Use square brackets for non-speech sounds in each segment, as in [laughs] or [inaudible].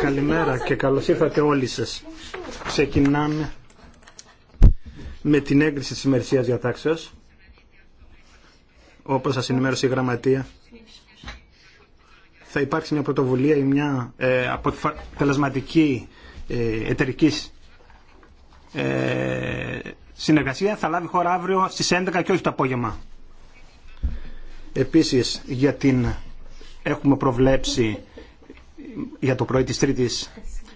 Καλημέρα και καλώς ήρθατε όλοι σας. Ξεκινάμε με την έγκριση της ημερησίας διατάξεως. Όπως σας ενημέρωσε η γραμματεία, θα υπάρξει μια πρωτοβουλία ή μια ε, αποτελεσματική ε, εταιρική ε, συνεργασία. Θα λάβει χώρα αύριο στις 11 και όχι το απόγευμα. Επίσης, για την έχουμε προβλέψει για το πρωί της Τρίτης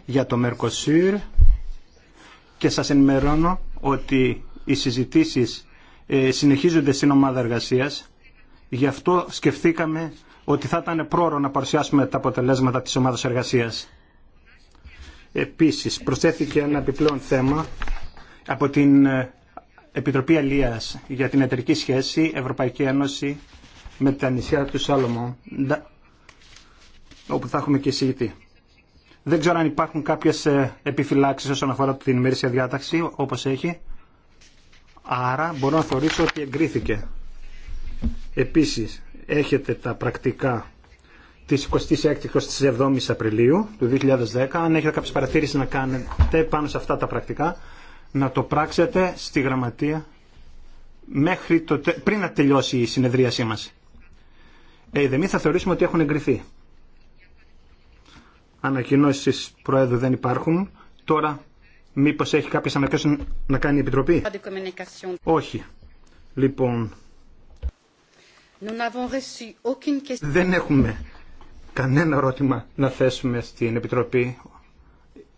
για το Mercosur και σας ενημερώνω ότι οι συζητήσεις ε, συνεχίζονται στην ομάδα εργασίας. Γι' αυτό σκεφτήκαμε ότι θα ήταν πρόωρο να παρουσιάσουμε τα αποτελέσματα της ομάδας εργασίας. Επίσης, προσθέθηκε ένα επιπλέον θέμα από την ε, Επιτροπή Αλίας για την εταιρική σχέση Ευρωπαϊκή Ένωση με τα νησιά του Σάλωμο όπου θα έχουμε και εισηγητή. Δεν ξέρω αν υπάρχουν κάποιες ε, επιφυλάξεις όσον αφορά την ημερήσια διάταξη, όπως έχει. Άρα μπορώ να θεωρήσω ότι εγκρίθηκε. Επίσης, έχετε τα πρακτικά τη 26-27 Απριλίου του 2010. Αν έχετε κάποιε παρατήρησει να κάνετε πάνω σε αυτά τα πρακτικά, να το πράξετε στη γραμματεία μέχρι το, πριν να τελειώσει η συνεδρίασή μα. Ε, θα θεωρήσουμε ότι έχουν εγκριθεί. Ανακοινώσεις Προέδρου δεν υπάρχουν. Τώρα μήπως έχει κάποιε ανακοινώσει να κάνει η Επιτροπή. Όχι. Λοιπόν, δεν έχουμε κανένα ερώτημα να θέσουμε στην Επιτροπή.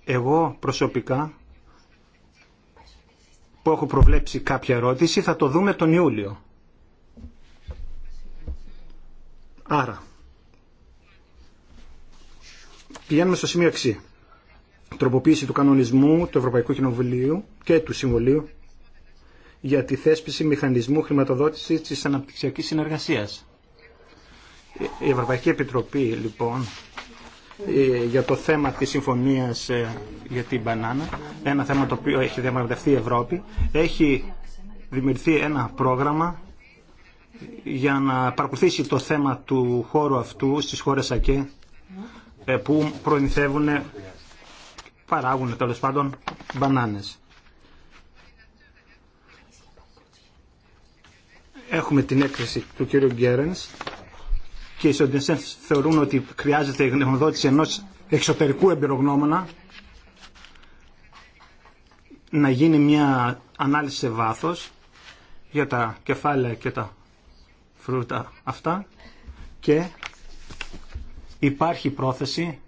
Εγώ προσωπικά που έχω προβλέψει κάποια ερώτηση θα το δούμε τον Ιούλιο. Άρα, Πηγαίνουμε στο σημείο 6. Τροποποίηση του κανονισμού του Ευρωπαϊκού Κοινοβουλίου και του Συμβουλίου για τη θέσπιση μηχανισμού χρηματοδότηση τη αναπτυξιακή συνεργασία. Η Ευρωπαϊκή Επιτροπή, λοιπόν, ε, για το θέμα της συμφωνίας ε, για την μπανάνα, ένα θέμα το οποίο έχει διαμαρτυρηθεί η Ευρώπη, έχει δημιουργηθεί ένα πρόγραμμα για να παρακολουθήσει το θέμα του χώρου αυτού στις χώρες ΑΚΕ ε, που προμηθεύουν, ε, παράγουν τέλο πάντων μπανάνε. Έχουμε την έκθεση του κύριου Γκέρενς και οι σοντινσές θεωρούν ότι χρειάζεται η γνωμοδότηση ενός εξωτερικού εμπειρογνώμονα να γίνει μια ανάλυση σε βάθος για τα κεφάλαια και τα φρούτα αυτά και Υπάρχει πρόθεση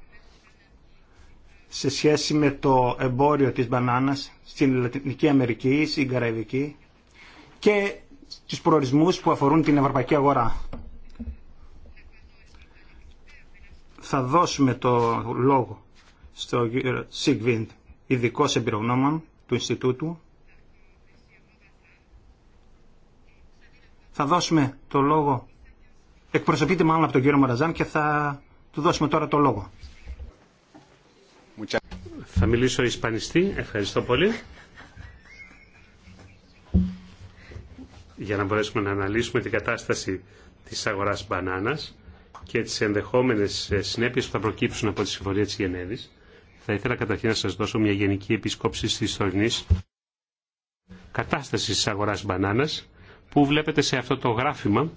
σε σχέση με το εμπόριο της μπανάνας στην Λατινική Αμερική, στην Καραϊβική και τους προορισμούς που αφορούν την ευρωπαϊκή αγορά. Θα δώσουμε το λόγο στο Σιγβίντ, ειδικό εμπειρογνώμων του Ινστιτούτου. Θα δώσουμε το λόγο, εκπροσωπείται μάλλον από τον κύριο Μαραζάν και θα του δώσουμε τώρα το λόγο. Θα μιλήσω ισπανιστή. Ευχαριστώ πολύ. Για να μπορέσουμε να αναλύσουμε την κατάσταση της αγοράς μπανάνας και τις ενδεχόμενες ε, συνέπειες που θα προκύψουν από τη Συμφωνία της Γενέδης θα ήθελα καταρχήν να σας δώσω μια γενική επισκόψη τη ιστορική κατάσταση της αγοράς μπανάνας που βλέπετε σε αυτό το γράφημα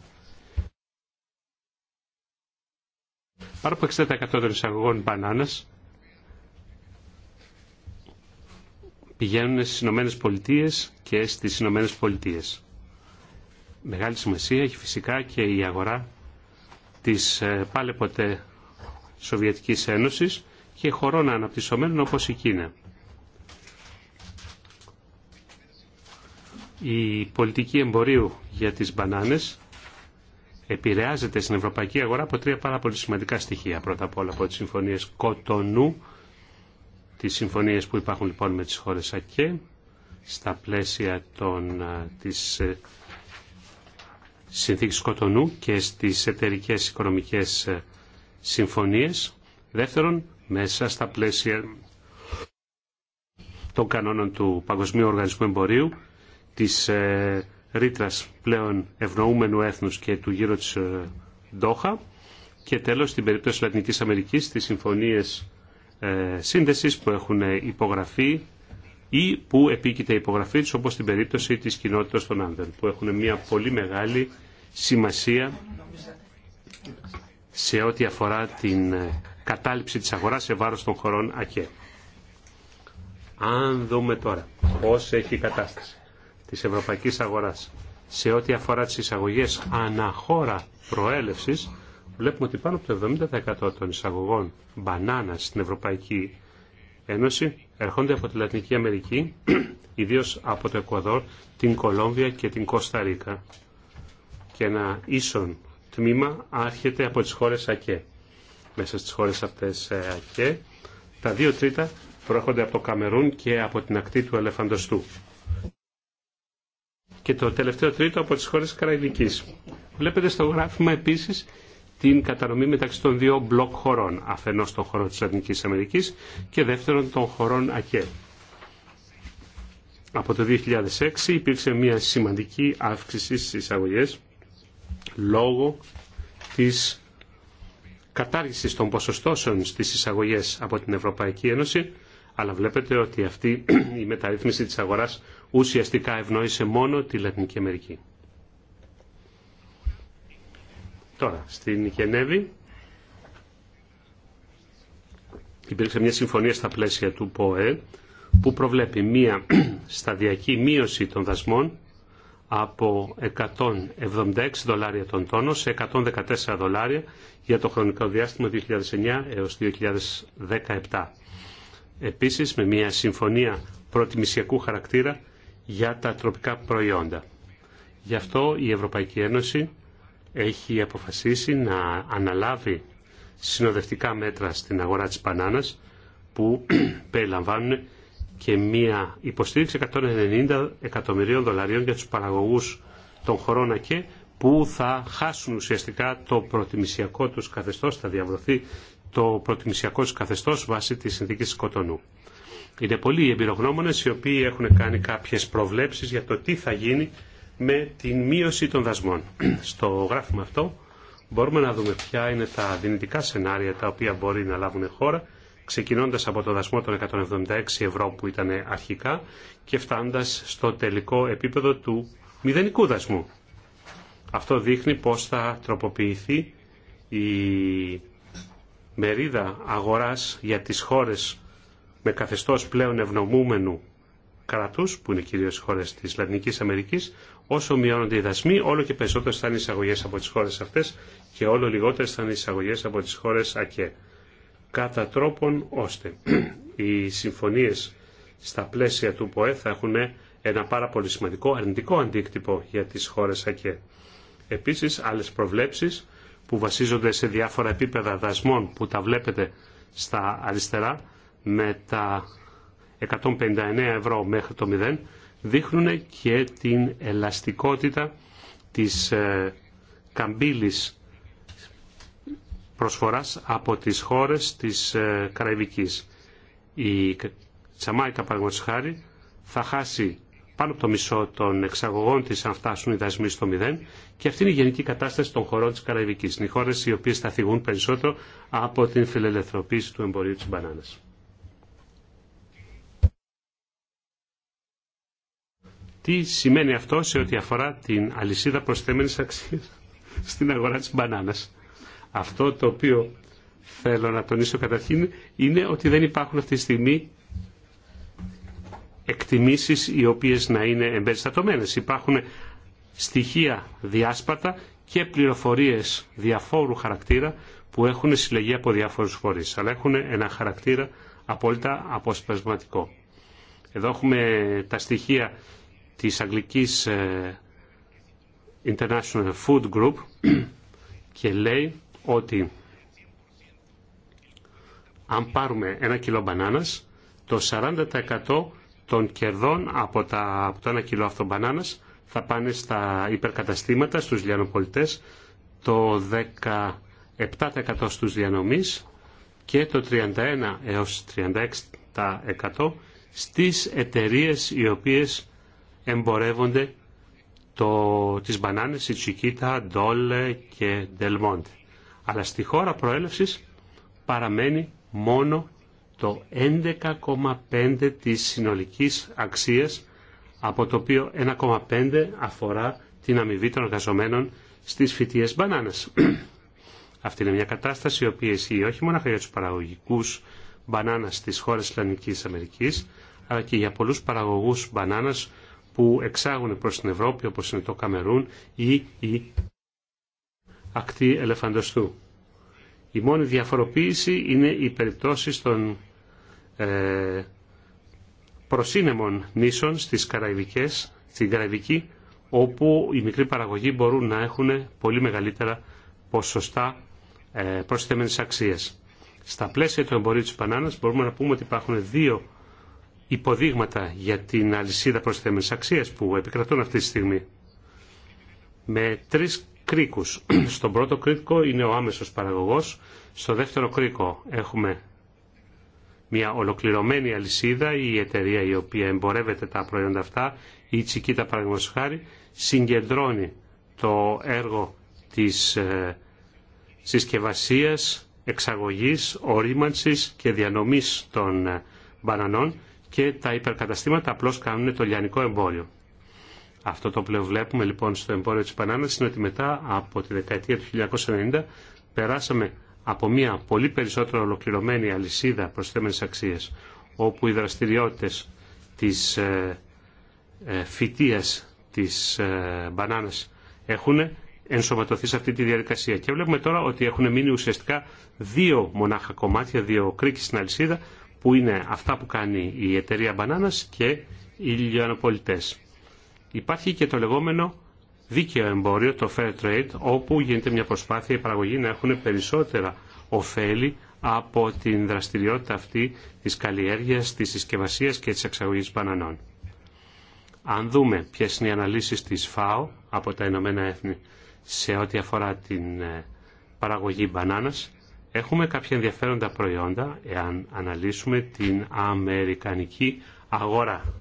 Πάνω από 60% των εισαγωγών μπανάνα πηγαίνουν στι Ηνωμένε Πολιτείε και στις Ηνωμένε Πολιτείε. Μεγάλη σημασία έχει φυσικά και η αγορά της ε, πάλι ποτέ Σοβιετικής Ένωσης και χωρών αναπτυσσομένων όπως η Κίνα. Η πολιτική εμπορίου για τις μπανάνες επηρεάζεται στην ευρωπαϊκή αγορά από τρία πάρα πολύ σημαντικά στοιχεία. Πρώτα απ' όλα από τις συμφωνίες Κοτονού, τις συμφωνίες που υπάρχουν λοιπόν με τις χώρες ΑΚΕ, στα πλαίσια των, ε, της ε, συνθήκης Κοτονού και στις εταιρικέ οικονομικές ε, συμφωνίες. Δεύτερον, μέσα στα πλαίσια των κανόνων του Παγκοσμίου Οργανισμού Εμπορίου, της ρήτρα πλέον ευνοούμενου έθνους και του γύρω της ε, Ντόχα και τέλος στην περίπτωση Λατινικής Αμερικής τις συμφωνίες ε, σύνδεσης που έχουν υπογραφεί ή που επίκειται η υπογραφή τους όπως στην περίπτωση της κοινότητας των Άνδρων που έχουν μια πολύ μεγάλη σημασία σε ό,τι αφορά την ε, κατάληψη της αγοράς σε βάρος των χωρών ΑΚΕ. Αν δούμε τώρα πώς έχει η κατάσταση της ευρωπαϊκής αγοράς σε ό,τι αφορά τις εισαγωγές αναχώρα προέλευσης, βλέπουμε ότι πάνω από το 70% των εισαγωγών μπανάνας στην Ευρωπαϊκή Ένωση ερχόνται από τη Λατινική Αμερική, [clears throat] ιδίως από το Εκουαδόρ, την Κολόμβια και την Κωνσταντίνα. Και ένα ίσον τμήμα άρχεται από τις χώρες ΑΚΕ. Μέσα στις χώρες αυτές ε, ΑΚΕ, τα δύο τρίτα προέρχονται από το Καμερούν και από την ακτή του Ελεφαντοστού και το τελευταίο τρίτο από τις χώρες Καραϊβικής. Βλέπετε στο γράφημα επίσης την κατανομή μεταξύ των δύο μπλοκ χωρών, αφενός των χωρών της Λατινικής Αμερικής και δεύτερον των χωρών ΑΚΕ. Από το 2006 υπήρξε μια σημαντική αύξηση στις εισαγωγές λόγω της κατάργησης των ποσοστώσεων στις εισαγωγές από την Ευρωπαϊκή Ένωση, αλλά βλέπετε ότι αυτή η μεταρρύθμιση της αγοράς ουσιαστικά σε μόνο τη Λατινική Αμερική. Τώρα, στην Γενέβη υπήρξε μια συμφωνία στα πλαίσια του ΠΟΕ που προβλέπει μια [clears throat] σταδιακή μείωση των δασμών από 176 δολάρια τον τόνο σε 114 δολάρια για το χρονικό διάστημα 2009 έως 2017. Επίσης, με μια συμφωνία προτιμησιακού χαρακτήρα για τα τροπικά προϊόντα. Γι' αυτό η Ευρωπαϊκή Ένωση έχει αποφασίσει να αναλάβει συνοδευτικά μέτρα στην αγορά της μπανάνας που [clears throat] περιλαμβάνουν και μία υποστήριξη 190 εκατομμυρίων δολαρίων για τους παραγωγούς των χωρών ΑΚΕ που θα χάσουν ουσιαστικά το προτιμησιακό τους καθεστώς, θα διαβρωθεί το προτιμησιακό τους καθεστώς βάσει της συνθήκης Κοτονού. Είναι πολλοί οι εμπειρογνώμονες οι οποίοι έχουν κάνει κάποιες προβλέψεις για το τι θα γίνει με την μείωση των δασμών. [clears throat] Στο γράφημα αυτό μπορούμε να δούμε ποια είναι τα δυνητικά σενάρια τα οποία μπορεί να λάβουν χώρα ξεκινώντας από το δασμό των 176 ευρώ που ήταν αρχικά και φτάνοντας στο τελικό επίπεδο του μηδενικού δασμού. Αυτό δείχνει πώς θα τροποποιηθεί η μερίδα αγοράς για τις χώρες με καθεστώς πλέον ευνομούμενου κράτους, που είναι κυρίως οι χώρες της Λατινικής Αμερικής, όσο μειώνονται οι δασμοί, όλο και περισσότερε θα είναι εισαγωγές από τις χώρες αυτές και όλο λιγότερες θα είναι εισαγωγές από τις χώρες ΑΚΕ. Κατά τρόπον ώστε οι συμφωνίες στα πλαίσια του ΠΟΕ θα έχουν ένα πάρα πολύ σημαντικό αρνητικό αντίκτυπο για τις χώρες ΑΚΕ. Επίσης, άλλες προβλέψεις που βασίζονται σε διάφορα επίπεδα δασμών που τα βλέπετε στα αριστερά, με τα 159 ευρώ μέχρι το 0 δείχνουν και την ελαστικότητα της ε, καμπύλης προσφοράς από τις χώρες της ε, Καραϊβικής. Η Τσαμάικα, παραδείγματος χάρη, θα χάσει πάνω από το μισό των εξαγωγών της αν φτάσουν οι δασμοί στο μηδέν και αυτή είναι η γενική κατάσταση των χωρών της Καραϊβικής. Είναι οι χώρες οι οποίες θα θυγούν περισσότερο από την φιλελευθερωποίηση του εμπορίου της μπανάνας. Τι σημαίνει αυτό σε ό,τι αφορά την αλυσίδα προσθέμενης αξίας [laughs] στην αγορά της μπανάνας. Αυτό το οποίο θέλω να τονίσω καταρχήν είναι ότι δεν υπάρχουν αυτή τη στιγμή εκτιμήσεις οι οποίες να είναι εμπεριστατωμένες. Υπάρχουν στοιχεία διάσπατα και πληροφορίες διαφόρου χαρακτήρα που έχουν συλλεγεί από διάφορους φορείς, αλλά έχουν ένα χαρακτήρα απόλυτα αποσπασματικό. Εδώ έχουμε τα στοιχεία της αγγλικής ε, International Food Group [clears throat] και λέει ότι αν πάρουμε ένα κιλό μπανάνας, το 40% των κερδών από, τα, από το ένα κιλό αυτό μπανάνας θα πάνε στα υπερκαταστήματα, στους λιανοπολιτές, το 17% στους διανομείς και το 31 έως 36% στις εταιρείες οι οποίες εμπορεύονται το, τις μπανάνες, η τσικίτα, ντόλε και ντελμόντε. Αλλά στη χώρα προέλευσης παραμένει μόνο το 11,5 της συνολικής αξίας, από το οποίο 1,5 αφορά την αμοιβή των εργαζομένων στις φυτίες μπανάνας. [clears throat] Αυτή είναι μια κατάσταση η οποία ισχύει όχι μόνο για τους παραγωγικούς μπανάνας στις χώρες της Αμερικής, αλλά και για πολλούς παραγωγούς μπανάνας που εξάγουν προς την Ευρώπη όπως είναι το Καμερούν ή η ακτή ελεφαντοστού. Η μόνη διαφοροποίηση είναι οι περιπτώσεις των ε, προσύνεμων νήσων στις Καραϊβικές, στην Καραϊβική όπου οι μικροί παραγωγοί μπορούν να έχουν πολύ μεγαλύτερα ποσοστά ε, προσθέμενης Στα πλαίσια του εμπορίου της μπανάνας μπορούμε να πούμε ότι υπάρχουν δύο υποδείγματα για την αλυσίδα προσθέμενης αξίας που επικρατούν αυτή τη στιγμή. Με τρεις κρίκους. [clears throat] Στον πρώτο κρίκο είναι ο άμεσος παραγωγός. Στο δεύτερο κρίκο έχουμε μια ολοκληρωμένη αλυσίδα, η εταιρεία η οποία εμπορεύεται τα προϊόντα αυτά, η Τσικίτα παραδείγματος χάρη, συγκεντρώνει το έργο της ε, συσκευασίας, εξαγωγής, ορίμανσης και διανομής των ε, μπανανών και τα υπερκαταστήματα απλώς κάνουν το λιανικό εμπόριο. Αυτό το οποίο βλέπουμε λοιπόν στο εμπόριο της Πανάνας είναι ότι μετά από τη δεκαετία του 1990 περάσαμε από μια πολύ περισσότερο ολοκληρωμένη αλυσίδα προσθέμενης αξίες όπου οι δραστηριότητες της ε, ε, φυτίας της ε, μπανάνας έχουν ενσωματωθεί σε αυτή τη διαδικασία. Και βλέπουμε τώρα ότι έχουν μείνει ουσιαστικά δύο μονάχα κομμάτια, δύο κρίκες στην αλυσίδα που είναι αυτά που κάνει η εταιρεία μπανάνας και οι λιανοπολιτές. Υπάρχει και το λεγόμενο δίκαιο εμπόριο, το fair trade, όπου γίνεται μια προσπάθεια οι παραγωγοί να έχουν περισσότερα ωφέλη από την δραστηριότητα αυτή της καλλιέργειας, της συσκευασία και της εξαγωγής μπανανών. Αν δούμε ποιε είναι οι αναλύσεις της ΦΑΟ από τα Ηνωμένα Έθνη σε ό,τι αφορά την ε, παραγωγή μπανάνας, Έχουμε κάποια ενδιαφέροντα προϊόντα, εάν αναλύσουμε την αμερικανική αγορά.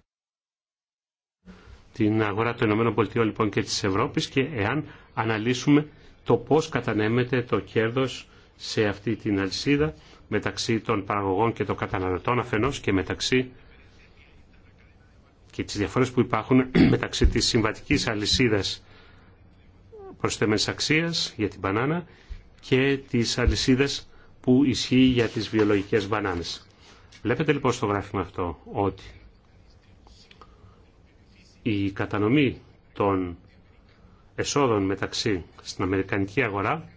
Την αγορά των ΗΠΑ λοιπόν και της Ευρώπης και εάν αναλύσουμε το πώς κατανέμεται το κέρδος σε αυτή την αλυσίδα μεταξύ των παραγωγών και των καταναλωτών αφενός και μεταξύ και τις διαφορές που υπάρχουν [clears throat] μεταξύ της συμβατικής αλυσίδας προσθέμενης αξίας για την μπανάνα και τις αλυσίδες που ισχύει για τις βιολογικές μπανάνες. Βλέπετε λοιπόν στο γράφημα αυτό ότι η κατανομή των εσόδων μεταξύ στην Αμερικανική αγορά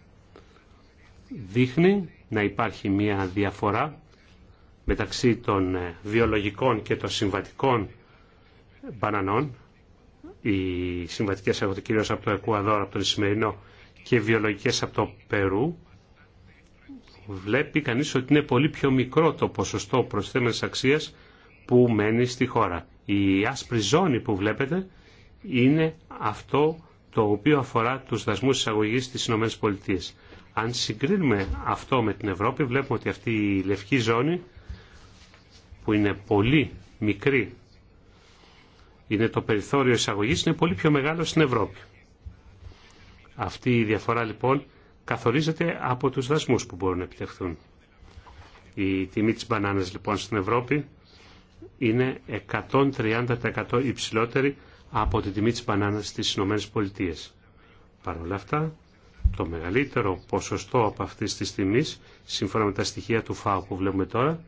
δείχνει να υπάρχει μια διαφορά μεταξύ των ε, βιολογικών και των συμβατικών μπανανών. Οι συμβατικές έχουν κυρίως από το Εκουαδόρ, από τον Ισημερινό και βιολογικές από το Περού, βλέπει κανείς ότι είναι πολύ πιο μικρό το ποσοστό προσθέμενης αξίας που μένει στη χώρα. Η άσπρη ζώνη που βλέπετε είναι αυτό το οποίο αφορά τους δασμούς εισαγωγής στις ΗΠΑ. Αν συγκρίνουμε αυτό με την Ευρώπη βλέπουμε ότι αυτή η λευκή ζώνη που είναι πολύ μικρή είναι το περιθώριο εισαγωγής είναι πολύ πιο μεγάλο στην Ευρώπη. Αυτή η διαφορά λοιπόν καθορίζεται από τους δασμούς που μπορούν να επιτευχθούν. Η τιμή της μπανάνας λοιπόν στην Ευρώπη είναι 130% υψηλότερη από τη τιμή της μπανάνας στις Ηνωμένες Πολιτείες. Παρ' όλα αυτά, το μεγαλύτερο ποσοστό από αυτής της τιμής, σύμφωνα με τα στοιχεία του ΦΑΟ που βλέπουμε τώρα,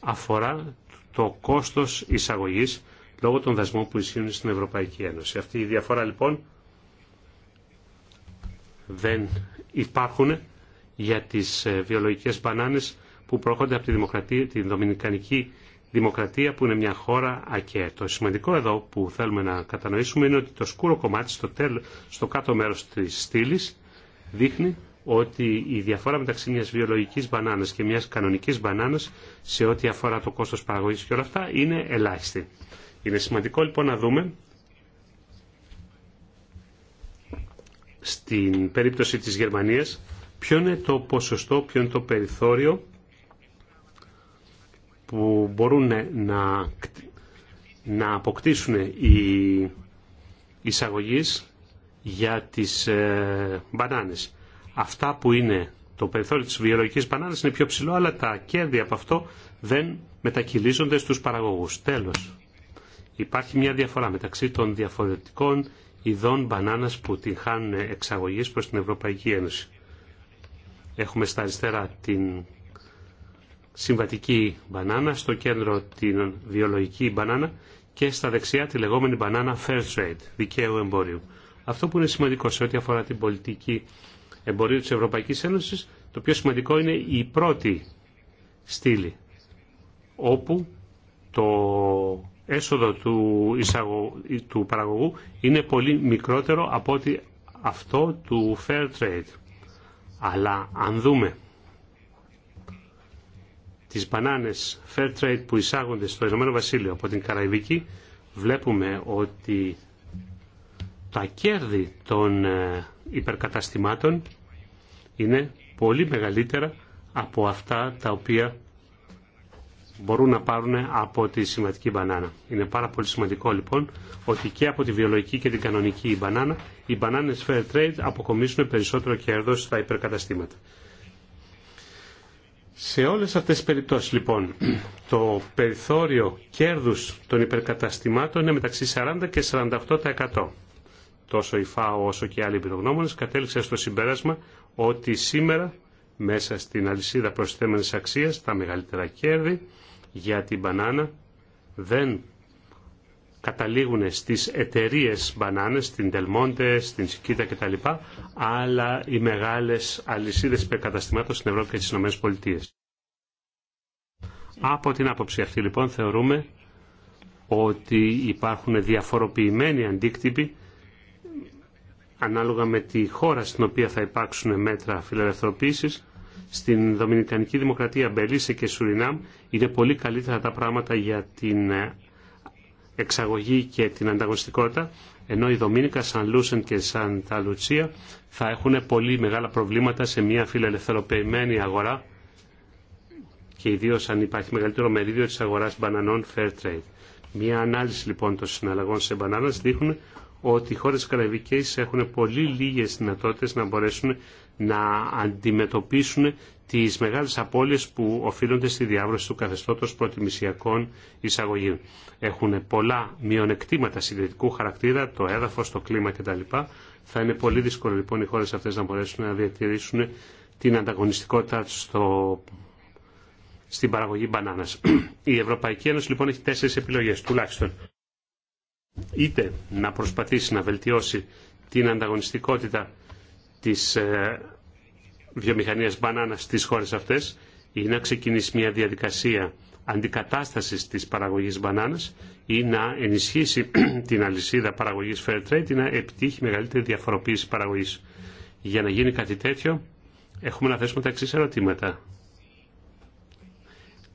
αφορά το κόστος εισαγωγής λόγω των δασμών που ισχύουν στην Ευρωπαϊκή Ένωση. Αυτή η διαφορά λοιπόν δεν υπάρχουν για τις ε, βιολογικές μπανάνες που προέρχονται από τη δημοκρατία, Δομινικανική Δημοκρατία που είναι μια χώρα ακέα. Το σημαντικό εδώ που θέλουμε να κατανοήσουμε είναι ότι το σκούρο κομμάτι στο, κάτω μέρος της στήλη δείχνει ότι η διαφορά μεταξύ μιας βιολογικής μπανάνας και μιας κανονικής μπανάνας σε ό,τι αφορά το κόστος παραγωγής και όλα αυτά είναι ελάχιστη. Είναι σημαντικό λοιπόν να δούμε στην περίπτωση της Γερμανίας, ποιο είναι το ποσοστό, ποιο είναι το περιθώριο που μπορούν να, να αποκτήσουν οι εισαγωγείς για τις ε, μπανάνες. Αυτά που είναι το περιθώριο της βιολογικής μπανάνας είναι πιο ψηλό, αλλά τα κέρδη από αυτό δεν μετακυλίζονται στους παραγωγούς. Τέλος, υπάρχει μια διαφορά μεταξύ των διαφορετικών ειδών μπανάνας που την χάνουν εξαγωγής προς την Ευρωπαϊκή Ένωση. Έχουμε στα αριστερά την συμβατική μπανάνα, στο κέντρο την βιολογική μπανάνα και στα δεξιά τη λεγόμενη μπανάνα fair trade, δικαίου εμπόριου. Αυτό που είναι σημαντικό σε ό,τι αφορά την πολιτική εμπορίου της Ευρωπαϊκής Ένωσης, το πιο σημαντικό είναι η πρώτη στήλη, όπου το έσοδο του, εισαγω... του παραγωγού είναι πολύ μικρότερο από ότι αυτό του fair trade. Αλλά αν δούμε τις μπανάνες fair trade που εισάγονται στο Ηνωμένο Βασίλειο από την Καραϊβική βλέπουμε ότι τα κέρδη των ε, υπερκαταστημάτων είναι πολύ μεγαλύτερα από αυτά τα οποία μπορούν να πάρουν από τη σημαντική μπανάνα. Είναι πάρα πολύ σημαντικό λοιπόν ότι και από τη βιολογική και την κανονική μπανάνα οι μπανάνες fair trade αποκομίσουν περισσότερο κέρδος στα υπερκαταστήματα. Σε όλες αυτές τις περιπτώσεις λοιπόν [clears throat] το περιθώριο κέρδους των υπερκαταστημάτων είναι μεταξύ 40 και 48%. Τόσο η ΦΑΟ όσο και άλλοι εμπειρογνώμονες κατέληξαν στο συμπέρασμα ότι σήμερα μέσα στην αλυσίδα προσθέμενης αξίας τα μεγαλύτερα κέρδη για την μπανάνα δεν καταλήγουν στις εταιρείε μπανάνες, στην Τελμόντε, στην Σικίτα κτλ. Αλλά οι μεγάλες αλυσίδες υπερκαταστημάτων στην Ευρώπη και τις ΗΠΑ. Από την άποψη αυτή λοιπόν θεωρούμε ότι υπάρχουν διαφοροποιημένοι αντίκτυποι ανάλογα με τη χώρα στην οποία θα υπάρξουν μέτρα φιλελευθερωποίησης στην Δομινικανική Δημοκρατία, Μπελίσε και Σουρινάμ είναι πολύ καλύτερα τα πράγματα για την ε, εξαγωγή και την ανταγωνιστικότητα, ενώ η Δομίνικα, Σαν Λούσεν και Σαν Ταλουτσία θα έχουν πολύ μεγάλα προβλήματα σε μια φιλελευθεροποιημένη αγορά και ιδίω αν υπάρχει μεγαλύτερο μερίδιο τη αγορά μπανανών fair trade. Μια ανάλυση λοιπόν των συναλλαγών σε μπανάνα δείχνουν ότι οι χώρες καραϊβικές έχουν πολύ λίγες δυνατότητες να μπορέσουν να αντιμετωπίσουν τις μεγάλες απώλειες που οφείλονται στη διάβρωση του καθεστώτος προτιμησιακών εισαγωγών. Έχουν πολλά μειονεκτήματα συντηρητικού χαρακτήρα, το έδαφος, το κλίμα κτλ. Θα είναι πολύ δύσκολο λοιπόν οι χώρες αυτές να μπορέσουν να διατηρήσουν την ανταγωνιστικότητα στο... στην παραγωγή μπανάνας. Η Ευρωπαϊκή Ένωση λοιπόν έχει τέσσερις επιλογές τουλάχιστον είτε να προσπαθήσει να βελτιώσει την ανταγωνιστικότητα της ε, βιομηχανίας μπανάνας στις χώρες αυτές ή να ξεκινήσει μια διαδικασία αντικατάστασης της παραγωγής μπανάνας ή να ενισχύσει [clears throat] την αλυσίδα παραγωγής fair trade ή να επιτύχει μεγαλύτερη διαφοροποίηση παραγωγής. Για να γίνει κάτι τέτοιο έχουμε να θέσουμε τα εξή ερωτήματα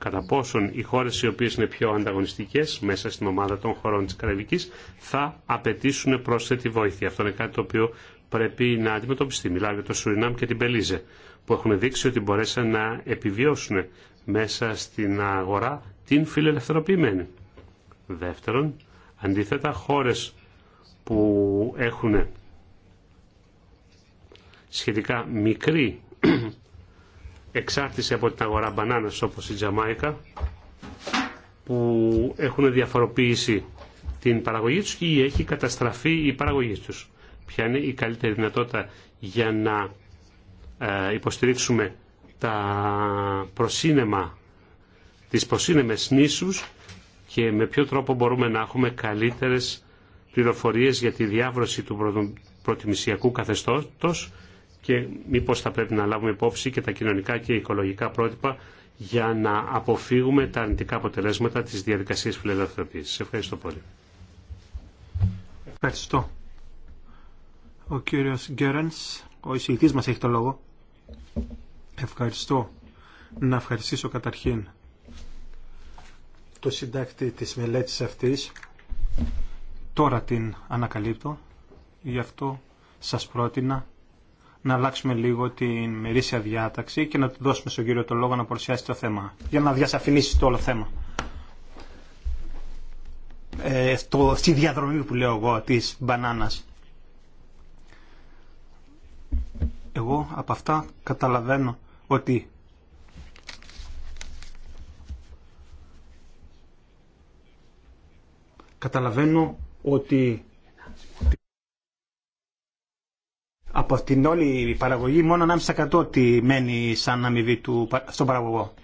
κατά πόσον οι χώρες οι οποίες είναι πιο ανταγωνιστικές μέσα στην ομάδα των χωρών της Καραϊβικής θα απαιτήσουν πρόσθετη βοήθεια. Αυτό είναι κάτι το οποίο πρέπει να αντιμετωπιστεί. Μιλάω για το Σουρινάμ και την Πελίζε που έχουν δείξει ότι μπορέσαν να επιβιώσουν μέσα στην αγορά την φιλελευθερωποιημένη. Δεύτερον, αντίθετα χώρες που έχουν σχετικά μικρή εξάρτηση από την αγορά μπανάνας όπως η Τζαμάικα που έχουν διαφοροποιήσει την παραγωγή τους ή έχει καταστραφεί η παραγωγή τους. Ποια είναι η καλύτερη δυνατότητα για να ε, υποστηρίξουμε τα προσύνεμα, τις προσύνεμες νήσους και με ποιο τρόπο μπορούμε να έχουμε καλύτερες πληροφορίες για τη διάβρωση του προτιμησιακού καθεστώτος και μήπως θα πρέπει να λάβουμε υπόψη και τα κοινωνικά και οικολογικά πρότυπα για να αποφύγουμε τα αρνητικά αποτελέσματα της διαδικασίας φιλελευθερωπής. Ευχαριστώ πολύ. Ευχαριστώ. Ο κύριος Γκέρενς, ο εισηγητής μας έχει το λόγο. Ευχαριστώ. Να ευχαριστήσω καταρχήν το συντάκτη της μελέτης αυτής. Τώρα την ανακαλύπτω, γι' αυτό σας πρότεινα να αλλάξουμε λίγο την μερίσια διάταξη και να του δώσουμε στον κύριο το λόγο να παρουσιάσει το θέμα. Για να διασαφηνίσει το όλο θέμα. Ε, στη διαδρομή που λέω εγώ τη μπανάνας. Εγώ από αυτά καταλαβαίνω ότι καταλαβαίνω ότι από την όλη παραγωγή μόνο 1,5% ότι μένει σαν αμοιβή του, στον παραγωγό.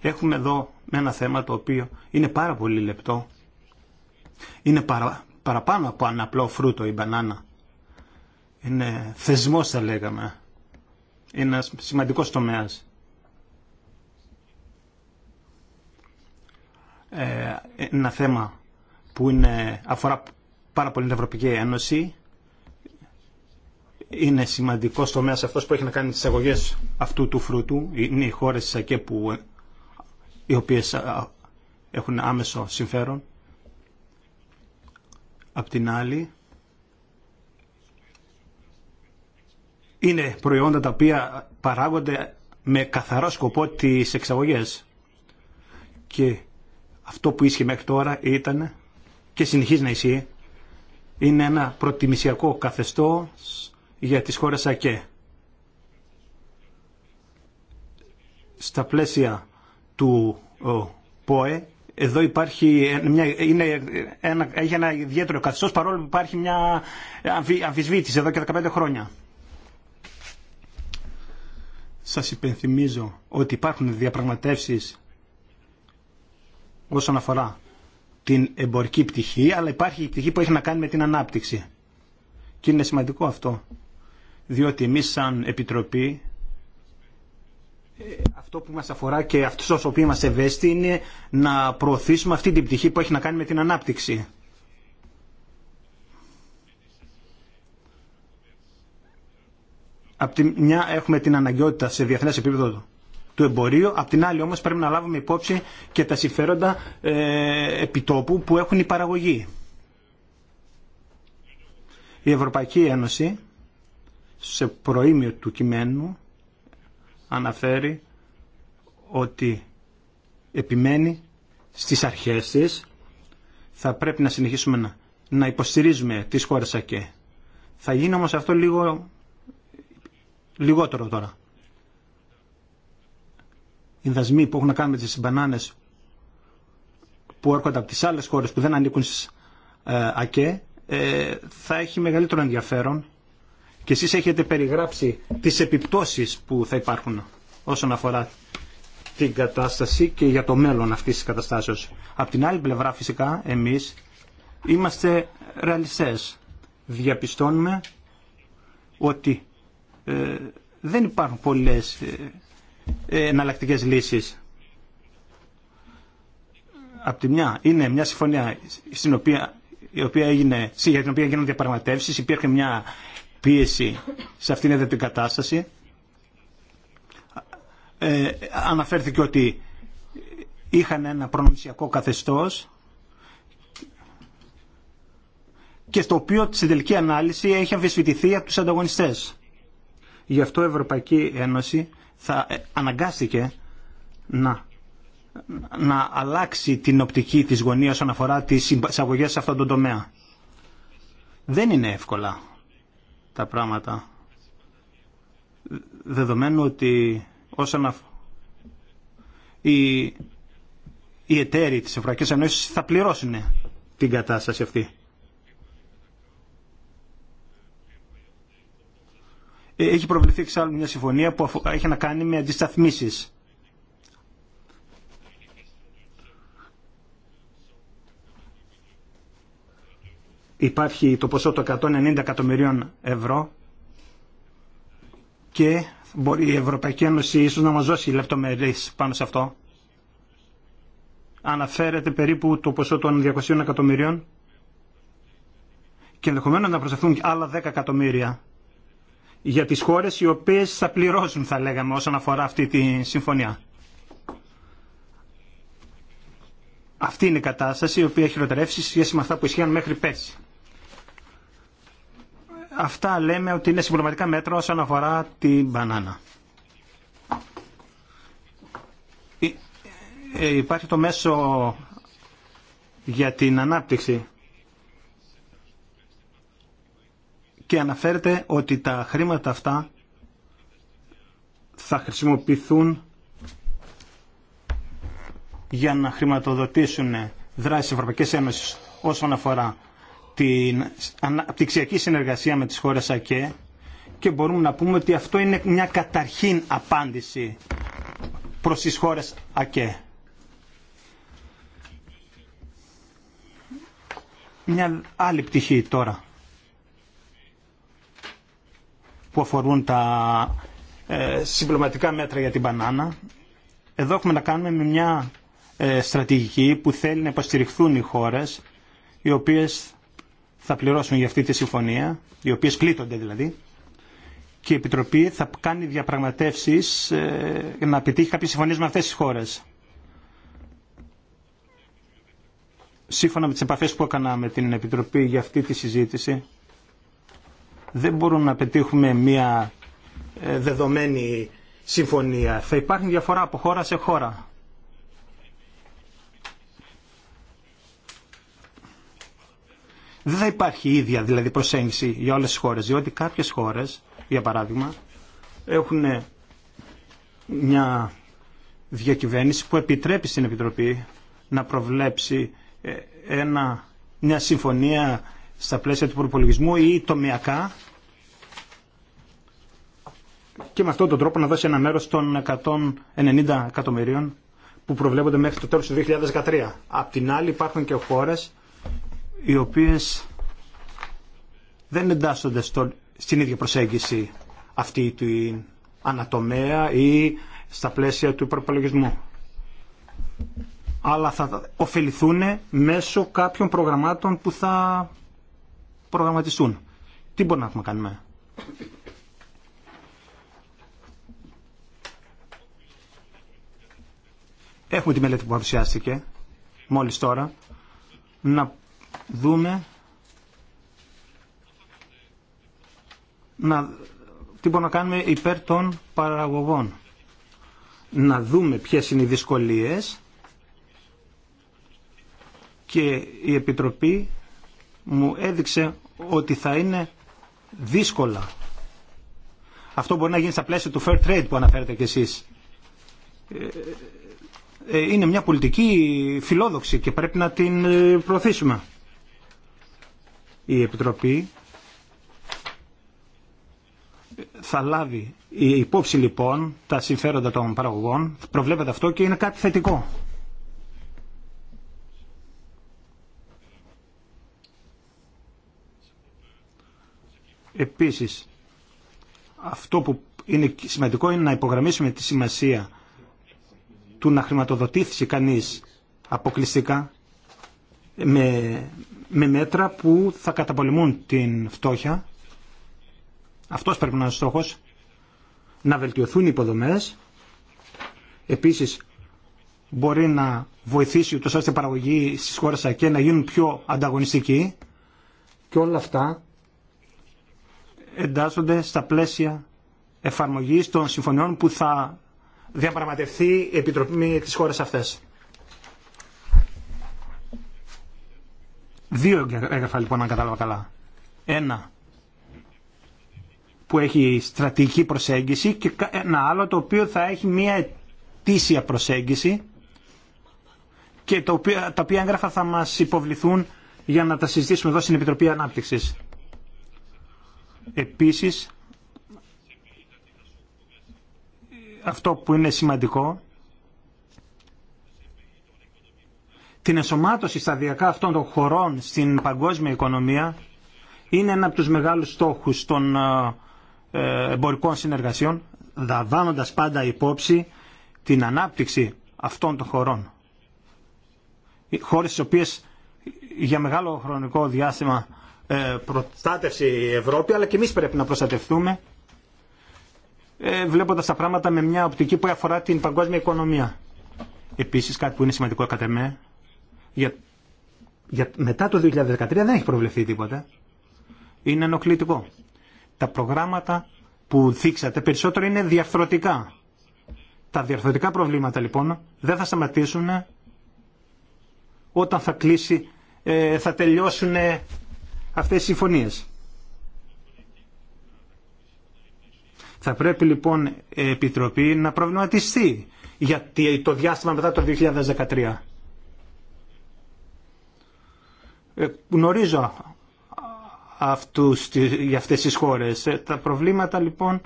Έχουμε εδώ ένα θέμα το οποίο είναι πάρα πολύ λεπτό. Είναι παρα, παραπάνω από ένα απλό φρούτο η μπανάνα. Είναι θεσμός θα λέγαμε. Είναι ένας σημαντικός τομέας. Ε, ένα θέμα που είναι, αφορά πάρα πολύ την Ευρωπαϊκή Ένωση είναι σημαντικό τομέα αυτό που έχει να κάνει τι αγωγέ αυτού του φρούτου. Είναι οι χώρε τη ΑΚΕ που, ε, οι οποίε έχουν άμεσο συμφέρον. Απ' την άλλη, είναι προϊόντα τα οποία παράγονται με καθαρό σκοπό τις εξαγωγές. Και αυτό που ίσχυε μέχρι τώρα ήταν και συνεχίζει να ισχύει είναι ένα προτιμησιακό καθεστώς για τις χώρες ΑΚΕ. Στα πλαίσια του ο, ΠΟΕ, εδώ υπάρχει μια, είναι ένα, έχει ένα ιδιαίτερο καθεστώς παρόλο που υπάρχει μια αμφισβήτηση εδώ και 15 χρόνια. Σας υπενθυμίζω ότι υπάρχουν διαπραγματεύσεις όσον αφορά την εμπορική πτυχή, αλλά υπάρχει η πτυχή που έχει να κάνει με την ανάπτυξη. Και είναι σημαντικό αυτό διότι εμεί σαν Επιτροπή ε, αυτό που μας αφορά και αυτός ο οποίος μας ευαίσθη είναι να προωθήσουμε αυτή την πτυχή που έχει να κάνει με την ανάπτυξη. Απ' τη μια έχουμε την αναγκαιότητα σε διεθνές επίπεδο του εμπορίου, απ' την άλλη όμως πρέπει να λάβουμε υπόψη και τα συμφέροντα ε, επιτόπου που έχουν οι παραγωγοί. Η Ευρωπαϊκή Ένωση σε προήμιο του κειμένου αναφέρει ότι επιμένει στις αρχές της θα πρέπει να συνεχίσουμε να, υποστηρίζουμε τις χώρες ΑΚΕ. Θα γίνει όμως αυτό λίγο λιγότερο τώρα. Οι δασμοί που έχουν να κάνουν με τις μπανάνες που έρχονται από τις άλλες χώρες που δεν ανήκουν στις ε, ΑΚΕ θα έχει μεγαλύτερο ενδιαφέρον και εσείς έχετε περιγράψει τις επιπτώσεις που θα υπάρχουν όσον αφορά την κατάσταση και για το μέλλον αυτής της καταστάσεως. Απ' την άλλη πλευρά φυσικά εμείς είμαστε ρεαλιστές. Διαπιστώνουμε ότι ε, δεν υπάρχουν πολλές ε, ε, εναλλακτικές λύσεις. Απ' τη μια είναι μια συμφωνία στην οποία, η οποία έγινε, για την οποία έγιναν διαπραγματεύσεις, υπήρχε μια πίεση σε αυτήν την κατάσταση. Ε, αναφέρθηκε ότι είχαν ένα προνομισιακό καθεστώς και στο οποίο στην τελική ανάλυση έχει αμφισβητηθεί από τους ανταγωνιστές. Γι' αυτό η Ευρωπαϊκή Ένωση θα ε, αναγκάστηκε να, να αλλάξει την οπτική της γωνία όσον αφορά τις εισαγωγές σε αυτόν τον τομέα. Δεν είναι εύκολα τα πράγματα. Δεδομένου ότι όσον αφορά οι, οι εταίροι της Ευρωπαϊκής Ένωσης θα πληρώσουν την κατάσταση αυτή. Ε, έχει προβληθεί εξάλλου μια συμφωνία που έχει να κάνει με αντισταθμίσεις υπάρχει το ποσό των 190 εκατομμυρίων ευρώ και μπορεί η Ευρωπαϊκή Ένωση ίσως να μας δώσει λεπτομερείς πάνω σε αυτό. Αναφέρεται περίπου το ποσό των 200 εκατομμυρίων και ενδεχομένως να προσθεθούν άλλα 10 εκατομμύρια για τις χώρες οι οποίες θα πληρώσουν θα λέγαμε όσον αφορά αυτή τη συμφωνία. Αυτή είναι η κατάσταση η οποία χειροτερεύσει σχέση με αυτά που ισχύαν μέχρι πέρσι. Αυτά λέμε ότι είναι συμπληρωματικά μέτρα όσον αφορά την μπανάνα. Ε, ε, υπάρχει το μέσο για την ανάπτυξη και αναφέρεται ότι τα χρήματα αυτά θα χρησιμοποιηθούν για να χρηματοδοτήσουν δράσεις Ευρωπαϊκής Ένωσης όσον αφορά την αναπτυξιακή συνεργασία με τις χώρες ΑΚΕ και μπορούμε να πούμε ότι αυτό είναι μια καταρχήν απάντηση προς τις χώρες ΑΚΕ. Μια άλλη πτυχή τώρα που αφορούν τα ε, συμπληρωματικά μέτρα για την μπανάνα. Εδώ έχουμε να κάνουμε με μια ε, στρατηγική που θέλει να υποστηριχθούν οι χώρες οι οποίες θα πληρώσουν για αυτή τη συμφωνία, οι οποίε πλήττονται δηλαδή, και η Επιτροπή θα κάνει διαπραγματεύσεις ε, να πετύχει κάποιες συμφωνίε με αυτές τις χώρες. Σύμφωνα με τι επαφέ που έκανα με την Επιτροπή για αυτή τη συζήτηση, δεν μπορούμε να πετύχουμε μια ε, δεδομένη συμφωνία. Θα υπάρχει διαφορά από χώρα σε χώρα. δεν θα υπάρχει ίδια δηλαδή προσέγγιση για όλες τις χώρες, διότι κάποιες χώρες, για παράδειγμα, έχουν μια διακυβέρνηση που επιτρέπει στην Επιτροπή να προβλέψει ε, ένα, μια συμφωνία στα πλαίσια του προπολογισμού ή τομιακά και με αυτόν τον τρόπο να δώσει ένα μέρος των 190 εκατομμυρίων που προβλέπονται μέχρι το τέλος του 2013. Απ' την άλλη υπάρχουν και χώρες οι οποίες δεν εντάσσονται στο, στην ίδια προσέγγιση αυτή του ανατομέα ή στα πλαίσια του προπολογισμού. Αλλά θα ωφεληθούν μέσω κάποιων προγραμμάτων που θα προγραμματιστούν. Τι μπορούμε να κάνουμε. Έχουμε τη μελέτη που παρουσιάστηκε μόλις τώρα. Να δούμε να, τι μπορούμε να κάνουμε υπέρ των παραγωγών. Να δούμε ποιες είναι οι δυσκολίες και η Επιτροπή μου έδειξε ότι θα είναι δύσκολα. Αυτό μπορεί να γίνει στα πλαίσια του fair trade που αναφέρετε κι εσείς. Ε, ε, ε, είναι μια πολιτική φιλόδοξη και πρέπει να την προωθήσουμε η Επιτροπή θα λάβει η υπόψη λοιπόν τα συμφέροντα των παραγωγών. Προβλέπεται αυτό και είναι κάτι θετικό. Επίσης, αυτό που είναι σημαντικό είναι να υπογραμμίσουμε τη σημασία του να χρηματοδοτήσει κανείς αποκλειστικά με, μέτρα που θα καταπολεμούν την φτώχεια. Αυτός πρέπει να είναι ο στόχος. Να βελτιωθούν οι υποδομές. Επίσης, μπορεί να βοηθήσει ούτως ώστε παραγωγή στις χώρες ΑΚΕ να γίνουν πιο ανταγωνιστικοί. Και όλα αυτά εντάσσονται στα πλαίσια εφαρμογής των συμφωνιών που θα διαπραγματευτεί η Επιτροπή της χώρας αυτές. Δύο έγγραφα λοιπόν, αν κατάλαβα καλά. Ένα που έχει στρατηγική προσέγγιση και ένα άλλο το οποίο θα έχει μια αιτήσια προσέγγιση και το οποίο, τα οποία έγγραφα θα μας υποβληθούν για να τα συζητήσουμε εδώ στην Επιτροπή Ανάπτυξης. Επίσης, αυτό που είναι σημαντικό την εσωμάτωση σταδιακά αυτών των χωρών στην παγκόσμια οικονομία είναι ένα από τους μεγάλους στόχους των ε, εμπορικών συνεργασιών, δαβάνοντας πάντα υπόψη την ανάπτυξη αυτών των χωρών. Χώρες στις οποίες για μεγάλο χρονικό διάστημα ε, προστάτευσε η Ευρώπη, αλλά και εμείς πρέπει να προστατευτούμε, ε, βλέποντας τα πράγματα με μια οπτική που αφορά την παγκόσμια οικονομία. Επίσης κάτι που είναι σημαντικό κατά για, για, μετά το 2013 δεν έχει προβλεφθεί τίποτα. Είναι ενοχλητικό. Τα προγράμματα που δείξατε περισσότερο είναι διαρθρωτικά. Τα διαρθρωτικά προβλήματα λοιπόν δεν θα σταματήσουν όταν θα κλείσει, ε, θα τελειώσουν αυτές οι συμφωνίες. Θα πρέπει λοιπόν η Επιτροπή να προβληματιστεί γιατί το διάστημα μετά το 2013. Ε, γνωρίζω αυτούς, για αυτές τις χώρες. Ε, τα προβλήματα λοιπόν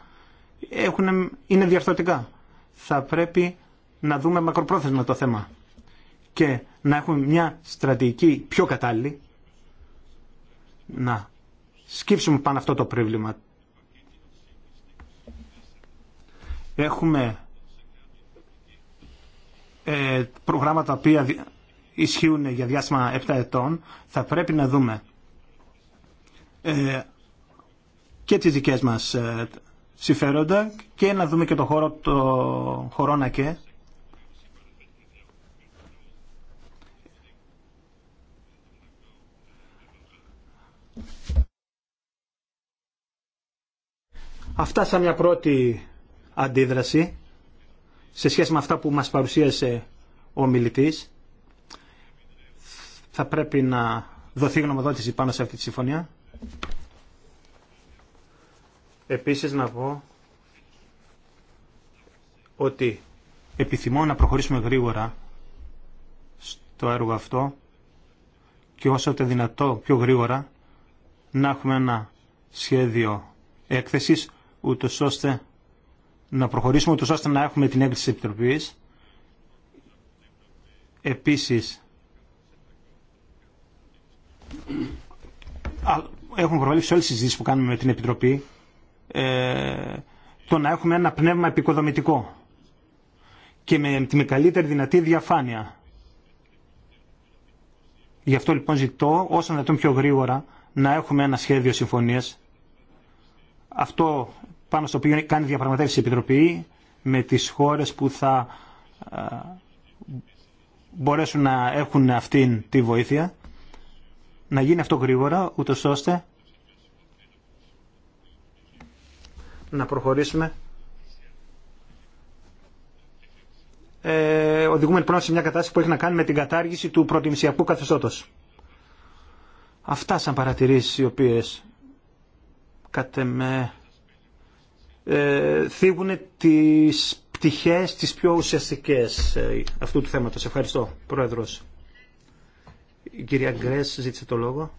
έχουν, είναι διαρθωτικά. Θα πρέπει να δούμε μακροπρόθεσμα το θέμα και να έχουμε μια στρατηγική πιο κατάλληλη να σκύψουμε πάνω αυτό το πρόβλημα. Έχουμε ε, προγράμματα τα ισχύουν για διάστημα 7 ετών, θα πρέπει να δούμε ε, και τις δικές μας ε, συμφέροντα και να δούμε και το χώρο το χωρώνα και Αυτά σαν μια πρώτη αντίδραση σε σχέση με αυτά που μας παρουσίασε ο μιλητής θα πρέπει να δοθεί γνωμοδότηση πάνω σε αυτή τη συμφωνία. Επίσης να πω ότι επιθυμώ να προχωρήσουμε γρήγορα στο έργο αυτό και όσο το δυνατό πιο γρήγορα να έχουμε ένα σχέδιο έκθεσης ούτως ώστε να προχωρήσουμε ούτως ώστε να έχουμε την έγκριση της Επιτροπής. Επίσης έχουν προβάλλει σε όλες τις συζήσεις που κάνουμε με την Επιτροπή ε, το να έχουμε ένα πνεύμα επικοδομητικό και με τη με καλύτερη δυνατή διαφάνεια. Γι' αυτό λοιπόν ζητώ όσο να το πιο γρήγορα να έχουμε ένα σχέδιο συμφωνίας. Αυτό πάνω στο οποίο κάνει διαπραγματεύσει η Επιτροπή με τις χώρες που θα ε, μπορέσουν να έχουν αυτήν τη βοήθεια να γίνει αυτό γρήγορα, ούτω ώστε να προχωρήσουμε. Ε, οδηγούμε λοιπόν σε μια κατάσταση που έχει να κάνει με την κατάργηση του προτιμησιακού καθεστώτος. Αυτά σαν παρατηρήσεις οι οποίες ε, θίγουν τις πτυχές τις πιο ουσιαστικές ε, αυτού του θέματος. Ευχαριστώ, Πρόεδρος. Η κυρία Γκρέσ ζήτησε το λόγο.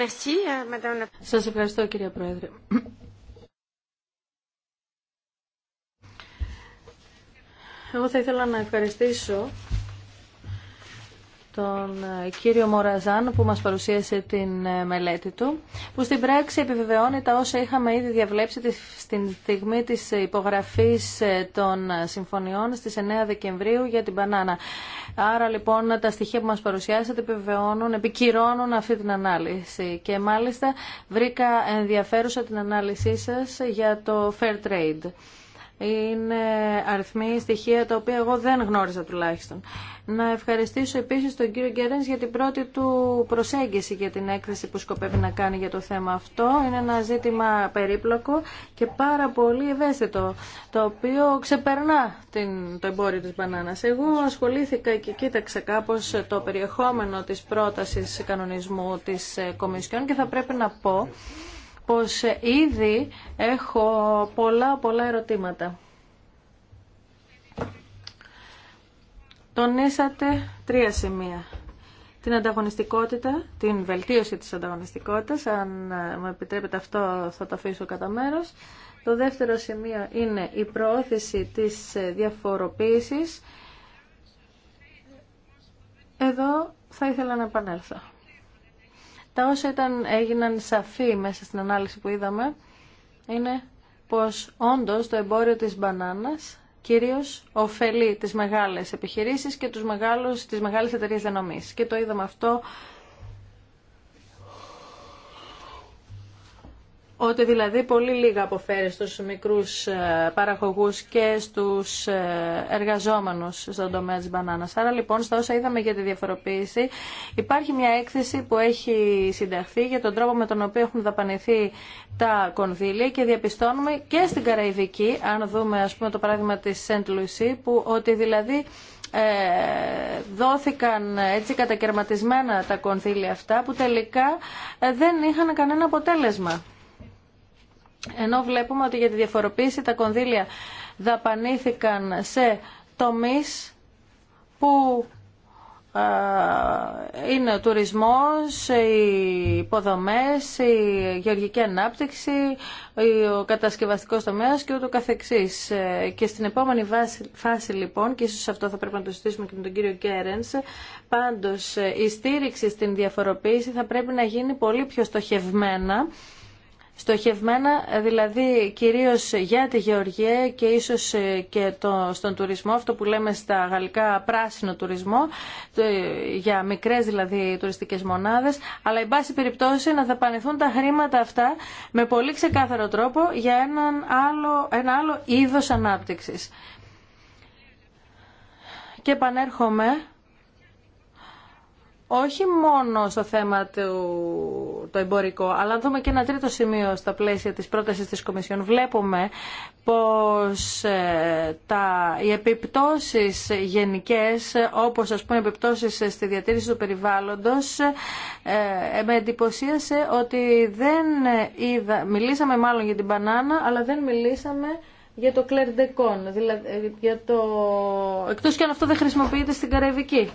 Ε, Σας ευχαριστώ κυρία Πρόεδρε. Εγώ θα ήθελα να ευχαριστήσω τον ε, κύριο Μοραζάν που μας παρουσίασε την ε, μελέτη του, που στην πράξη επιβεβαιώνει τα όσα είχαμε ήδη διαβλέψει στην στιγμή της υπογραφής ε, των συμφωνιών στις 9 Δεκεμβρίου για την Πανάνα. Άρα λοιπόν τα στοιχεία που μας παρουσιάσατε επιβεβαιώνουν, επικυρώνουν αυτή την ανάλυση και μάλιστα βρήκα ενδιαφέρουσα την ανάλυση σας για το Fair Trade. Είναι αριθμοί, στοιχεία τα οποία εγώ δεν γνώριζα τουλάχιστον. Να ευχαριστήσω επίσης τον κύριο Γκέρενς για την πρώτη του προσέγγιση για την έκθεση που σκοπεύει να κάνει για το θέμα αυτό. Είναι ένα ζήτημα περίπλοκο και πάρα πολύ ευαίσθητο, το οποίο ξεπερνά την, το εμπόριο της μπανάνας. Εγώ ασχολήθηκα και κοίταξα κάπως το περιεχόμενο της πρότασης κανονισμού της ε, Κομισιόν και θα πρέπει να πω πως ήδη έχω πολλά πολλά ερωτήματα. Τονίσατε τρία σημεία. Την ανταγωνιστικότητα, την βελτίωση της ανταγωνιστικότητας, αν μου επιτρέπετε αυτό θα το αφήσω κατά μέρος. Το δεύτερο σημείο είναι η προώθηση της διαφοροποίησης. Εδώ θα ήθελα να επανέλθω. Τα όσα έγιναν σαφή μέσα στην ανάλυση που είδαμε είναι πως όντως το εμπόριο της μπανάνας κυρίως ωφελεί τις μεγάλες επιχειρήσεις και τους μεγάλους, τις μεγάλες εταιρείες δενομής. Και το είδαμε αυτό ότι δηλαδή πολύ λίγα αποφέρει στους μικρούς ε, παραγωγούς και στους ε, εργαζόμενους στον τομέα της μπανάνας. Άρα λοιπόν στα όσα είδαμε για τη διαφοροποίηση υπάρχει μια έκθεση που έχει συνταχθεί για τον τρόπο με τον οποίο έχουν δαπανηθεί τα κονδύλια και διαπιστώνουμε και στην Καραϊβική, αν δούμε ας πούμε το παράδειγμα της Σεντ Λουισί, που ότι δηλαδή ε, δόθηκαν έτσι κατακαιρματισμένα τα κονδύλια αυτά που τελικά δεν είχαν κανένα αποτέλεσμα. Ενώ βλέπουμε ότι για τη διαφοροποίηση τα κονδύλια δαπανήθηκαν σε τομείς που είναι ο τουρισμός, οι υποδομές, η γεωργική ανάπτυξη, ο κατασκευαστικός τομέας και ούτω καθεξής. Ε, και στην επόμενη φάση λοιπόν, και ίσως αυτό θα πρέπει να το συζητήσουμε και με τον κύριο Κέρενς, πάντως ε, η στήριξη στην διαφοροποίηση θα πρέπει να γίνει πολύ πιο στοχευμένα στοχευμένα, ε, δηλαδή κυρίως για τη γεωργία και ίσως ε, και το, στον τουρισμό, αυτό που λέμε στα γαλλικά πράσινο τουρισμό, για μικρές δηλαδή τουριστικές μονάδες, αλλά η πάση περιπτώσει να δαπανηθούν τα χρήματα αυτά με πολύ ξεκάθαρο τρόπο για έναν άλλο, ένα άλλο είδος ανάπτυξης. Και επανέρχομαι όχι μόνο στο θέμα του, το εμπορικό, αλλά δούμε και ένα τρίτο σημείο στα πλαίσια της πρότασης της Κομισιόν. Βλέπουμε πως ε, τα, οι επιπτώσεις γενικές, όπως ας πούμε επιπτώσεις στη διατήρηση του περιβάλλοντος, ε, με εντυπωσίασε ότι δεν είδα, μιλήσαμε μάλλον για την μπανάνα, αλλά δεν μιλήσαμε για το κλερντεκόν, δηλαδή για το... εκτός και αν αυτό δεν χρησιμοποιείται στην Καραϊβική.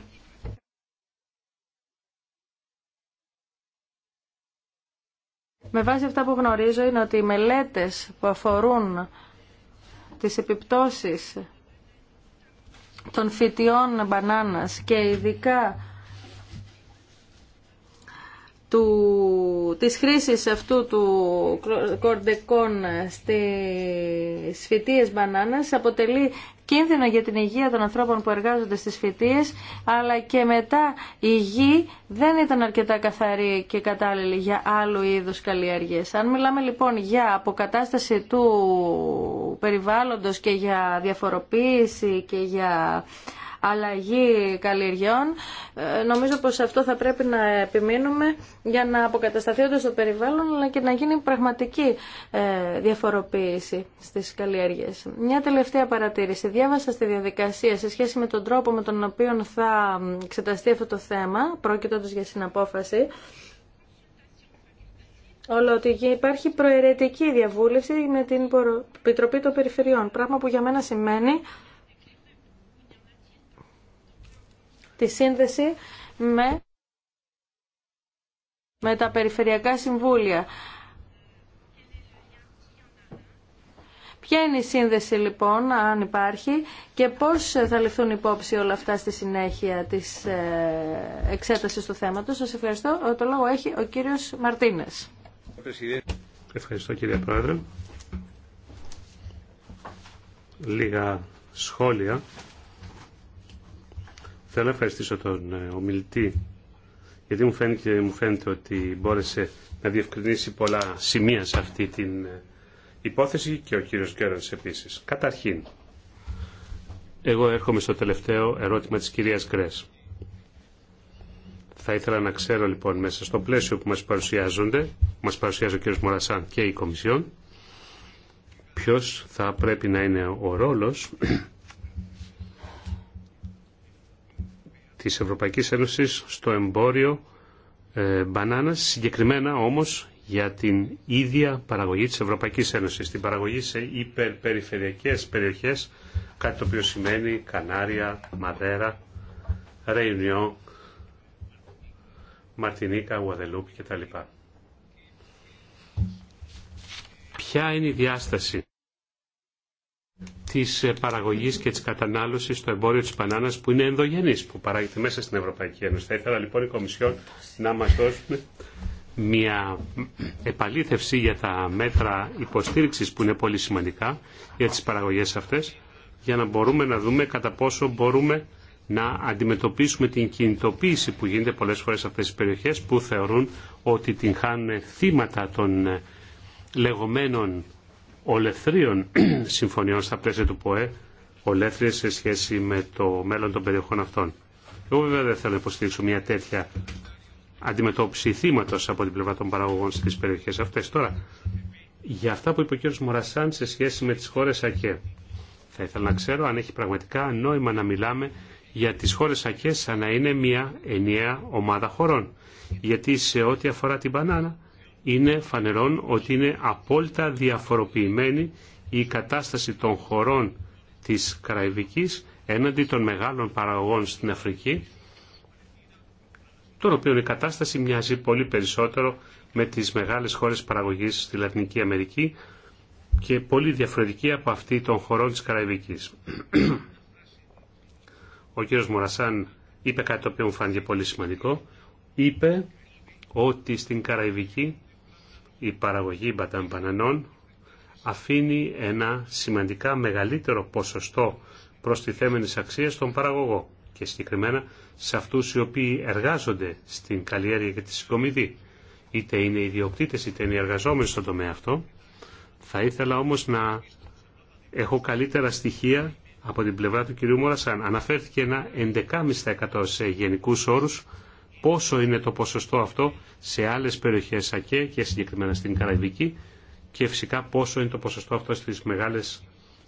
Με βάση αυτά που γνωρίζω είναι ότι οι μελέτες που αφορούν τις επιπτώσεις των φυτιών μπανάνας και ειδικά του, της χρήσης αυτού του κορντεκόν στις φυτίες μπανάνας αποτελεί κίνδυνο για την υγεία των ανθρώπων που εργάζονται στις φυτίες αλλά και μετά η γη δεν ήταν αρκετά καθαρή και κατάλληλη για άλλου είδους καλλιέργειες. Αν μιλάμε λοιπόν για αποκατάσταση του περιβάλλοντος και για διαφοροποίηση και για αλλαγή καλλιεργιών. Ε, νομίζω πως αυτό θα πρέπει να επιμείνουμε για να αποκατασταθεί όντως το περιβάλλον αλλά και να γίνει πραγματική ε, διαφοροποίηση στις καλλιέργειες. Μια τελευταία παρατήρηση. Διάβασα στη διαδικασία σε σχέση με τον τρόπο με τον οποίο θα εξεταστεί αυτό το θέμα, πρόκειται για συναπόφαση, Όλο ότι υπάρχει προαιρετική διαβούλευση με την Επιτροπή των Περιφερειών, πράγμα που για μένα σημαίνει τη σύνδεση με, με τα περιφερειακά συμβούλια. Ποια είναι η σύνδεση λοιπόν, αν υπάρχει, και πώς θα ληφθούν υπόψη όλα αυτά στη συνέχεια της ε, εξέτασης του θέματος. Σας ευχαριστώ. Ε, το λόγο έχει ο κύριος Μαρτίνες. Ευχαριστώ κύριε Πρόεδρε. Λίγα σχόλια Θέλω να ευχαριστήσω τον ε, ομιλητή γιατί μου φαίνεται, μου φαίνεται ότι μπόρεσε να διευκρινίσει πολλά σημεία σε αυτή την ε, υπόθεση και ο κύριος Γκέρανς επίσης. Καταρχήν, εγώ έρχομαι στο τελευταίο ερώτημα της κυρίας Γκρές. Θα ήθελα να ξέρω λοιπόν μέσα στο πλαίσιο που μας παρουσιάζονται, μας παρουσιάζει ο κύριος Μορασάν και η Κομισιόν, ποιος θα πρέπει να είναι ο ρόλος της Ευρωπαϊκής Ένωσης στο εμπόριο ε, μπανάνας, συγκεκριμένα όμως για την ίδια παραγωγή της Ευρωπαϊκής Ένωσης, την παραγωγή σε υπερπεριφερειακές περιοχές, κάτι το οποίο σημαίνει Κανάρια, Μαδέρα, Ρεϊνιό, Μαρτινίκα, τα κτλ. Ποια είναι η διάσταση της ε, παραγωγής και της κατανάλωσης στο εμπόριο της μπανάνας που είναι ενδογενής, που παράγεται μέσα στην Ευρωπαϊκή Ένωση. Θα ήθελα λοιπόν η Κομισιόν να μας δώσουν μια επαλήθευση για τα μέτρα υποστήριξης που είναι πολύ σημαντικά για τις παραγωγές αυτές, για να μπορούμε να δούμε κατά πόσο μπορούμε να αντιμετωπίσουμε την κινητοποίηση που γίνεται πολλές φορές σε αυτές τις περιοχές που θεωρούν ότι την χάνουν θύματα των ε, λεγόμενων ολεθρίων συμφωνιών στα πλαίσια του ΠΟΕ, ολέθριε σε σχέση με το μέλλον των περιοχών αυτών. Εγώ βέβαια δεν θέλω να υποστηρίξω μια τέτοια αντιμετώπιση θύματο από την πλευρά των παραγωγών στι περιοχέ αυτέ. Τώρα, για αυτά που είπε ο κ. Μορασάν σε σχέση με τι χώρε ΑΚΕ. Θα ήθελα να ξέρω αν έχει πραγματικά νόημα να μιλάμε για τι χώρε ΑΚΕ σαν να είναι μια ενιαία ομάδα χωρών. Γιατί σε ό,τι αφορά την μπανάνα, είναι φανερόν ότι είναι απόλυτα διαφοροποιημένη η κατάσταση των χωρών της Καραϊβικής έναντι των μεγάλων παραγωγών στην Αφρική, των οποίων η κατάσταση μοιάζει πολύ περισσότερο με τις μεγάλες χώρες παραγωγής στη Λατινική Αμερική και πολύ διαφορετική από αυτή των χωρών της Καραϊβικής. Ο κ. Μουρασάν είπε κάτι το οποίο μου φάνηκε πολύ σημαντικό. Είπε ότι στην Καραϊβική η παραγωγή μπαταμπανανών αφήνει ένα σημαντικά μεγαλύτερο ποσοστό προστιθέμενης αξίας στον παραγωγό και συγκεκριμένα σε αυτούς οι οποίοι εργάζονται στην καλλιέργεια και τη συγκομιδή. Είτε είναι ιδιοκτήτες είτε είναι εργαζόμενοι στον τομέα αυτό. Θα ήθελα όμως να έχω καλύτερα στοιχεία από την πλευρά του κυρίου Μόρασαν. Αναφέρθηκε ένα 11,5% σε γενικούς όρους πόσο είναι το ποσοστό αυτό σε άλλες περιοχές ΑΚΕ και συγκεκριμένα στην Καραϊβική και φυσικά πόσο είναι το ποσοστό αυτό στις μεγάλες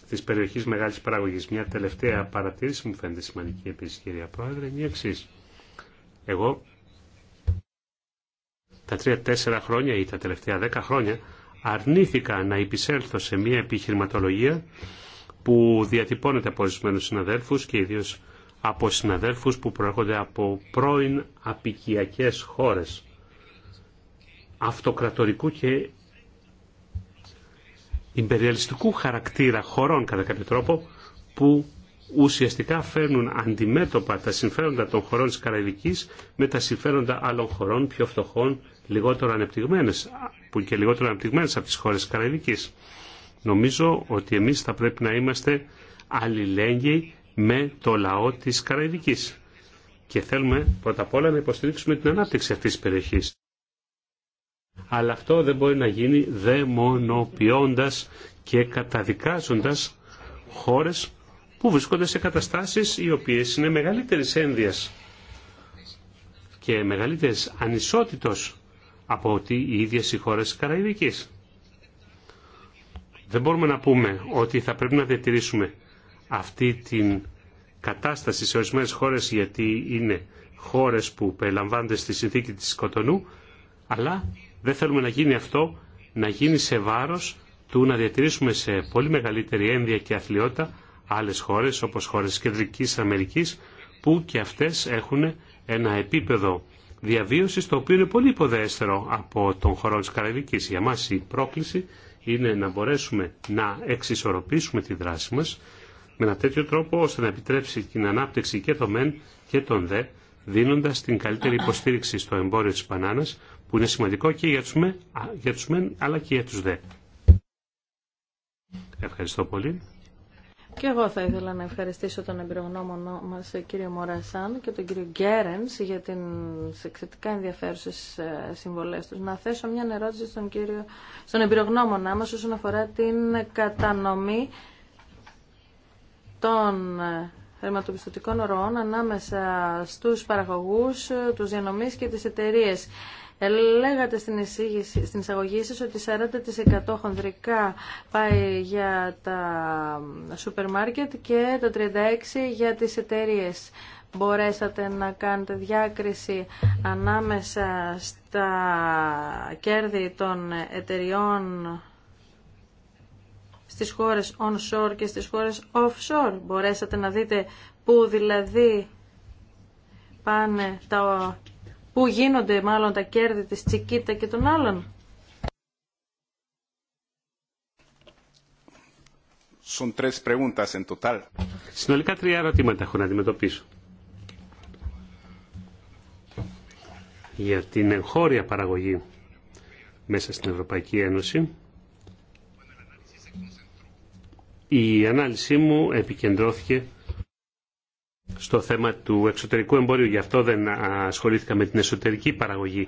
τη περιοχή μεγάλη παραγωγή. Μια τελευταία παρατήρηση μου φαίνεται σημαντική επίση, κυρία Πρόεδρε, είναι η εξή. Εγώ τα τρία-τέσσερα χρόνια ή τα τελευταία δέκα χρόνια αρνήθηκα να υπησέλθω σε μια επιχειρηματολογία που διατυπώνεται από ορισμένου συναδέλφου και ιδίω από συναδέλφους που προέρχονται από πρώην απικιακές χώρες αυτοκρατορικού και υπεριαλιστικού χαρακτήρα χωρών κατά κάποιο τρόπο που ουσιαστικά φέρνουν αντιμέτωπα τα συμφέροντα των χωρών της Καραϊβικής με τα συμφέροντα άλλων χωρών πιο φτωχών, λιγότερο ανεπτυγμένες, που και λιγότερο ανεπτυγμένες από τις χώρες της Καραϊβικής. Νομίζω ότι εμείς θα πρέπει να είμαστε αλληλέγγυοι με το λαό της Καραϊβικής. Και θέλουμε πρώτα απ' όλα να υποστηρίξουμε την ανάπτυξη αυτής της περιοχής. Αλλά αυτό δεν μπορεί να γίνει δαιμονοποιώντας και καταδικάζοντας χώρες που βρίσκονται σε καταστάσεις οι οποίες είναι μεγαλύτερης ένδυας και μεγαλύτερης ανισότητος από ότι οι ίδιες οι χώρες της Δεν μπορούμε να πούμε ότι θα πρέπει να διατηρήσουμε αυτή την κατάσταση σε ορισμένες χώρες γιατί είναι χώρες που περιλαμβάνονται στη συνθήκη της Κοτονού αλλά δεν θέλουμε να γίνει αυτό να γίνει σε βάρος του να διατηρήσουμε σε πολύ μεγαλύτερη ένδια και αθλειότητα άλλες χώρες όπως χώρες της Κεντρικής Αμερικής που και αυτές έχουν ένα επίπεδο διαβίωσης το οποίο είναι πολύ υποδέστερο από τον χώρο της Καραϊβικής. Για μας η πρόκληση είναι να μπορέσουμε να εξισορροπήσουμε τη δράση μας με ένα τέτοιο τρόπο ώστε να επιτρέψει την ανάπτυξη και των μεν και των δε, δίνοντα την καλύτερη υποστήριξη στο εμπόριο τη μπανάνα, που είναι σημαντικό και για του με, για τους μεν αλλά και για του δε. Ευχαριστώ πολύ. Και εγώ θα ήθελα να ευχαριστήσω τον εμπειρογνώμονο μας, ε, κύριο Μορασάν και τον κύριο Γκέρενς για τι εξαιρετικά ενδιαφέρουσε ε, συμβολές τους. Να θέσω μια ερώτηση στον, κύριο, στον εμπειρογνώμονά μας όσον αφορά την κατανομή των ε, χρηματοπιστωτικών ροών ανάμεσα στους παραγωγούς, ε, τους διανομής και τις εταιρείες. Ε, λέγατε στην, εισήγηση, εισαγωγή σας ότι 40% χονδρικά πάει για τα σούπερ μάρκετ και το 36% για τις εταιρείες. Μπορέσατε να κάνετε διάκριση ανάμεσα στα κέρδη των εταιριών στις χώρες onshore και στις χώρες offshore. Μπορέσατε να δείτε πού δηλαδή πάνε τα... πού γίνονται μάλλον τα κέρδη της Τσικίτα και των άλλων. Συνολικά τρία ερωτήματα έχω να αντιμετωπίσω. Για την εγχώρια παραγωγή μέσα στην Ευρωπαϊκή Ένωση η ανάλυση μου επικεντρώθηκε στο θέμα του εξωτερικού εμπόριου. Γι' αυτό δεν ασχολήθηκα με την εσωτερική παραγωγή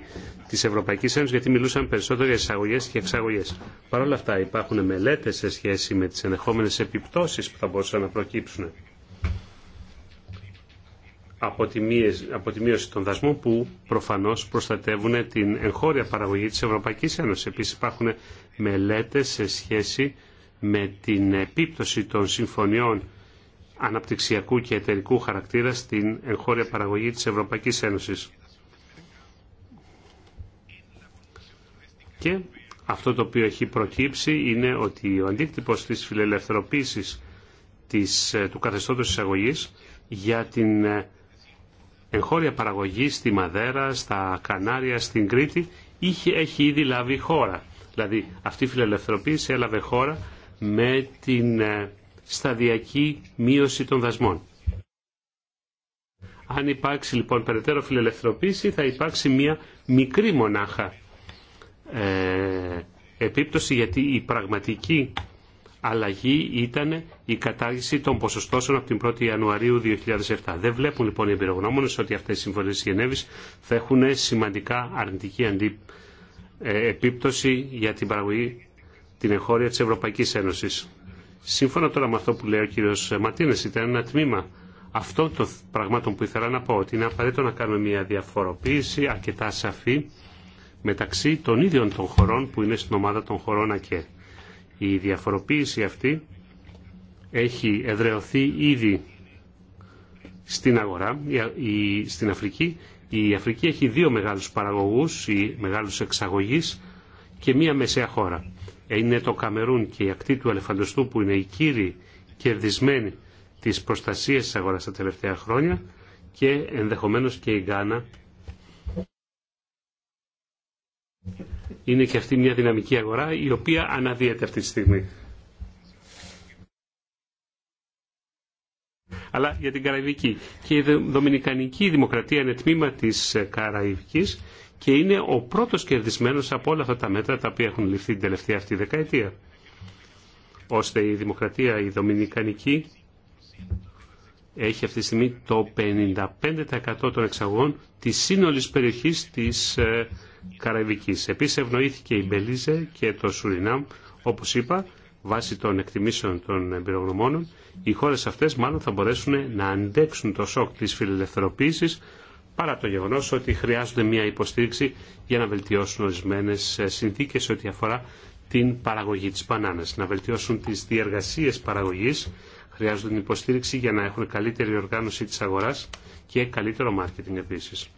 τη Ευρωπαϊκή Ένωση, γιατί μιλούσαν περισσότερο για εισαγωγέ και εξαγωγέ. Παρ' όλα αυτά, υπάρχουν μελέτε σε σχέση με τι ενδεχόμενε επιπτώσει που θα μπορούσαν να προκύψουν από τη μείωση των δασμών που προφανώς προστατεύουν την εγχώρια παραγωγή της Ευρωπαϊκής Ένωσης. Επίση υπάρχουν μελέτες σε σχέση με την επίπτωση των συμφωνιών αναπτυξιακού και εταιρικού χαρακτήρα στην εγχώρια παραγωγή της Ευρωπαϊκής Ένωσης. Και αυτό το οποίο έχει προκύψει είναι ότι ο αντίκτυπος της φιλελευθεροποίησης της, του καθεστώτος εισαγωγής για την εγχώρια παραγωγή στη Μαδέρα, στα Κανάρια, στην Κρήτη είχε, έχει ήδη λάβει χώρα. Δηλαδή αυτή η φιλελευθερωποίηση έλαβε χώρα με την ε, σταδιακή μείωση των δασμών. Αν υπάρξει λοιπόν περαιτέρω φιλελευθερωποίηση θα υπάρξει μια μικρή μονάχα ε, επίπτωση γιατί η πραγματική αλλαγή ήταν η κατάργηση των ποσοστώσεων από την 1η Ιανουαρίου 2007. Δεν βλέπουν λοιπόν οι εμπειρογνώμονες ότι αυτές οι συμφωνίες της Γενέβη θα έχουν σημαντικά αρνητική αντί... Ε, επίπτωση για την παραγωγή την εγχώρια της Ευρωπαϊκής Ένωσης. Σύμφωνα τώρα με αυτό που λέει ο κύριος Ματίνες, ήταν ένα τμήμα αυτών των πραγμάτων που ήθελα να πω, ότι είναι απαραίτητο να κάνουμε μια διαφοροποίηση αρκετά σαφή μεταξύ των ίδιων των χωρών που είναι στην ομάδα των χωρών ΑΚΕ. Η διαφοροποίηση αυτή έχει εδρεωθεί ήδη στην αγορά, στην Αφρική. Η Αφρική έχει δύο μεγάλους παραγωγούς ή μεγάλους εξαγωγείς και μία μεσαία χώρα είναι το Καμερούν και η ακτή του Αλεφαντοστού που είναι οι κύριοι κερδισμένοι της προστασίας της αγοράς τα τελευταία χρόνια και ενδεχομένως και η Γκάνα είναι και αυτή μια δυναμική αγορά η οποία αναδύεται αυτή τη στιγμή. Αλλά για την Καραϊβική. Και η Δομινικανική Δημοκρατία είναι τμήμα της Καραϊβικής και είναι ο πρώτος κερδισμένος από όλα αυτά τα μέτρα τα οποία έχουν ληφθεί την τελευταία αυτή δεκαετία. Ώστε η δημοκρατία, η δομινικανική, έχει αυτή τη στιγμή το 55% των εξαγών της σύνολης περιοχής της ε, Καραϊβικής. Επίσης ευνοήθηκε η Μπελίζε και το Σουρινάμ, όπως είπα, βάσει των εκτιμήσεων των εμπειρογνωμόνων, οι χώρες αυτές μάλλον θα μπορέσουν να αντέξουν το σοκ της φιλελευθερωποίησης παρά το γεγονό ότι χρειάζονται μια υποστήριξη για να βελτιώσουν ορισμένε ε, συνθήκες ό,τι αφορά την παραγωγή τη μπανάνα. να βελτιώσουν τι διεργασίε παραγωγή. χρειάζονται την υποστήριξη για να έχουν καλύτερη οργάνωση τη αγορά και καλύτερο μάρκετινγκ επίση.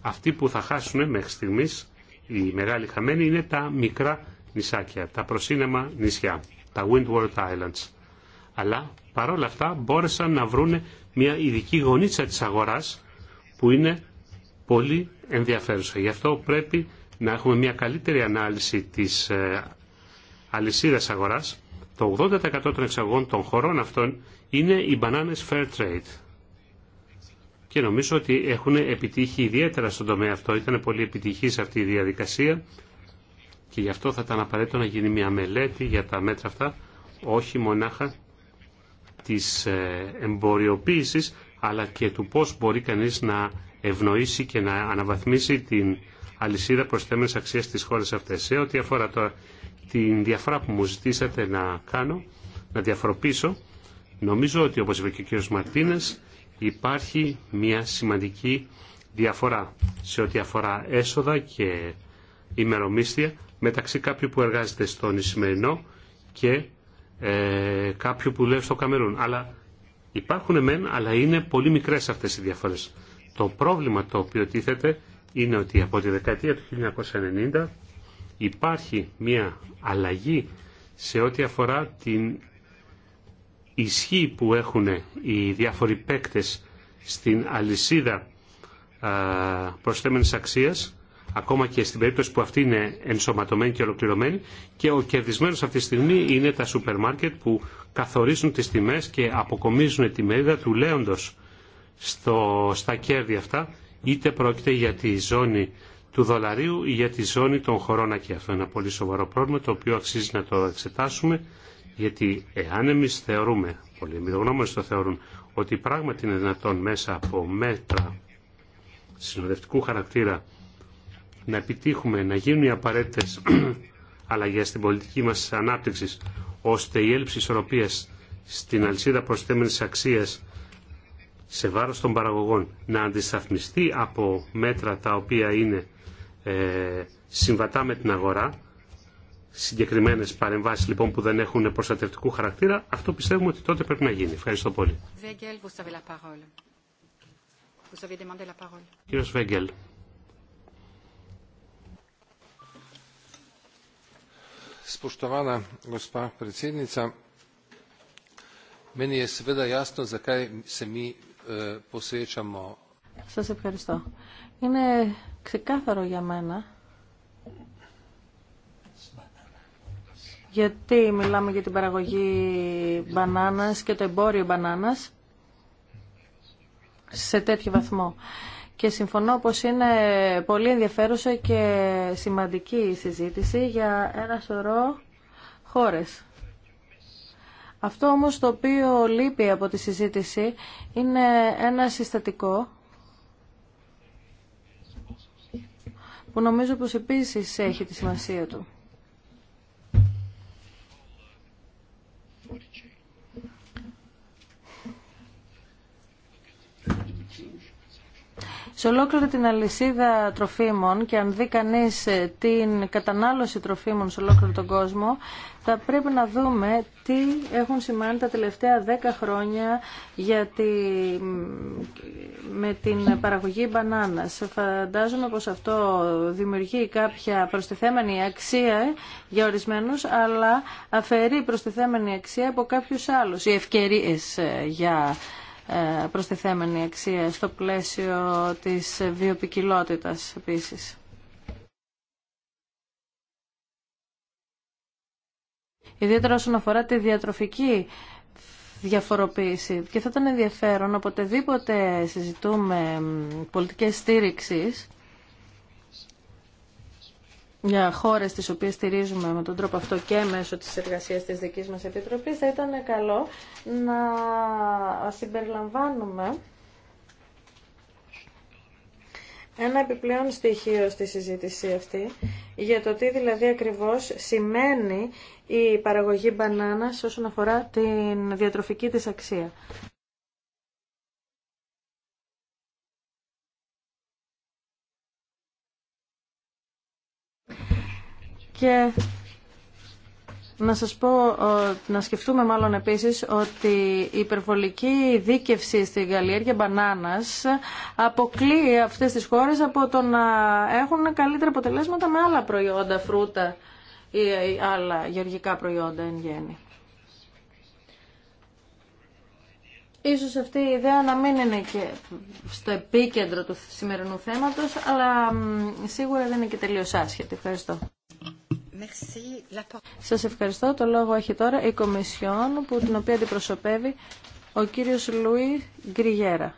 Αυτοί που θα χάσουν μέχρι στιγμή, οι μεγάλοι χαμένοι, είναι τα μικρά νησάκια, τα προσύνεμα νησιά, τα Windward Islands. Αλλά παρόλα αυτά μπόρεσαν να βρουν μια ειδική γονίτσα της αγοράς που είναι πολύ ενδιαφέρουσα. Γι' αυτό πρέπει να έχουμε μια καλύτερη ανάλυση της ε, αλυσίδας αγοράς. Το 80% των εξαγωγών των χωρών αυτών είναι οι μπανάνες fair trade. Και νομίζω ότι έχουν επιτύχει ιδιαίτερα στον τομέα αυτό. Ήταν πολύ επιτυχής αυτή η διαδικασία και γι' αυτό θα ήταν απαραίτητο να γίνει μια μελέτη για τα μέτρα αυτά, όχι μονάχα της ε, εμποριοποίησης, αλλά και του πώς μπορεί κανείς να ευνοήσει και να αναβαθμίσει την αλυσίδα προσθέμενης αξίας της χώρες αυτές. Σε ό,τι αφορά την διαφορά που μου ζητήσατε να κάνω, να διαφοροποιήσω, νομίζω ότι όπως είπε και ο κ. Μαρτίνες υπάρχει μια σημαντική διαφορά σε ό,τι αφορά έσοδα και ημερομίσθια μεταξύ κάποιου που εργάζεται στον Ισημερινό και ε, κάποιου που δουλεύει στο Καμερούν. Αλλά Υπάρχουν μεν, αλλά είναι πολύ μικρές αυτές οι διαφορές. Το πρόβλημα το οποίο τίθεται είναι ότι από τη δεκαετία του 1990 υπάρχει μια αλλαγή σε ό,τι αφορά την ισχύ που έχουν οι διάφοροι παίκτες στην αλυσίδα προσθέμενης αξίας, ακόμα και στην περίπτωση που αυτή είναι ενσωματωμένη και ολοκληρωμένη και ο κερδισμένος αυτή τη στιγμή είναι τα σούπερ μάρκετ που καθορίζουν τις τιμές και αποκομίζουν τη μερίδα του λέοντος στο, στα κέρδη αυτά, είτε πρόκειται για τη ζώνη του δολαρίου ή για τη ζώνη των χωρών και αυτό είναι ένα πολύ σοβαρό πρόβλημα το οποίο αξίζει να το εξετάσουμε γιατί εάν εμείς θεωρούμε, πολλοί εμπειρογνώμονες το θεωρούν, ότι πράγματι είναι δυνατόν μέσα από μέτρα συνοδευτικού χαρακτήρα να επιτύχουμε να γίνουν οι απαραίτητες [clears throat] αλλαγές στην πολιτική μας ανάπτυξη ώστε η έλλειψη ισορροπίας στην αλυσίδα προσθέμενης αξίας σε βάρος των παραγωγών να αντισταθμιστεί από μέτρα τα οποία είναι ε, συμβατά με την αγορά, συγκεκριμένες παρεμβάσεις λοιπόν που δεν έχουν προστατευτικού χαρακτήρα, αυτό πιστεύουμε ότι τότε πρέπει να γίνει. Ευχαριστώ πολύ. Κύριος Βέγγελ. Σα Σας ευχαριστώ. Είναι ξεκάθαρο για μένα γιατί μιλάμε για την παραγωγή μπανάνας και το εμπόριο μπανάνας σε τέτοιο βαθμό και συμφωνώ πως είναι πολύ ενδιαφέρουσα και σημαντική η συζήτηση για ένα σωρό χώρες. Αυτό όμως το οποίο λείπει από τη συζήτηση είναι ένα συστατικό που νομίζω πως επίσης έχει τη σημασία του. Σε ολόκληρη την αλυσίδα τροφίμων και αν δει κανεί ε, την κατανάλωση τροφίμων σε ολόκληρο τον κόσμο, θα πρέπει να δούμε τι έχουν σημάνει τα τελευταία 10 χρόνια για με την παραγωγή μπανάνας. Φαντάζομαι πως αυτό δημιουργεί κάποια προστιθέμενη αξία για ορισμένους, αλλά αφαιρεί προστιθέμενη αξία από κάποιους άλλους. Οι ευκαιρίες ε, για ε, προστιθέμενη αξία στο πλαίσιο της βιοπικιλότητας επίσης. Ιδιαίτερα όσον αφορά τη διατροφική διαφοροποίηση. Και θα ήταν ενδιαφέρον, οποτεδήποτε συζητούμε πολιτικές στήριξης, για χώρες τις οποίες στηρίζουμε με τον τρόπο αυτό και μέσω της εργασίας της δικής μας Επιτροπής, θα ήταν καλό να συμπεριλαμβάνουμε ένα επιπλέον στοιχείο στη συζήτηση αυτή για το τι δηλαδή ακριβώς σημαίνει η παραγωγή μπανάνας όσον αφορά την διατροφική της αξία. Και να σας πω, να σκεφτούμε μάλλον επίσης ότι η υπερβολική δίκευση στην καλλιέργεια μπανάνας αποκλείει αυτές τις χώρες από το να έχουν καλύτερα αποτελέσματα με άλλα προϊόντα, φρούτα ή άλλα γεωργικά προϊόντα εν γέννη. Ίσως αυτή η ιδέα να μην είναι και στο επίκεντρο του σημερινού θέματος, αλλά σίγουρα δεν είναι και τελείως άσχετη. Ευχαριστώ. Σας ευχαριστώ. Το λόγο έχει τώρα η Κομισιόν, που την οποία αντιπροσωπεύει ο κύριος Λουί Γκριγέρα.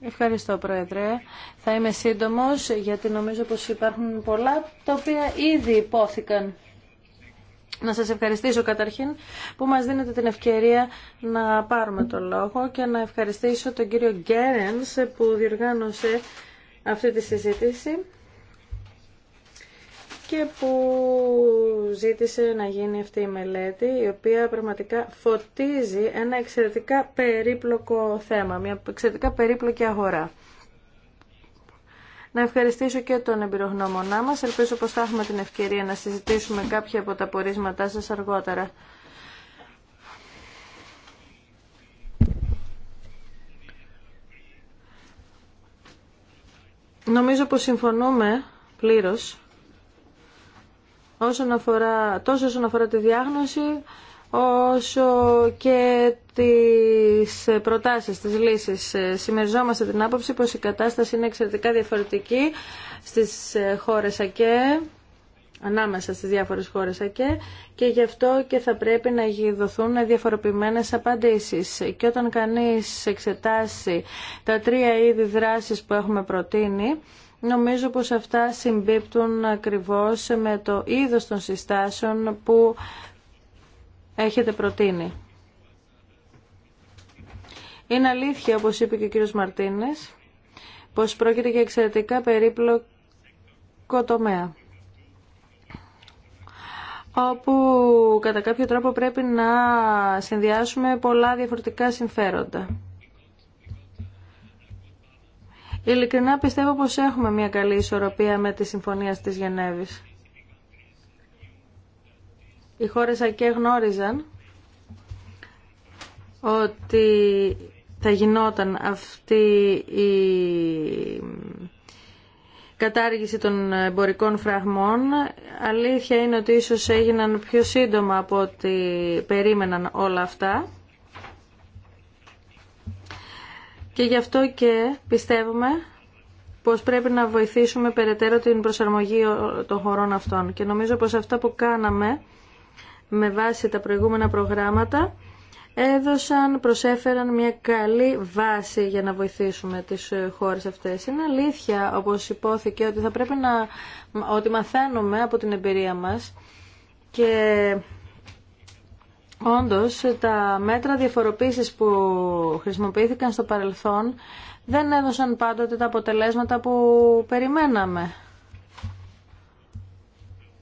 Ευχαριστώ, Πρόεδρε. Θα είμαι σύντομος, γιατί νομίζω πως υπάρχουν πολλά, τα οποία ήδη υπόθηκαν. Να σας ευχαριστήσω καταρχήν που μας δίνετε την ευκαιρία να πάρουμε το λόγο και να ευχαριστήσω τον κύριο Γκέρενς που διοργάνωσε αυτή τη συζήτηση και που ζήτησε να γίνει αυτή η μελέτη, η οποία πραγματικά φωτίζει ένα εξαιρετικά περίπλοκο θέμα, μια εξαιρετικά περίπλοκη αγορά. Να ευχαριστήσω και τον εμπειρογνώμονά μας. Ελπίζω πως θα έχουμε την ευκαιρία να συζητήσουμε κάποια από τα πορίσματά σας αργότερα. Νομίζω πως συμφωνούμε πλήρως όσον αφορά, τόσο όσον αφορά τη διάγνωση όσο και τις προτάσεις, τις λύσεις. Συμμεριζόμαστε την άποψη πως η κατάσταση είναι εξαιρετικά διαφορετική στις χώρες ΑΚΕ, ανάμεσα στις διάφορες χώρες ΑΚΕ και γι' αυτό και θα πρέπει να δοθούν διαφοροποιημένες απαντήσεις. Και όταν κανείς εξετάσει τα τρία είδη δράσεις που έχουμε προτείνει, Νομίζω πως αυτά συμπίπτουν ακριβώς με το είδος των συστάσεων που έχετε προτείνει. Είναι αλήθεια, όπως είπε και ο κύριος Μαρτίνες, πως πρόκειται για εξαιρετικά περίπλοκο τομέα όπου κατά κάποιο τρόπο πρέπει να συνδυάσουμε πολλά διαφορετικά συμφέροντα. Ειλικρινά πιστεύω πως έχουμε μια καλή ισορροπία με τη Συμφωνία της Γενέβης. Οι χώρες ΑΚΕ γνώριζαν ότι θα γινόταν αυτή η κατάργηση των εμπορικών φραγμών. Αλήθεια είναι ότι ίσως έγιναν πιο σύντομα από ό,τι περίμεναν όλα αυτά. Και γι' αυτό και πιστεύουμε πως πρέπει να βοηθήσουμε περαιτέρω την προσαρμογή των χωρών αυτών. Και νομίζω πως αυτά που κάναμε με βάση τα προηγούμενα προγράμματα έδωσαν, προσέφεραν μια καλή βάση για να βοηθήσουμε τις ε, χώρες αυτές. Είναι αλήθεια, όπως υπόθηκε, ότι θα πρέπει να ότι μαθαίνουμε από την εμπειρία μας Όντως, τα μέτρα διαφοροποίησης που χρησιμοποιήθηκαν στο παρελθόν δεν έδωσαν πάντοτε τα αποτελέσματα που περιμέναμε.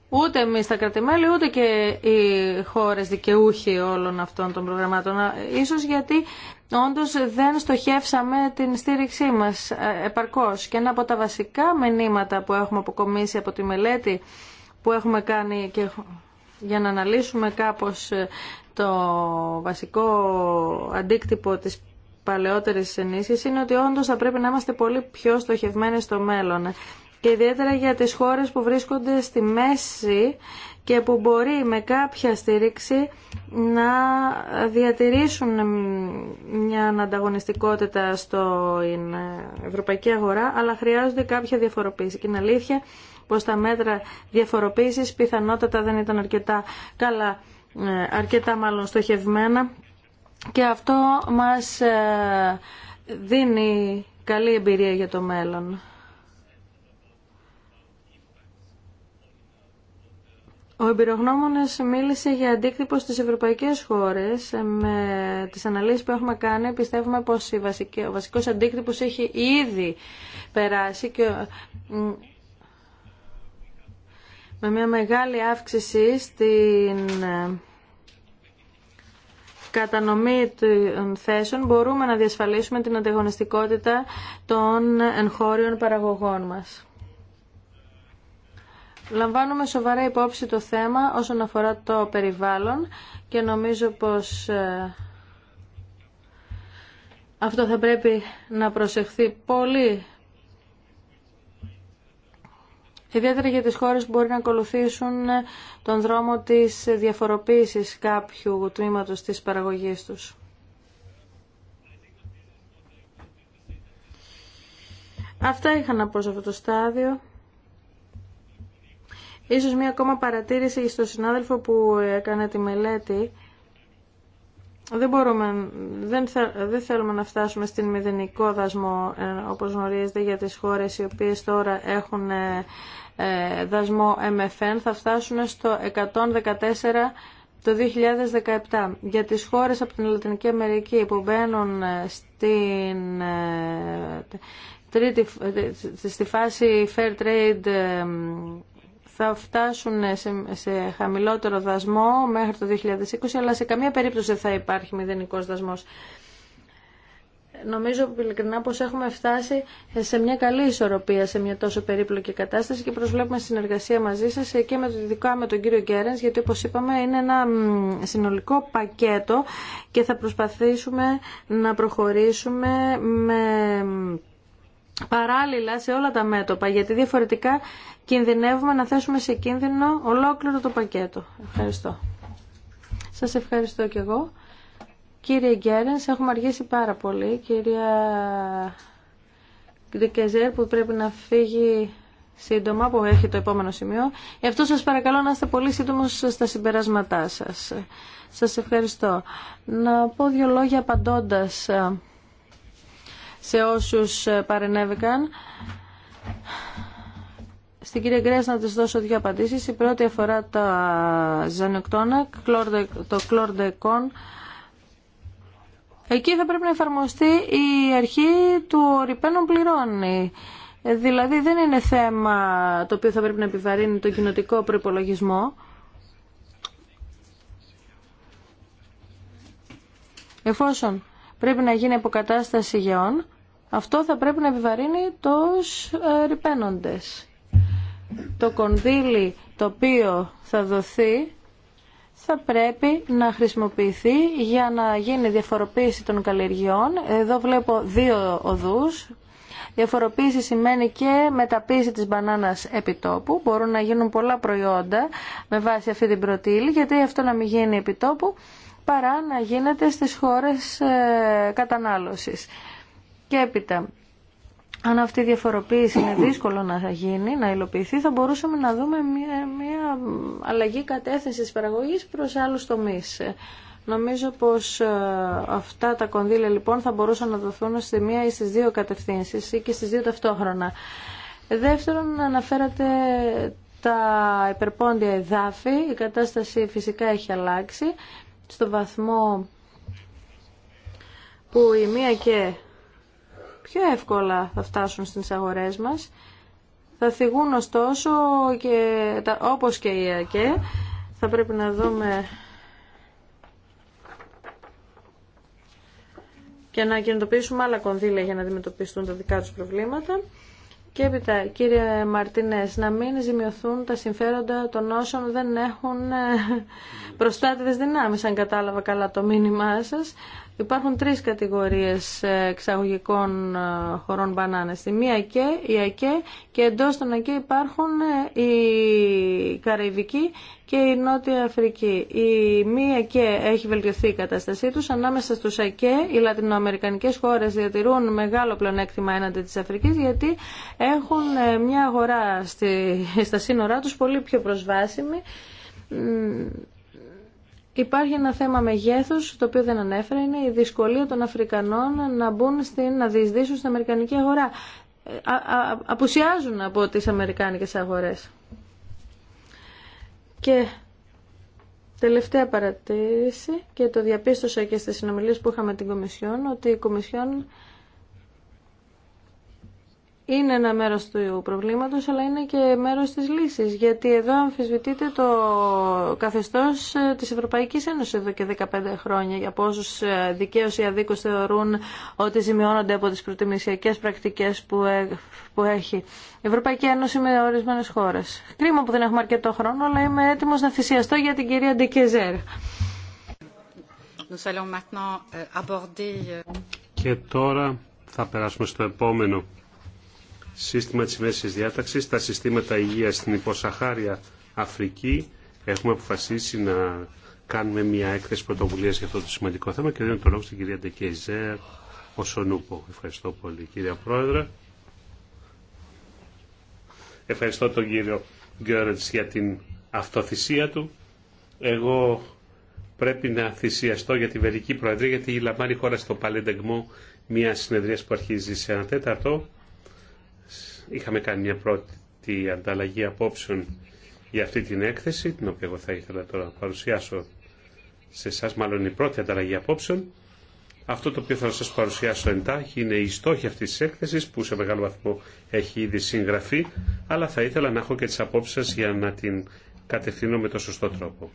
Ούτε εμεί τα κρατημέλη, ούτε και οι χώρες δικαιούχοι όλων αυτών των προγραμμάτων. Ίσως γιατί όντως δεν στοχεύσαμε την στήριξή μας ε, επαρκώς. Και ένα από τα βασικά μενήματα που έχουμε αποκομίσει από τη μελέτη που έχουμε κάνει και για να αναλύσουμε κάπως ε, το βασικό αντίκτυπο της παλαιότερης ενίσχυσης είναι ότι όντως θα πρέπει να είμαστε πολύ πιο στοχευμένοι στο μέλλον και ιδιαίτερα για τις χώρες που βρίσκονται στη μέση και που μπορεί με κάποια στήριξη να διατηρήσουν μια ανταγωνιστικότητα στο ευρωπαϊκή αγορά, αλλά χρειάζονται κάποια διαφοροποίηση. Και είναι αλήθεια πως τα μέτρα διαφοροποίησης πιθανότατα δεν ήταν αρκετά καλά ε, αρκετά μάλλον στοχευμένα και αυτό μας ε, δίνει καλή εμπειρία για το μέλλον. Ο εμπειρογνώμονες μίλησε για αντίκτυπο στις ευρωπαϊκές χώρες. Ε, με τις αναλύσεις που έχουμε κάνει πιστεύουμε πως η ο βασικός αντίκτυπος έχει ήδη περάσει και με μια μεγάλη αύξηση στην ε, κατανομή των θέσεων μπορούμε να διασφαλίσουμε την ανταγωνιστικότητα των εγχώριων παραγωγών μας. Λαμβάνουμε σοβαρά υπόψη το θέμα όσον αφορά το περιβάλλον και νομίζω πως ε, αυτό θα πρέπει να προσεχθεί πολύ ιδιαίτερα για τις χώρες που μπορεί να ακολουθήσουν τον δρόμο της διαφοροποίησης κάποιου τμήματος της παραγωγής τους. Αυτά είχα να πω σε αυτό το στάδιο. Ίσως μία ακόμα παρατήρηση στον συνάδελφο που έκανε τη μελέτη δεν, μπορούμε, δεν, δεν θέλουμε να φτάσουμε στην μηδενικό δασμό, ε, όπως γνωρίζετε, για τις χώρες οι οποίες τώρα έχουν ε, ε δασμό MFN. Θα φτάσουν στο 114% το 2017. Για τις χώρες από την Λατινική Αμερική που μπαίνουν ε, στην, ε, τρίτη, στη φάση fair trade θα φτάσουν σε, χαμηλότερο δασμό μέχρι το 2020, αλλά σε καμία περίπτωση δεν θα υπάρχει μηδενικός δασμός. Νομίζω ειλικρινά πως έχουμε φτάσει σε μια καλή ισορροπία σε μια τόσο περίπλοκη κατάσταση και προσβλέπουμε συνεργασία μαζί σας και με, ειδικά με τον κύριο Γκέρενς γιατί όπως είπαμε είναι ένα συνολικό πακέτο και θα προσπαθήσουμε να προχωρήσουμε με παράλληλα σε όλα τα μέτωπα, γιατί διαφορετικά κινδυνεύουμε να θέσουμε σε κίνδυνο ολόκληρο το πακέτο. Ευχαριστώ. Σας ευχαριστώ κι εγώ. Κύριε Γκέρενς, έχουμε αργήσει πάρα πολύ. Κυρία Γκρικεζέρ που πρέπει να φύγει σύντομα, που έχει το επόμενο σημείο. Γι' αυτό σας παρακαλώ να είστε πολύ σύντομος στα συμπεράσματά σας. Σας ευχαριστώ. Να πω δύο λόγια απαντώντας σε όσους ε, παρενέβηκαν. Στην κυρία Γκρέας να της δώσω δύο απαντήσεις. Η πρώτη αφορά τα ζενοκτώνα, το κλόρντεκόν. Εκεί θα πρέπει να εφαρμοστεί η αρχή του ρηπαίνων πληρώνει. Ε, δηλαδή δεν είναι θέμα το οποίο θα πρέπει να επιβαρύνει το κοινοτικό προϋπολογισμό. Εφόσον πρέπει να γίνει αποκατάσταση γεών, αυτό θα πρέπει να επιβαρύνει τους ε, ρηπαίνοντες. Το κονδύλι το οποίο θα δοθεί θα πρέπει να χρησιμοποιηθεί για να γίνει διαφοροποίηση των καλλιεργειών. Εδώ βλέπω δύο οδούς. Διαφοροποίηση σημαίνει και μεταποίηση της μπανάνας επιτόπου. Μπορούν να γίνουν πολλά προϊόντα με βάση αυτή την πρώτη γιατί αυτό να μην γίνει επιτόπου παρά να γίνεται στις χώρες ε, κατανάλωσης και έπειτα. Αν αυτή η διαφοροποίηση είναι δύσκολο να γίνει, να υλοποιηθεί, θα μπορούσαμε να δούμε μια, μια αλλαγή κατεύθυνσης παραγωγής προς άλλους τομείς. Νομίζω πως ε, αυτά τα κονδύλια λοιπόν θα μπορούσαν να δοθούν στη μία ή στις δύο κατευθύνσεις ή και στις δύο ταυτόχρονα. Δεύτερον, αναφέρατε τα υπερπόντια εδάφη. Η κατάσταση φυσικά έχει αλλάξει στο βαθμό που η μία και πιο εύκολα θα φτάσουν στις αγορές μας. Θα θυγούν ωστόσο και, όπως και η ΑΚΕ. Θα πρέπει να δούμε και να κινητοποιήσουμε άλλα κονδύλια για να αντιμετωπιστούν τα δικά τους προβλήματα. Και έπειτα, κύριε Μαρτίνες, να μην ζημιωθούν τα συμφέροντα των όσων δεν έχουν ε, προστάτευες δυνάμεις, αν κατάλαβα καλά το μήνυμά σας. Υπάρχουν τρεις κατηγορίες ε, εξαγωγικών ε, χωρών μπανάνες. Στη μία και η ΑΚΕ και εντός των ΑΚΕ υπάρχουν ε, η Καραϊβική και η Νότια Αφρική. Η μία ΑΚΕ έχει βελτιωθεί η κατάστασή τους. Ανάμεσα στους ΑΚΕ οι λατινοαμερικανικές χώρες διατηρούν μεγάλο πλεονέκτημα έναντι της Αφρικής γιατί έχουν μια αγορά στη, [laughs] στα σύνορά τους πολύ πιο προσβάσιμη Υπάρχει ένα θέμα μεγέθους, το οποίο δεν ανέφερα, είναι η δυσκολία των Αφρικανών να μπουν στην, να διεισδύσουν στην Αμερικανική αγορά. Ε, α, απουσιάζουν από τις Αμερικάνικες αγορές. Και τελευταία παρατήρηση, και το διαπίστωσα και στις συνομιλίες που είχαμε την Κομισιόν, ότι η Κομισιόν είναι ένα μέρος του προβλήματος, αλλά είναι και μέρος της λύσης, γιατί εδώ αμφισβητείται το καθεστώς ε, της Ευρωπαϊκής Ένωσης εδώ και 15 χρόνια, για πόσους δικαίους ή αδίκους θεωρούν ότι δικαίως ή αδίκως θεωρούν ότι ζημιώνονται από τις προτιμησιακές πρακτικές που, ε, που έχει η Ευρωπαϊκή Ένωση με ορισμένες χώρες. Κρίμα που δεν έχουμε αρκετό χρόνο, αλλά είμαι έτοιμος να θυσιαστώ για την κυρία Ντικεζέρ. Euh, euh, και τώρα θα περάσουμε στο επόμενο σύστημα της μέσης διάταξης, τα συστήματα υγείας στην υποσαχάρια Αφρική. Έχουμε αποφασίσει να κάνουμε μια έκθεση πρωτοβουλία για αυτό το σημαντικό θέμα και δίνω το λόγο στην κυρία Ντεκέιζερ Οσονούπο. Ευχαριστώ πολύ κυρία Πρόεδρε. Ευχαριστώ τον κύριο Γκέρετς για την αυτοθυσία του. Εγώ πρέπει να θυσιαστώ για τη Βελική Προεδρία γιατί λαμβάνει η χώρα στο Παλέντεγμό μια συνεδρία που αρχίζει σε ένα τέταρτο είχαμε κάνει μια πρώτη ανταλλαγή απόψεων για αυτή την έκθεση, την οποία εγώ θα ήθελα τώρα να παρουσιάσω σε εσά, μάλλον η πρώτη ανταλλαγή απόψεων. Αυτό το οποίο θα σας παρουσιάσω εντάχει είναι η στόχη αυτής της έκθεσης που σε μεγάλο βαθμό έχει ήδη συγγραφεί, αλλά θα ήθελα να έχω και τις απόψεις σας για να την κατευθύνω με το σωστό τρόπο.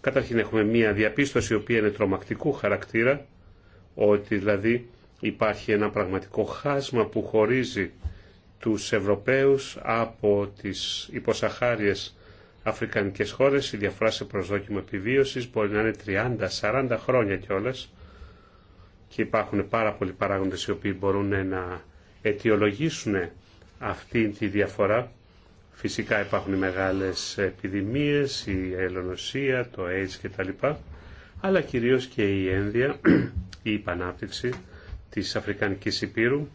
Καταρχήν έχουμε μία διαπίστωση η οποία είναι τρομακτικού χαρακτήρα, ότι δηλαδή Υπάρχει ένα πραγματικό χάσμα που χωρίζει τους Ευρωπαίους από τις υποσαχάριες αφρικανικές χώρες. Η διαφορά σε προσδόκιμο επιβίωσης μπορεί να είναι 30-40 χρόνια κιόλα. και υπάρχουν πάρα πολλοί παράγοντες οι οποίοι μπορούν να αιτιολογήσουν αυτή τη διαφορά. Φυσικά υπάρχουν οι μεγάλες επιδημίες, η ελονοσία, το AIDS κτλ. Αλλά κυρίως και η ένδια, [clears throat] η υπανάπτυξη της Αφρικανικής Υπήρου,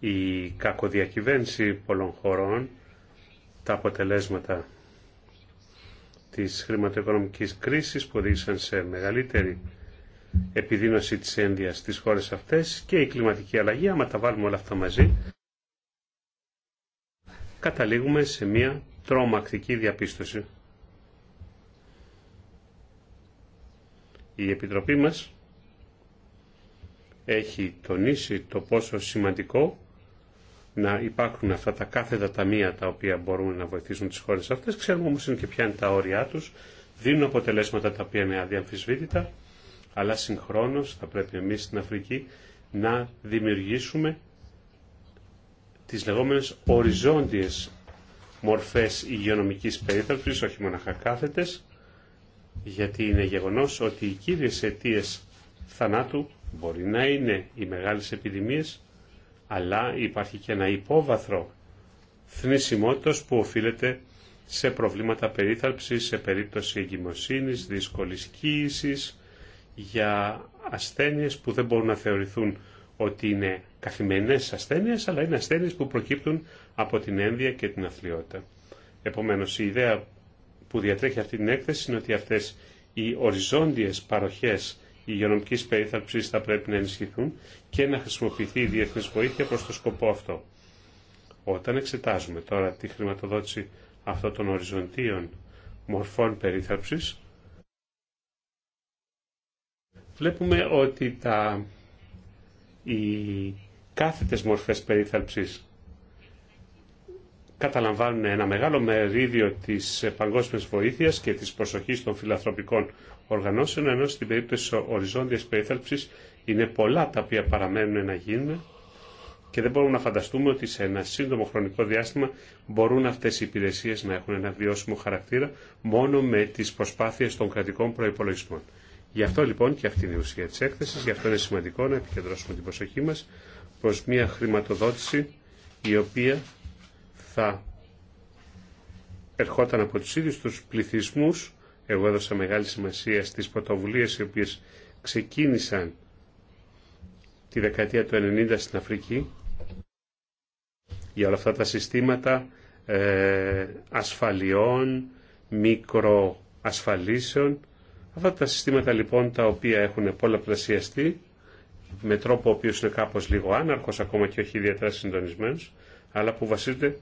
η κακοδιακυβέρνηση πολλών χωρών, τα αποτελέσματα της χρηματοοικονομικής κρίσης που οδήγησαν σε μεγαλύτερη επιδείνωση της ένδυας στις χώρες αυτές και η κλιματική αλλαγή, άμα τα βάλουμε όλα αυτά μαζί, καταλήγουμε σε μια τρομακτική διαπίστωση. Η Επιτροπή μας έχει τονίσει το πόσο σημαντικό να υπάρχουν αυτά τα κάθετα ταμεία τα οποία μπορούν να βοηθήσουν τις χώρες αυτές. Ξέρουμε όμως είναι και ποια είναι τα όρια τους. Δίνουν αποτελέσματα τα οποία είναι αδιαμφισβήτητα, αλλά συγχρόνως θα πρέπει εμείς στην Αφρική να δημιουργήσουμε τις λεγόμενες οριζόντιες μορφές υγειονομικής περίθαλψης, όχι μοναχα κάθετες, γιατί είναι γεγονός ότι οι κύριες αιτίες θανάτου Μπορεί να είναι οι μεγάλες επιδημίες, αλλά υπάρχει και ένα υπόβαθρο θνησιμότητος που οφείλεται σε προβλήματα περίθαλψης, σε περίπτωση εγκυμοσύνης, δύσκολης κοίησης, για ασθένειες που δεν μπορούν να θεωρηθούν ότι είναι καθημερινές ασθένειες, αλλά είναι ασθένειες που προκύπτουν από την ένδυα και την αθλειότητα. Επομένως, η ιδέα που διατρέχει αυτή την έκθεση είναι ότι αυτές οι οριζόντιες παροχές υγειονομικής περίθαλψης θα πρέπει να ενισχυθούν και να χρησιμοποιηθεί η διεθνής βοήθεια προς το σκοπό αυτό. Όταν εξετάζουμε τώρα τη χρηματοδότηση αυτών των οριζοντίων μορφών περίθαλψης, βλέπουμε ότι τα, οι κάθετες μορφές περίθαλψης καταλαμβάνουν ένα μεγάλο μερίδιο της παγκόσμιας βοήθειας και της προσοχής των φιλανθρωπικών οργανώσεων, ενώ στην περίπτωση τη οριζόντιας περίθαλψης είναι πολλά τα οποία παραμένουν να γίνουν και δεν μπορούμε να φανταστούμε ότι σε ένα σύντομο χρονικό διάστημα μπορούν αυτέ οι υπηρεσίε να έχουν ένα βιώσιμο χαρακτήρα μόνο με τι προσπάθειε των κρατικών προπολογισμών. Γι' αυτό λοιπόν και αυτή είναι η ουσία τη έκθεση, γι' αυτό είναι σημαντικό να επικεντρώσουμε την προσοχή μα προ μια χρηματοδότηση η οποία θα ερχόταν από τους ίδιους τους πληθυσμούς εγώ έδωσα μεγάλη σημασία στις πρωτοβουλίες οι οποίες ξεκίνησαν τη δεκαετία του 90 στην Αφρική για όλα αυτά τα συστήματα ε, ασφαλιών, μικροασφαλίσεων. Αυτά τα συστήματα λοιπόν τα οποία έχουν πολλαπλασιαστεί με τρόπο ο οποίος είναι κάπως λίγο άναρχος ακόμα και όχι ιδιαίτερα συντονισμένος αλλά που βασίζονται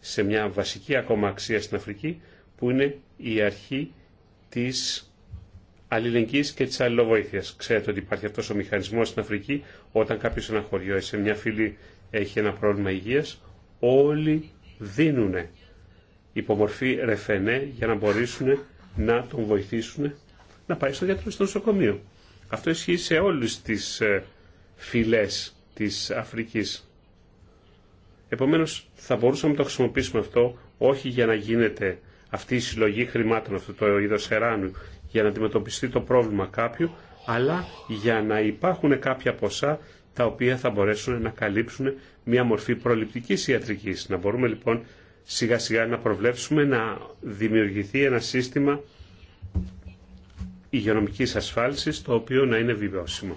σε μια βασική ακόμα αξία στην Αφρική που είναι η αρχή της αλληλεγγύης και της αλληλοβοήθειας. Ξέρετε ότι υπάρχει αυτός ο μηχανισμός στην Αφρική όταν κάποιος σε ένα χωριό ή σε μια φίλη έχει ένα πρόβλημα υγείας, όλοι δίνουν υπομορφή ρεφενέ για να μπορέσουν να τον βοηθήσουν να πάει στο γιατρό στο νοσοκομείο. Αυτό ισχύει σε όλες τις ε, φυλές της Αφρικής. Επομένως θα μπορούσαμε να το χρησιμοποιήσουμε αυτό όχι για να γίνεται αυτή η συλλογή χρημάτων, αυτό το είδος εράνου, για να αντιμετωπιστεί το πρόβλημα κάποιου, αλλά για να υπάρχουν κάποια ποσά τα οποία θα μπορέσουν να καλύψουν μια μορφή προληπτική ιατρική. Να μπορούμε λοιπόν σιγά σιγά να προβλέψουμε να δημιουργηθεί ένα σύστημα υγειονομική ασφάλισης το οποίο να είναι βιώσιμο.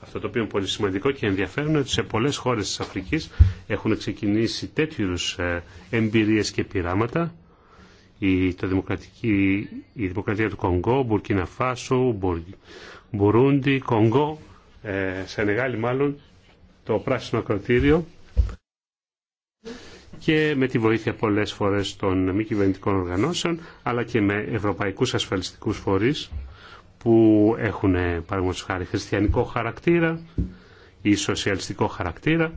Αυτό το οποίο είναι πολύ σημαντικό και ενδιαφέρον είναι ότι σε πολλέ χώρε τη Αφρική έχουν ξεκινήσει τέτοιου ε, εμπειρίε και πειράματα η, τα δημοκρατική, η δημοκρατία του Κονγκό, Μπουρκίνα Φάσο, Μπουρούντι, Κονγκό, ε, Σενεγάλη μάλλον, το πράσινο ακροτήριο και με τη βοήθεια πολλές φορές των μη κυβερνητικών οργανώσεων αλλά και με ευρωπαϊκούς ασφαλιστικούς φορείς που έχουν παραδείγματος χάρη χριστιανικό χαρακτήρα ή σοσιαλιστικό χαρακτήρα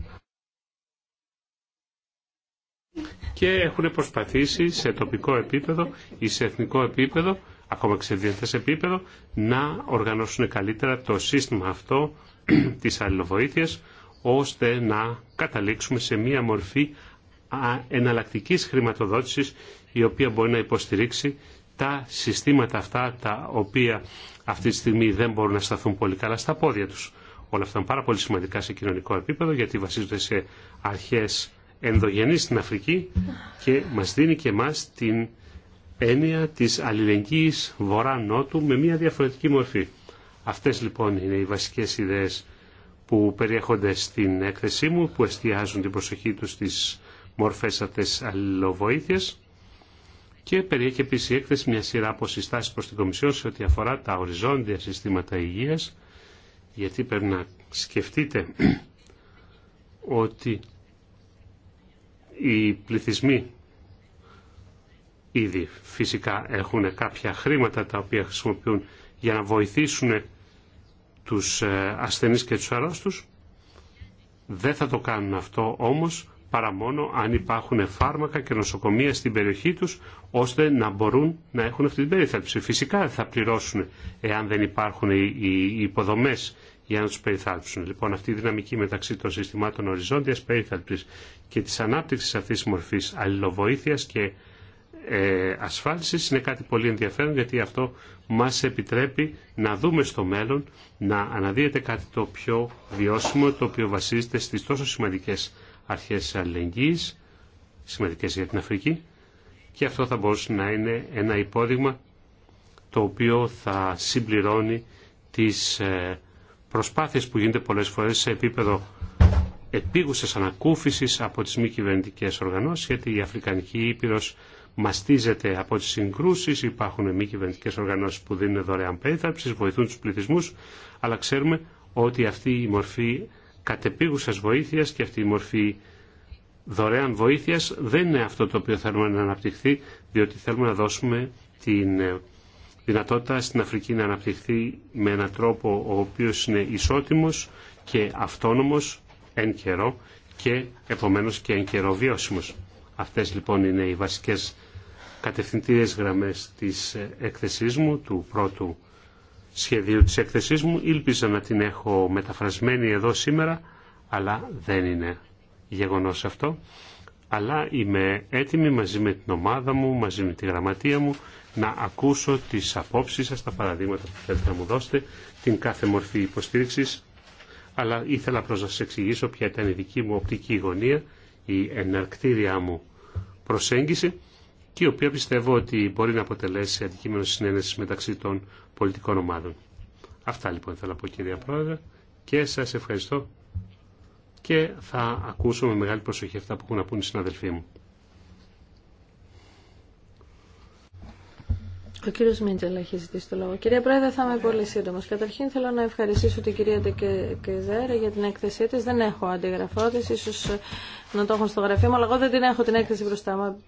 και έχουν προσπαθήσει σε τοπικό επίπεδο ή σε εθνικό επίπεδο, ακόμα και σε διεθνές επίπεδο, να οργανώσουν καλύτερα το σύστημα αυτό [clears throat] της αλληλοβοήθειας, ώστε να καταλήξουμε σε μία μορφή εναλλακτική χρηματοδότησης η οποία μπορεί να υποστηρίξει τα συστήματα αυτά τα οποία αυτή τη στιγμή δεν μπορούν να σταθούν πολύ καλά στα πόδια τους. Όλα αυτά είναι πάρα πολύ σημαντικά σε κοινωνικό επίπεδο γιατί βασίζονται σε αρχές ενδογενή στην Αφρική και μας δίνει και μας την έννοια της αλληλεγγύης βορρά-νότου με μια διαφορετική μορφή. Αυτές λοιπόν είναι οι βασικές ιδέες που περιέχονται στην έκθεσή μου, που εστιάζουν την προσοχή τους στις μορφές αυτές αλληλοβοήθειας και περιέχει επίσης η έκθεση μια σειρά από συστάσεις προς την Κομισιόν σε ό,τι αφορά τα οριζόντια συστήματα υγείας, γιατί πρέπει να σκεφτείτε [clears throat] ότι οι πληθυσμοί ήδη φυσικά έχουν κάποια χρήματα τα οποία χρησιμοποιούν για να βοηθήσουν τους ε, ασθενείς και τους αρρώστους. Δεν θα το κάνουν αυτό όμως παρά μόνο αν υπάρχουν φάρμακα και νοσοκομεία στην περιοχή τους ώστε να μπορούν να έχουν αυτή την περίθαλψη. Φυσικά θα πληρώσουν εάν δεν υπάρχουν οι υποδομές για να του περιθάλψουν. Λοιπόν, αυτή η δυναμική μεταξύ των συστημάτων οριζόντια περίθαλψη και τη ανάπτυξη αυτή τη μορφή αλληλοβοήθεια και ε, είναι κάτι πολύ ενδιαφέρον γιατί αυτό μα επιτρέπει να δούμε στο μέλλον να αναδύεται κάτι το πιο βιώσιμο το οποίο βασίζεται στι τόσο σημαντικές αρχές αλληλεγγύη, σημαντικέ για την Αφρική και αυτό θα μπορούσε να είναι ένα υπόδειγμα το οποίο θα συμπληρώνει τις ε, προσπάθειες που γίνεται πολλές φορές σε επίπεδο επίγουσας ανακούφισης από τις μη κυβερνητικέ οργανώσεις, γιατί η Αφρικανική Ήπειρος μαστίζεται από τις συγκρούσεις, υπάρχουν μη κυβερνητικέ οργανώσεις που δίνουν δωρεάν περίθαψης βοηθούν τους πληθυσμούς, αλλά ξέρουμε ότι αυτή η μορφή κατεπίγουσας βοήθειας και αυτή η μορφή δωρεάν βοήθειας δεν είναι αυτό το οποίο θέλουμε να αναπτυχθεί, διότι θέλουμε να δώσουμε την δυνατότητα στην Αφρική να αναπτυχθεί με έναν τρόπο ο οποίος είναι ισότιμος και αυτόνομος εν καιρό και επομένως και εν καιρό βιώσιμος. Αυτές λοιπόν είναι οι βασικές κατευθυντήριες γραμμές της έκθεσής μου, του πρώτου σχεδίου της έκθεσής μου. Ήλπιζα να την έχω μεταφρασμένη εδώ σήμερα, αλλά δεν είναι γεγονός αυτό αλλά είμαι έτοιμη μαζί με την ομάδα μου, μαζί με τη γραμματεία μου, να ακούσω τις απόψεις σας, τα παραδείγματα που θέλετε να μου δώσετε, την κάθε μορφή υποστήριξης, αλλά ήθελα προς να σας εξηγήσω ποια ήταν η δική μου οπτική γωνία, η εναρκτήριά μου προσέγγιση και η οποία πιστεύω ότι μπορεί να αποτελέσει αντικείμενο συνένεση μεταξύ των πολιτικών ομάδων. Αυτά λοιπόν θέλω να πω κυρία Πρόεδρε και σας ευχαριστώ και θα ακούσω με μεγάλη προσοχή αυτά που έχουν να πούν οι συναδελφοί μου. Ο κύριο Μίντζελ έχει ζητήσει το λόγο. Κυρία Πρόεδρε, θα είμαι πολύ σύντομο. Καταρχήν θέλω να ευχαριστήσω την κυρία Τεκεζέρε για την έκθεσή τη. Δεν έχω αντίγραφό τη, ίσω να το έχω στο γραφείο μου, αλλά εγώ δεν την έχω την έκθεση μπροστά μου.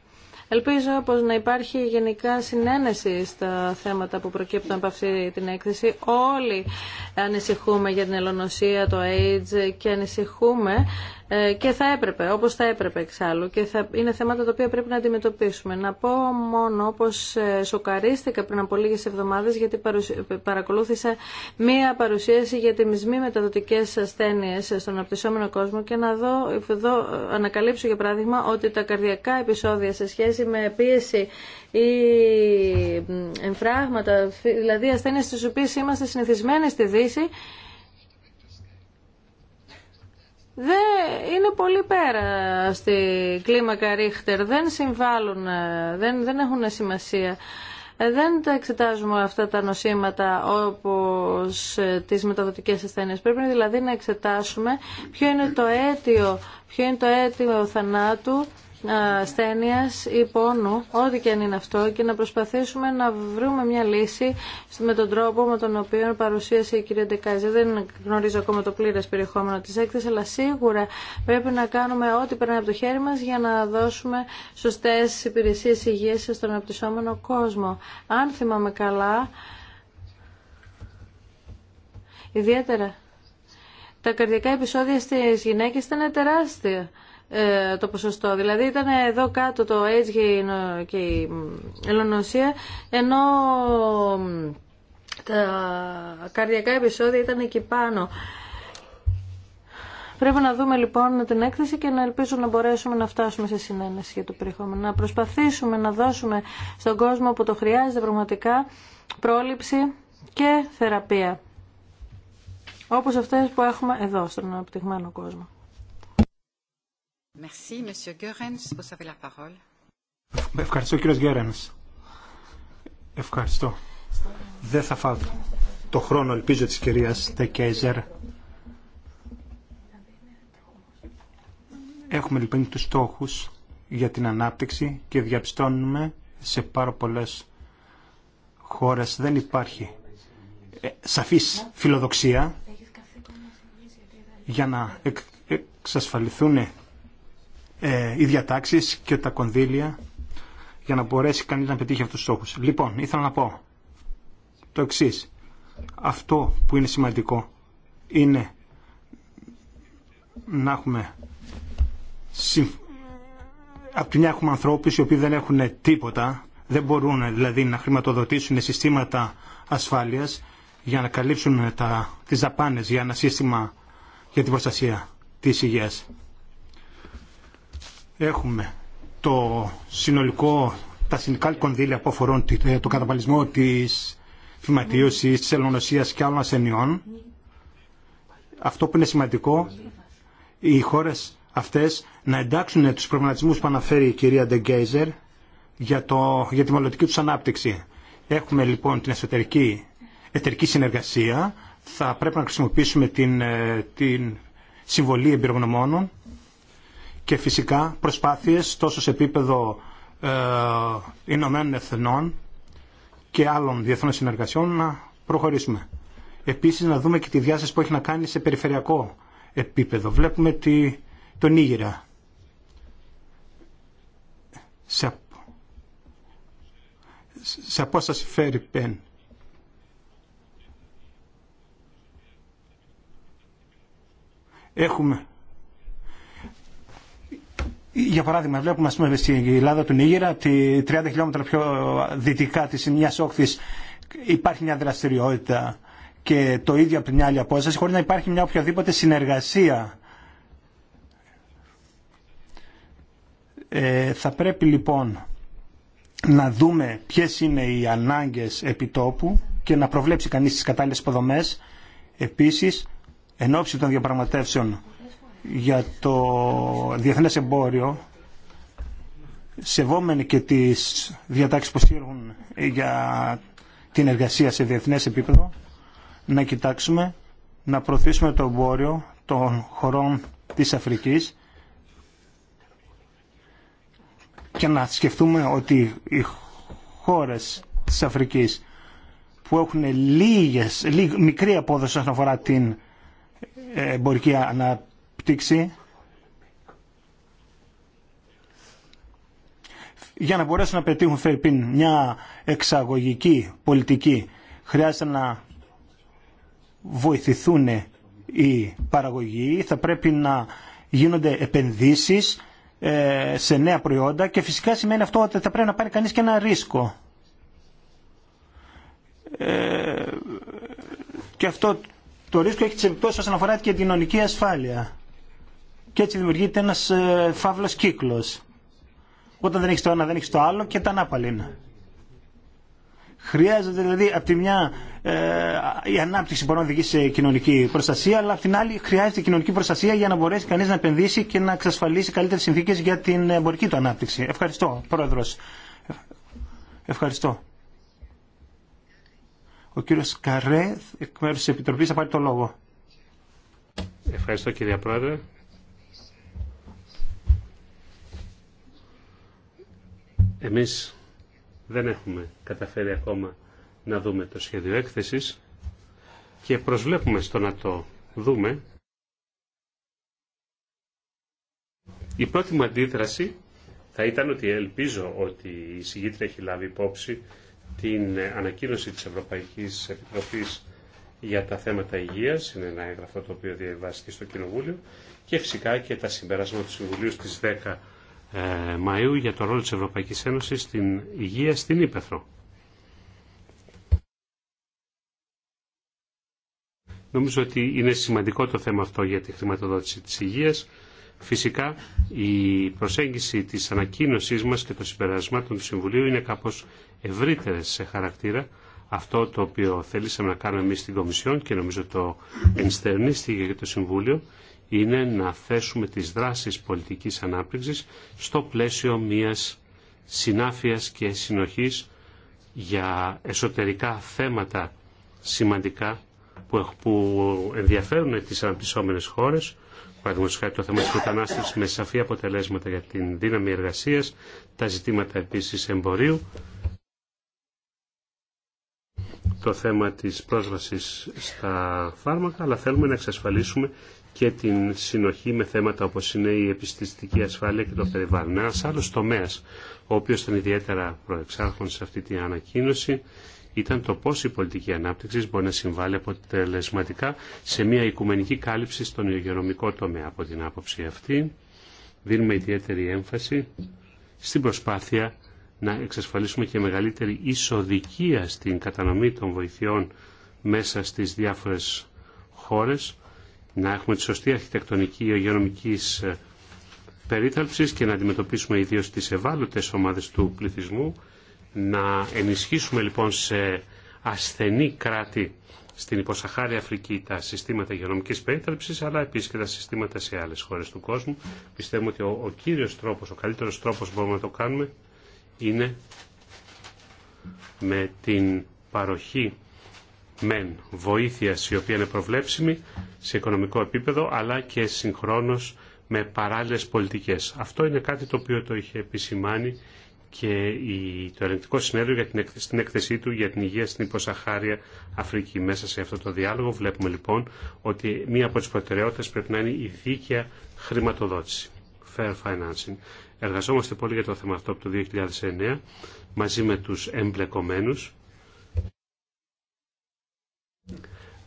Ελπίζω πως να υπάρχει γενικά συνένεση στα θέματα που προκύπτουν από αυτή την έκθεση. Όλοι ανησυχούμε για την ελονοσία, το AIDS και ανησυχούμε ε, και θα έπρεπε, όπως θα έπρεπε εξάλλου και θα, είναι θέματα τα οποία πρέπει να αντιμετωπίσουμε. Να πω μόνο πως ε, σοκαρίστηκα πριν από λίγες εβδομάδες γιατί παρακολούθησα μία παρουσίαση για τις μη μεταδοτικές ασθένειες στον απτυσσόμενο κόσμο και να δω, εδώ ανακαλύψω για παράδειγμα ότι τα καρδιακά επεισόδια σε σχέση με πίεση ή εμφράγματα, δηλαδή ασθένειες στις οποίες είμαστε συνηθισμένοι στη Δύση δεν είναι πολύ πέρα στη κλίμακα Ρίχτερ. Δεν συμβάλλουν, ε, δεν, δεν έχουν σημασία. Ε, δεν τα εξετάζουμε αυτά τα νοσήματα όπως ε, τις μεταδοτικές ασθένειες. Πρέπει δηλαδή να εξετάσουμε ποιο είναι το αίτιο, ποιο είναι το αίτιο θανάτου ασθένειας ή πόνου, ό,τι και αν είναι αυτό, και να προσπαθήσουμε να βρούμε μια λύση με τον τρόπο με τον οποίο παρουσίασε η κυρία Ντεκάζη. Δεν γνωρίζω ακόμα το πλήρες περιεχόμενο της έκθεσης, αλλά σίγουρα πρέπει να κάνουμε ό,τι περνάει από το χέρι μας για να δώσουμε σωστές υπηρεσίες υγείας στον αναπτυσσόμενο κόσμο. Αν θυμάμαι καλά, ιδιαίτερα τα καρδιακά επεισόδια στις γυναίκες ήταν τεράστια. Ε, το ποσοστό. Δηλαδή ήταν εδώ κάτω το AIDS και η ελονοσία, ενώ τα καρδιακά επεισόδια ήταν εκεί πάνω. Πρέπει να δούμε λοιπόν την έκθεση και να ελπίζω να μπορέσουμε να φτάσουμε σε συνένεση για το περιεχόμενο. Να προσπαθήσουμε να δώσουμε στον κόσμο που το χρειάζεται πραγματικά πρόληψη και θεραπεία. Όπως αυτές που έχουμε εδώ στον αναπτυγμένο κόσμο. Ευχαριστώ, κύριε Γκέρενς. Ευχαριστώ. Δεν θα φάω το χρόνο, ελπίζω, της κυρίας Τεκέιζερ. Έχουμε λοιπόν τους στόχους για την ανάπτυξη και διαπιστώνουμε σε πάρα πολλές χώρες δεν υπάρχει ε, σαφής φιλοδοξία για να ε, εξασφαλιστούν ε, οι διατάξεις και τα κονδύλια για να μπορέσει κανείς να πετύχει αυτούς τους στόχους. Λοιπόν, ήθελα να πω το εξή. Αυτό που είναι σημαντικό είναι να έχουμε από τη μια έχουμε ανθρώπους οι οποίοι δεν έχουν τίποτα, δεν μπορούν δηλαδή να χρηματοδοτήσουν συστήματα ασφάλειας για να καλύψουν τα, τις δαπάνες για ένα σύστημα για την προστασία της υγείας. Έχουμε το συνολικό, τα συνολικά κονδύλια που αφορούν το καταπαλισμό της φυματίωσης, της ελονοσίας και άλλων ασθενειών. Αυτό που είναι σημαντικό, οι χώρες αυτές να εντάξουν τους προβληματισμούς που αναφέρει η κυρία Ντεγκέιζερ για, το, για τη μελλοντική τους ανάπτυξη. Έχουμε λοιπόν την εσωτερική εταιρική συνεργασία. Θα πρέπει να χρησιμοποιήσουμε την, ε, την συμβολή εμπειρογνωμόνων και φυσικά προσπάθειες τόσο σε επίπεδο ε, Ηνωμένων Εθνών και άλλων διεθνών συνεργασιών να προχωρήσουμε. Επίσης να δούμε και τη διάσταση που έχει να κάνει σε περιφερειακό επίπεδο. Βλέπουμε τη, τον Ήγηρα. Σε, σε απόσταση φέρει πέν. Έχουμε για παράδειγμα, βλέπουμε ας πούμε, στην Ελλάδα του Νίγηρα, ότι 30 χιλιόμετρα πιο δυτικά τη σημεία όχθη υπάρχει μια δραστηριότητα και το ίδιο από την άλλη απόσταση, χωρί να υπάρχει μια οποιαδήποτε συνεργασία. Ε, θα πρέπει λοιπόν να δούμε ποιες είναι οι ανάγκες επιτόπου και να προβλέψει κανείς τις κατάλληλες υποδομές. Επίσης, εν ώψη των διαπραγματεύσεων για το διεθνές εμπόριο σεβόμενοι και τις διατάξεις που σύρουν για την εργασία σε διεθνές επίπεδο να κοιτάξουμε να προωθήσουμε το εμπόριο των χωρών της Αφρικής και να σκεφτούμε ότι οι χώρες της Αφρικής που έχουν λίγες, μικρή απόδοση όσον αφορά την εμπορική ανάπτυξη πτήξη για να μπορέσουν να πετύχουν Φερπίν μια εξαγωγική πολιτική χρειάζεται να βοηθηθούν οι παραγωγοί, θα πρέπει να γίνονται επενδύσεις ε, σε νέα προϊόντα και φυσικά σημαίνει αυτό ότι θα πρέπει να πάρει κανείς και ένα ρίσκο. Ε, και αυτό το ρίσκο έχει τις επιπτώσεις όσον αφορά και την κοινωνική ασφάλεια. Και έτσι δημιουργείται ένας ε, φαύλος κύκλος. Όταν δεν έχεις το ένα δεν έχεις το άλλο και τα ανάπαλη είναι. Χρειάζεται δηλαδή από τη μια ε, η ανάπτυξη μπορεί να οδηγεί σε κοινωνική προστασία, αλλά από την άλλη χρειάζεται κοινωνική προστασία για να μπορέσει κανεί να επενδύσει και να εξασφαλίσει καλύτερε συνθήκε για την εμπορική του ανάπτυξη. Ευχαριστώ, Πρόεδρο. Ευχαριστώ. Ο κύριο Καρέ, εκ μέρου τη Επιτροπή, θα πάρει το λόγο. Ευχαριστώ, κύριε Πρόεδρε. Εμείς δεν έχουμε καταφέρει ακόμα να δούμε το σχέδιο έκθεσης και προσβλέπουμε στο να το δούμε. Η πρώτη μου αντίδραση θα ήταν ότι ελπίζω ότι η συγγήτρια έχει λάβει υπόψη την ανακοίνωση της Ευρωπαϊκής Επιτροπής για τα θέματα υγείας, είναι ένα έγγραφο το οποίο διαβάστηκε στο Κοινοβούλιο και φυσικά και τα συμπεράσματα του Συμβουλίου στις 10 ε, Μαΐου για το ρόλο της Ευρωπαϊκής Ένωσης στην υγεία στην Ήπεθρο. Νομίζω ότι είναι σημαντικό το θέμα αυτό για τη χρηματοδότηση της υγείας. Φυσικά η προσέγγιση της ανακοίνωσής μας και των συμπερασμάτων του Συμβουλίου είναι κάπως ευρύτερες σε χαρακτήρα. Αυτό το οποίο θέλησαμε να κάνουμε εμείς στην Κομισιόν και νομίζω το ενστερνίστηκε και το Συμβούλιο είναι να θέσουμε τις δράσεις πολιτικής ανάπτυξης στο πλαίσιο μιας συνάφειας και συνοχής για εσωτερικά θέματα σημαντικά που, ενδιαφέρουν τις αναπτυσσόμενες χώρες, παραδείγματος χάρη το θέμα της μετανάστευσης με σαφή αποτελέσματα για την δύναμη εργασίας, τα ζητήματα επίσης εμπορίου, το θέμα της πρόσβασης στα φάρμακα, αλλά θέλουμε να εξασφαλίσουμε και την συνοχή με θέματα όπως είναι η επιστηστική ασφάλεια και το περιβάλλον. Ένα άλλο τομέα, ο οποίο ήταν ιδιαίτερα προεξάρχον σε αυτή την ανακοίνωση, ήταν το πώς η πολιτική ανάπτυξη μπορεί να συμβάλλει αποτελεσματικά σε μια οικουμενική κάλυψη στον υγειονομικό τομέα. Από την άποψη αυτή, δίνουμε ιδιαίτερη έμφαση στην προσπάθεια να εξασφαλίσουμε και μεγαλύτερη ισοδικία στην κατανομή των βοηθειών μέσα στις διάφορες χώρες να έχουμε τη σωστή αρχιτεκτονική υγειονομική ε, περίθαλψη και να αντιμετωπίσουμε ιδίω τι ευάλωτε ομάδε του πληθυσμού, να ενισχύσουμε λοιπόν σε ασθενή κράτη στην υποσαχάρη Αφρική τα συστήματα υγειονομική περίθαλψη αλλά επίση και τα συστήματα σε άλλε χώρε του κόσμου. Πιστεύουμε ότι ο, ο κύριος τρόπος, ο καλύτερο τρόπο που μπορούμε να το κάνουμε είναι με την παροχή μεν βοήθειας η οποία είναι προβλέψιμη, σε οικονομικό επίπεδο αλλά και συγχρόνως με παράλληλες πολιτικές. Αυτό είναι κάτι το οποίο το είχε επισημάνει και το ελεγκτικό συνέδριο για την, στην έκθεσή του για την υγεία στην υποσαχάρια Αφρική. Μέσα σε αυτό το διάλογο βλέπουμε λοιπόν ότι μία από τις προτεραιότητες πρέπει να είναι η δίκαια χρηματοδότηση. Fair financing. Εργαζόμαστε πολύ για το θέμα αυτό από το 2009 μαζί με τους εμπλεκομένους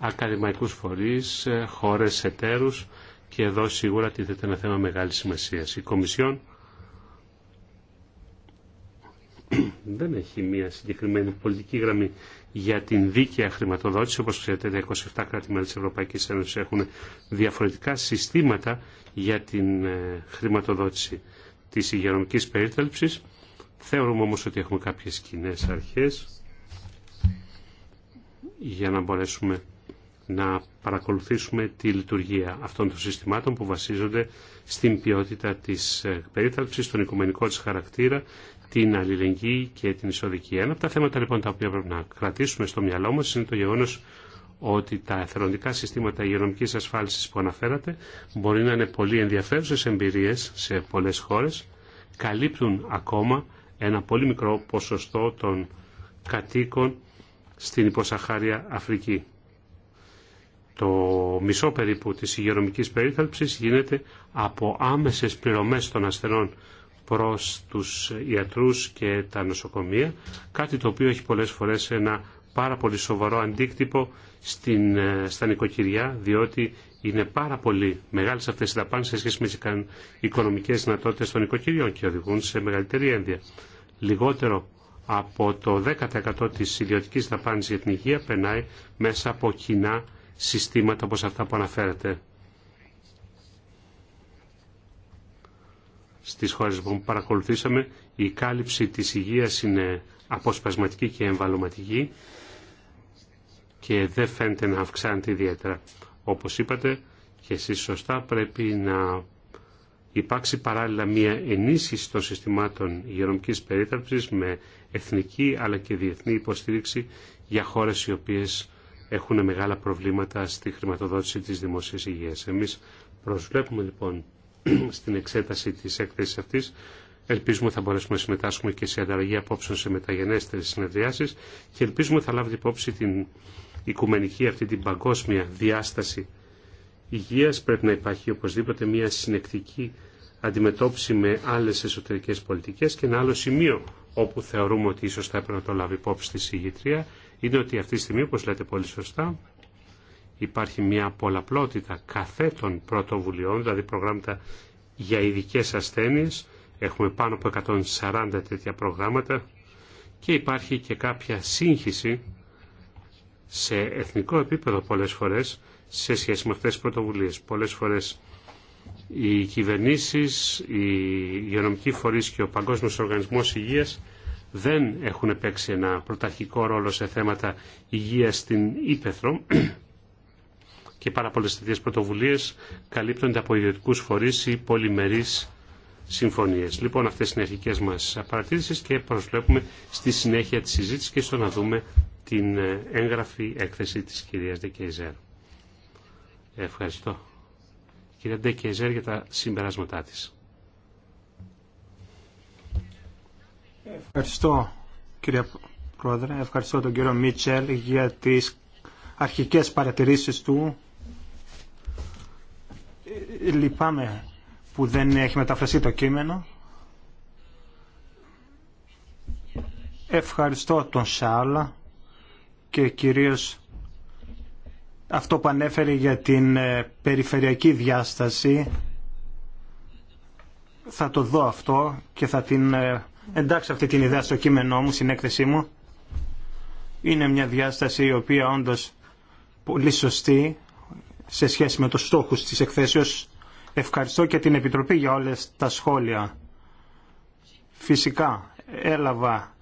ακαδημαϊκούς φορείς, ε, χώρες εταίρους και εδώ σίγουρα τίθεται ένα θέμα μεγάλης σημασίας. Η Κομισιόν [clears throat] δεν έχει μια συγκεκριμένη πολιτική γραμμή για την δίκαια χρηματοδότηση. Όπως ξέρετε, τα 27 κράτη-μέλη της Ευρωπαϊκής Ένωσης έχουν διαφορετικά συστήματα για την ε, χρηματοδότηση της υγειονομικής περίθαλψης. Θεωρούμε όμως ότι έχουμε κάποιες κοινέ αρχές για να μπορέσουμε να παρακολουθήσουμε τη λειτουργία αυτών των συστημάτων που βασίζονται στην ποιότητα της ε, περίθαλψης, τον οικουμενικό της χαρακτήρα, την αλληλεγγύη και την εισοδική. Ένα από τα θέματα λοιπόν τα οποία πρέπει να κρατήσουμε στο μυαλό μας είναι το γεγονός ότι τα εθελοντικά συστήματα υγειονομικής ασφάλισης που αναφέρατε μπορεί να είναι πολύ ενδιαφέρουσες εμπειρίες σε πολλές χώρες, καλύπτουν ακόμα ένα πολύ μικρό ποσοστό των κατοίκων στην υποσαχάρια Αφρική το μισό περίπου της υγειονομικής περίθαλψης γίνεται από άμεσες πληρωμές των ασθενών προς τους ιατρούς και τα νοσοκομεία, κάτι το οποίο έχει πολλές φορές ένα πάρα πολύ σοβαρό αντίκτυπο στην, ε, στα νοικοκυριά, διότι είναι πάρα πολύ μεγάλες αυτές οι δαπάνες σε σχέση με τις οικονομικές δυνατότητες των νοικοκυριών και οδηγούν σε μεγαλύτερη ένδια. Λιγότερο από το 10% της ιδιωτικής δαπάνης για την υγεία περνάει μέσα από κοινά συστήματα όπως αυτά που αναφέρατε στις χώρες που παρακολουθήσαμε η κάλυψη της υγείας είναι αποσπασματική και εμβαλωματική και δεν φαίνεται να αυξάνεται ιδιαίτερα. Όπως είπατε και εσείς σωστά πρέπει να υπάρξει παράλληλα μια ενίσχυση των συστημάτων υγειονομικής περίθαλψης με εθνική αλλά και διεθνή υποστήριξη για χώρες οι οποίες έχουν μεγάλα προβλήματα στη χρηματοδότηση της δημόσιας υγείας. Εμείς προσβλέπουμε λοιπόν [clears throat] στην εξέταση της έκθεσης αυτής. Ελπίζουμε θα μπορέσουμε να συμμετάσχουμε και σε ανταλλαγή απόψεων σε μεταγενέστερες συνεδριάσεις και ελπίζουμε θα λάβει υπόψη την οικουμενική αυτή την παγκόσμια διάσταση υγείας. Πρέπει να υπάρχει οπωσδήποτε μια συνεκτική αντιμετώπιση με άλλες εσωτερικές πολιτικές και ένα άλλο σημείο όπου θεωρούμε ότι ίσως θα έπρεπε να το λάβει υπόψη στη συγγητρία είναι ότι αυτή τη στιγμή, όπως λέτε πολύ σωστά, υπάρχει μια πολλαπλότητα καθέτων πρωτοβουλειών, δηλαδή προγράμματα για ειδικέ ασθένειες. Έχουμε πάνω από 140 τέτοια προγράμματα και υπάρχει και κάποια σύγχυση σε εθνικό επίπεδο πολλές φορές σε σχέση με αυτές τις πρωτοβουλίες. Πολλές φορές οι κυβερνήσεις, οι υγειονομικοί φορείς και ο Παγκόσμιος Οργανισμός Υγείας δεν έχουν παίξει ένα πρωταρχικό ρόλο σε θέματα υγείας στην Ήπεθρο [clears throat] και πάρα πολλέ τέτοιε πρωτοβουλίε καλύπτονται από ιδιωτικού φορεί ή πολυμερει συμφωνίε. Λοιπόν, αυτέ είναι οι αρχικέ μα παρατηρήσει και προσβλέπουμε στη συνέχεια τη συζήτηση και στο να δούμε την ε, έγγραφη έκθεση της κυρία Ντεκέιζερ. Ευχαριστώ. Κυρία Ντεκέιζερ για τα συμπεράσματά της. Ευχαριστώ κύριε Πρόεδρε, ευχαριστώ τον κύριο Μίτσελ για τις αρχικές παρατηρήσεις του. Λυπάμαι που δεν έχει μεταφραστεί το κείμενο. Ευχαριστώ τον Σάλα και κυρίως αυτό που ανέφερε για την ε, περιφερειακή διάσταση. Θα το δω αυτό και θα την ε, εντάξει αυτή την ιδέα στο κείμενό μου, στην έκθεσή μου. Είναι μια διάσταση η οποία όντως πολύ σωστή σε σχέση με τους στόχους της εκθέσεως. Ευχαριστώ και την Επιτροπή για όλες τα σχόλια. Φυσικά έλαβα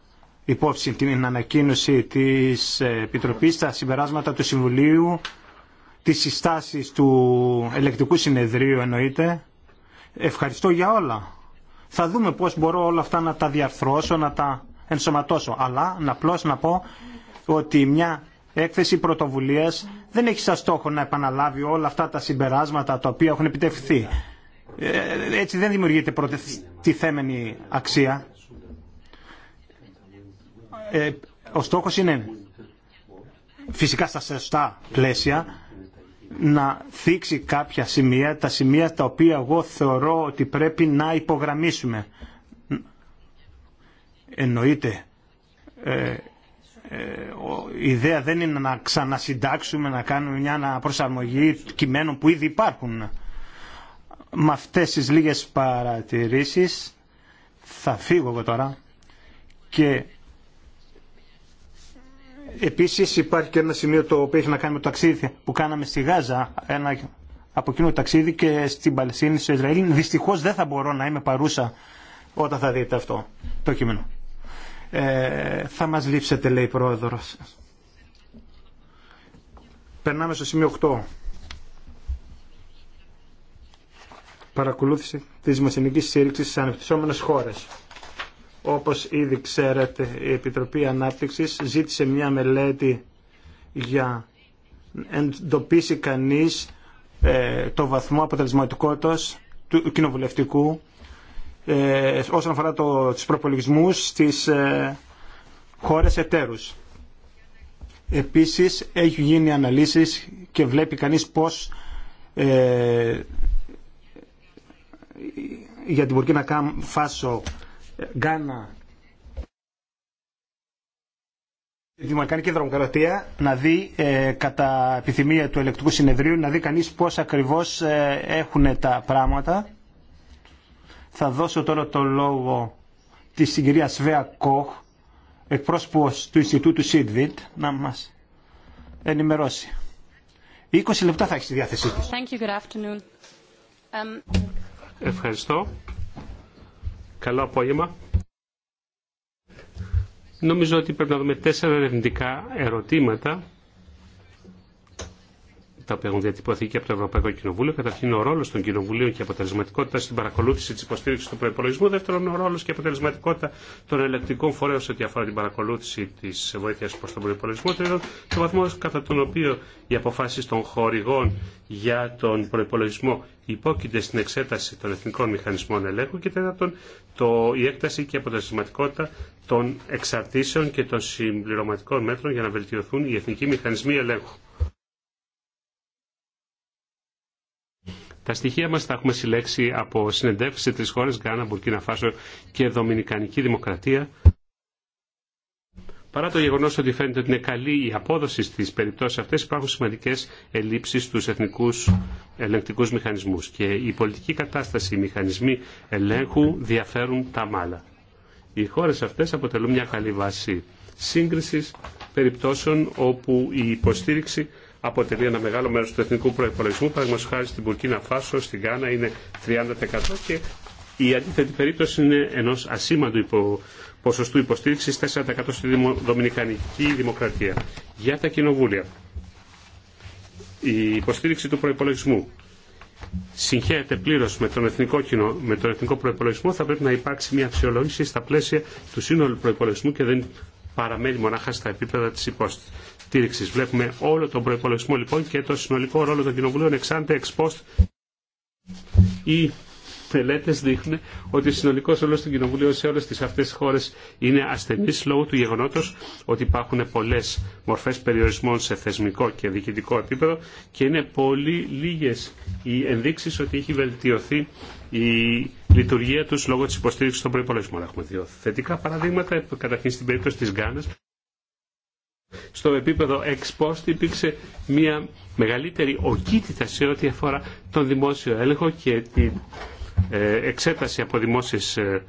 υπόψη την ανακοίνωση της Επιτροπής, τα συμπεράσματα του Συμβουλίου, τις συστάσεις του Ελεκτικού Συνεδρίου εννοείται. Ευχαριστώ για όλα θα δούμε πώς μπορώ όλα αυτά να τα διαρθρώσω, να τα ενσωματώσω. Αλλά να απλώς να πω ότι μια έκθεση πρωτοβουλίας δεν έχει σαν στόχο να επαναλάβει όλα αυτά τα συμπεράσματα τα οποία έχουν επιτευχθεί. Ε, έτσι δεν δημιουργείται θέμενη αξία. Ε, ο στόχος είναι φυσικά στα σωστά πλαίσια να θίξει κάποια σημεία, τα σημεία τα οποία εγώ θεωρώ ότι πρέπει να υπογραμμίσουμε. Εννοείται, ε, ε η ιδέα δεν είναι να ξανασυντάξουμε, να κάνουμε μια προσαρμογή κειμένων που ήδη υπάρχουν. Με αυτές τις λίγες παρατηρήσεις θα φύγω εγώ τώρα και Επίσης υπάρχει και ένα σημείο το οποίο έχει να κάνει με το ταξίδι που κάναμε στη Γάζα, ένα από εκείνο ταξίδι και στην Παλαιστίνη, στο Ισραήλ. Δυστυχώς δεν θα μπορώ να είμαι παρούσα όταν θα δείτε αυτό το κείμενο. Ε, θα μας λείψετε λέει η πρόεδρος. Περνάμε στο σημείο 8. Παρακολούθηση της δημοσιονομικής στήριξη στις ανεπτυσσόμενε χώρε. Όπως ήδη ξέρετε, η Επιτροπή Ανάπτυξης ζήτησε μια μελέτη για εντοπίσει κανείς ε, το βαθμό αποτελεσματικότητας του κοινοβουλευτικού ε, όσον αφορά το, τους προπολογισμούς στις ε, χώρες εταίρους. Επίσης, έχει γίνει αναλύσεις και βλέπει κανείς πώς ε, για την Πουρκίνα Φάσο Γκάνα τη Δημοκρατική Δρομοκρατία να δει ε, κατά επιθυμία του ελεκτικού συνεδρίου να δει κανείς πώς ακριβώς ε, έχουν τα πράγματα. Θα δώσω τώρα το λόγο της συγκυρία Σβέα Κοχ, εκπρόσωπος του Ινστιτούτου Σίτβιτ, να μας ενημερώσει. 20 λεπτά θα έχει στη διάθεσή της. Um, Ευχαριστώ. Καλό απόγευμα. Νομίζω ότι πρέπει να δούμε τέσσερα ερευνητικά ερωτήματα τα οποία έχουν διατυπωθεί και από το Ευρωπαϊκό Κοινοβούλιο. Καταρχήν ο ρόλο των κοινοβουλίων και αποτελεσματικότητα στην παρακολούθηση τη υποστήριξη του προπολογισμού. Δεύτερον, ο ρόλο και η αποτελεσματικότητα των ελεκτικών φορέων σε ό,τι αφορά την παρακολούθηση τη βοήθεια προ τον προπολογισμό. Τρίτον, το βαθμό κατά τον οποίο οι αποφάσει των χορηγών για τον προπολογισμό υπόκεινται στην εξέταση των εθνικών μηχανισμών ελέγχου. Και τέταρτον, το, η έκταση και αποτελεσματικότητα των εξαρτήσεων και των συμπληρωματικών μέτρων για να βελτιωθούν οι εθνικοί μηχανισμοί ελέγχου. Τα στοιχεία μας τα έχουμε συλλέξει από συνεντεύξεις σε τρεις χώρες, Γκάνα, Μπουρκίνα Φάσο και Δομινικανική Δημοκρατία. Παρά το γεγονό ότι φαίνεται ότι είναι καλή η απόδοση στι περιπτώσει αυτέ, υπάρχουν σημαντικέ ελλείψει στου εθνικού ελεγκτικού μηχανισμού. Και η πολιτική κατάσταση, οι μηχανισμοί ελέγχου διαφέρουν τα μάλα. Οι χώρε αυτέ αποτελούν μια καλή βάση σύγκριση περιπτώσεων όπου η υποστήριξη αποτελεί ένα μεγάλο μέρο του εθνικού προπολογισμού, Παραδείγματο χάρη στην Μπουρκίνα Φάσο, στην Γκάνα είναι 30% και η αντίθετη περίπτωση είναι ενό ασήμαντου υπο, ποσοστού υποστήριξης 4% στη Δομινικανική Δημοκρατία. Για τα κοινοβούλια. Η υποστήριξη του προπολογισμού συγχαίρεται πλήρω με, τον εθνικό κοινο, με εθνικό προπολογισμό, θα πρέπει να υπάρξει μια αξιολόγηση στα πλαίσια του σύνολου προπολογισμού και δεν παραμένει μονάχα στα επίπεδα τη υπόσταση. Βλέπουμε όλο τον προπολογισμό λοιπόν και το συνολικό ρόλο των κοινοβουλίων εξάντε εξ Οι πελέτες δείχνουν ότι ο συνολικό ρόλο των κοινοβουλίων σε όλε τι αυτέ τι χώρε είναι ασθενή λόγω του γεγονότο, ότι υπάρχουν πολλέ μορφέ περιορισμών σε θεσμικό και διοικητικό επίπεδο και είναι πολύ λίγε οι ενδείξει ότι έχει βελτιωθεί η λειτουργία του λόγω τη υποστήριξης των προπολογισμών. Έχουμε δύο θετικά παραδείγματα, καταρχήν στην περίπτωση τη Γκάνα στο επίπεδο ex post υπήρξε μια μεγαλύτερη οκίτητα σε ό,τι αφορά τον δημόσιο έλεγχο και την ε, εξέταση από δημόσιες ε,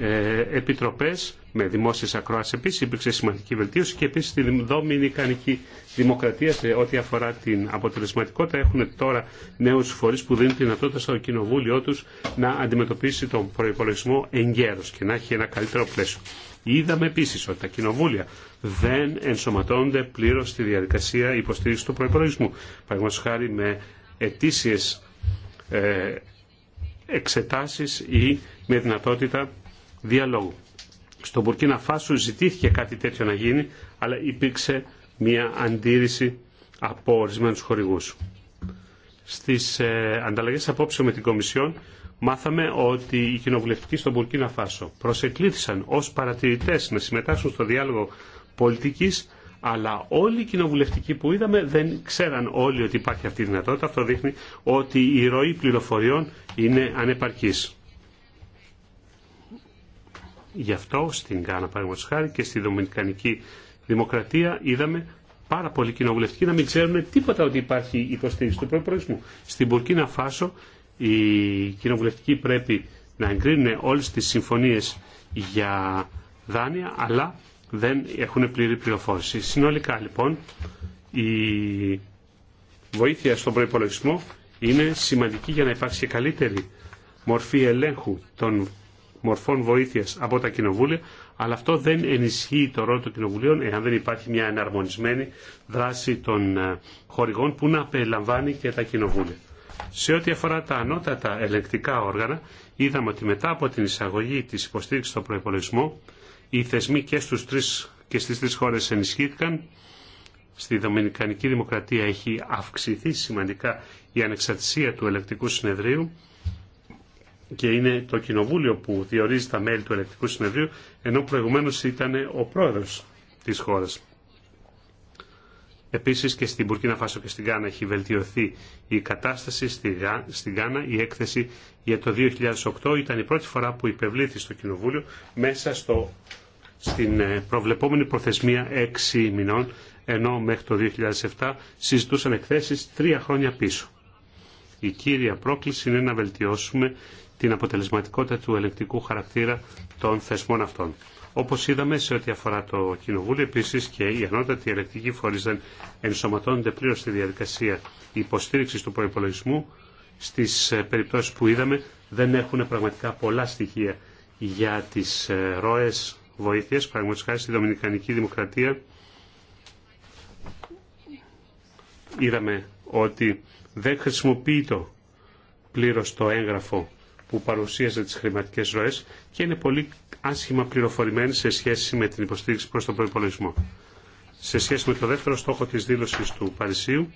ε, επιτροπές με δημόσιες ακροάσεις επίσης υπήρξε σημαντική βελτίωση και επίσης τη δομινικανική δημοκρατία σε ό,τι αφορά την αποτελεσματικότητα έχουν τώρα νέους φορείς που δίνουν την δυνατότητα στο κοινοβούλιο τους να αντιμετωπίσει τον προϋπολογισμό εγκαίρως και να έχει ένα καλύτερο πλαίσιο. Είδαμε επίσης ότι τα κοινοβούλια δεν ενσωματώνονται πλήρως στη διαδικασία υποστήριξη του προϋπολογισμού. Παραδείγματο χάρη με ετήσιες ε, εξετάσεις ή με δυνατότητα διαλόγου. Στον Μπουρκίνα Φάσου ζητήθηκε κάτι τέτοιο να γίνει, αλλά υπήρξε μια αντίρρηση από ορισμένους χορηγούς. Στις ε, ανταλλαγές απόψεων με την Κομισιόν μάθαμε ότι οι κοινοβουλευτικοί στον Μπουρκίνα Φάσο προσεκλήθησαν ως παρατηρητές να συμμετάσχουν στο διάλογο πολιτικής αλλά όλοι οι κοινοβουλευτικοί που είδαμε δεν ξέραν όλοι ότι υπάρχει αυτή η δυνατότητα. Αυτό δείχνει ότι η ροή πληροφοριών είναι ανεπαρκής. Γι' αυτό στην Κάνα παραδείγματος χάρη και στη Δομινικανική Δημοκρατία είδαμε πάρα πολλοί κοινοβουλευτικοί να μην ξέρουν τίποτα ότι υπάρχει υποστήριξη του προπολογισμού. Στην Πουρκίνα Φάσο οι κοινοβουλευτικοί πρέπει να εγκρίνουν όλες τις συμφωνίες για δάνεια, αλλά δεν έχουν πλήρη πληροφόρηση. Συνολικά λοιπόν η βοήθεια στον προϋπολογισμό είναι σημαντική για να υπάρξει καλύτερη μορφή ελέγχου των μορφών βοήθειας από τα κοινοβούλια, αλλά αυτό δεν ενισχύει το ρόλο των κοινοβουλίων εάν δεν υπάρχει μια εναρμονισμένη δράση των ε, χορηγών που να περιλαμβάνει και τα κοινοβούλια. Σε ό,τι αφορά τα ανώτατα ελεκτικά όργανα, είδαμε ότι μετά από την εισαγωγή της υποστήριξης στο προπολογισμό, οι θεσμοί και, στους και στις τρεις χώρες ενισχύθηκαν. Στη Δομινικανική Δημοκρατία έχει αυξηθεί σημαντικά η ανεξαρτησία του ελεκτικού συνεδρίου και είναι το κοινοβούλιο που διορίζει τα μέλη του ελεκτικού συνεδρίου, ενώ προηγουμένως ήταν ο πρόεδρος της χώρας. Επίσης και στην Μπουρκίνα Φάσο και στην Γκάνα έχει βελτιωθεί η κατάσταση. Στην Γκάνα η έκθεση για το 2008 ήταν η πρώτη φορά που υπευλήθη στο Κοινοβούλιο μέσα στο, στην ε, προβλεπόμενη προθεσμία 6 μηνών ενώ μέχρι το 2007 συζητούσαν εκθέσει τρία χρόνια πίσω. Η κύρια πρόκληση είναι να βελτιώσουμε την αποτελεσματικότητα του ελεκτικού χαρακτήρα των θεσμών αυτών. Όπως είδαμε σε ό,τι αφορά το Κοινοβούλιο, επίσης και οι ανώτατοι ελεκτικοί φορείς δεν ενσωματώνονται πλήρως στη διαδικασία υποστήριξη του προϋπολογισμού. Στις ε, περιπτώσεις που είδαμε δεν έχουν πραγματικά πολλά στοιχεία για τις ε, ροές βοήθειας, Πραγματικά χάρη στη Δομινικανική Δημοκρατία. Είδαμε ότι δεν χρησιμοποιεί το πλήρως το έγγραφο που παρουσίαζε τι χρηματικέ ροές και είναι πολύ άσχημα πληροφορημένη σε σχέση με την υποστήριξη προς τον προπολογισμό. Σε σχέση με το δεύτερο στόχο της δήλωσης του Παρισίου,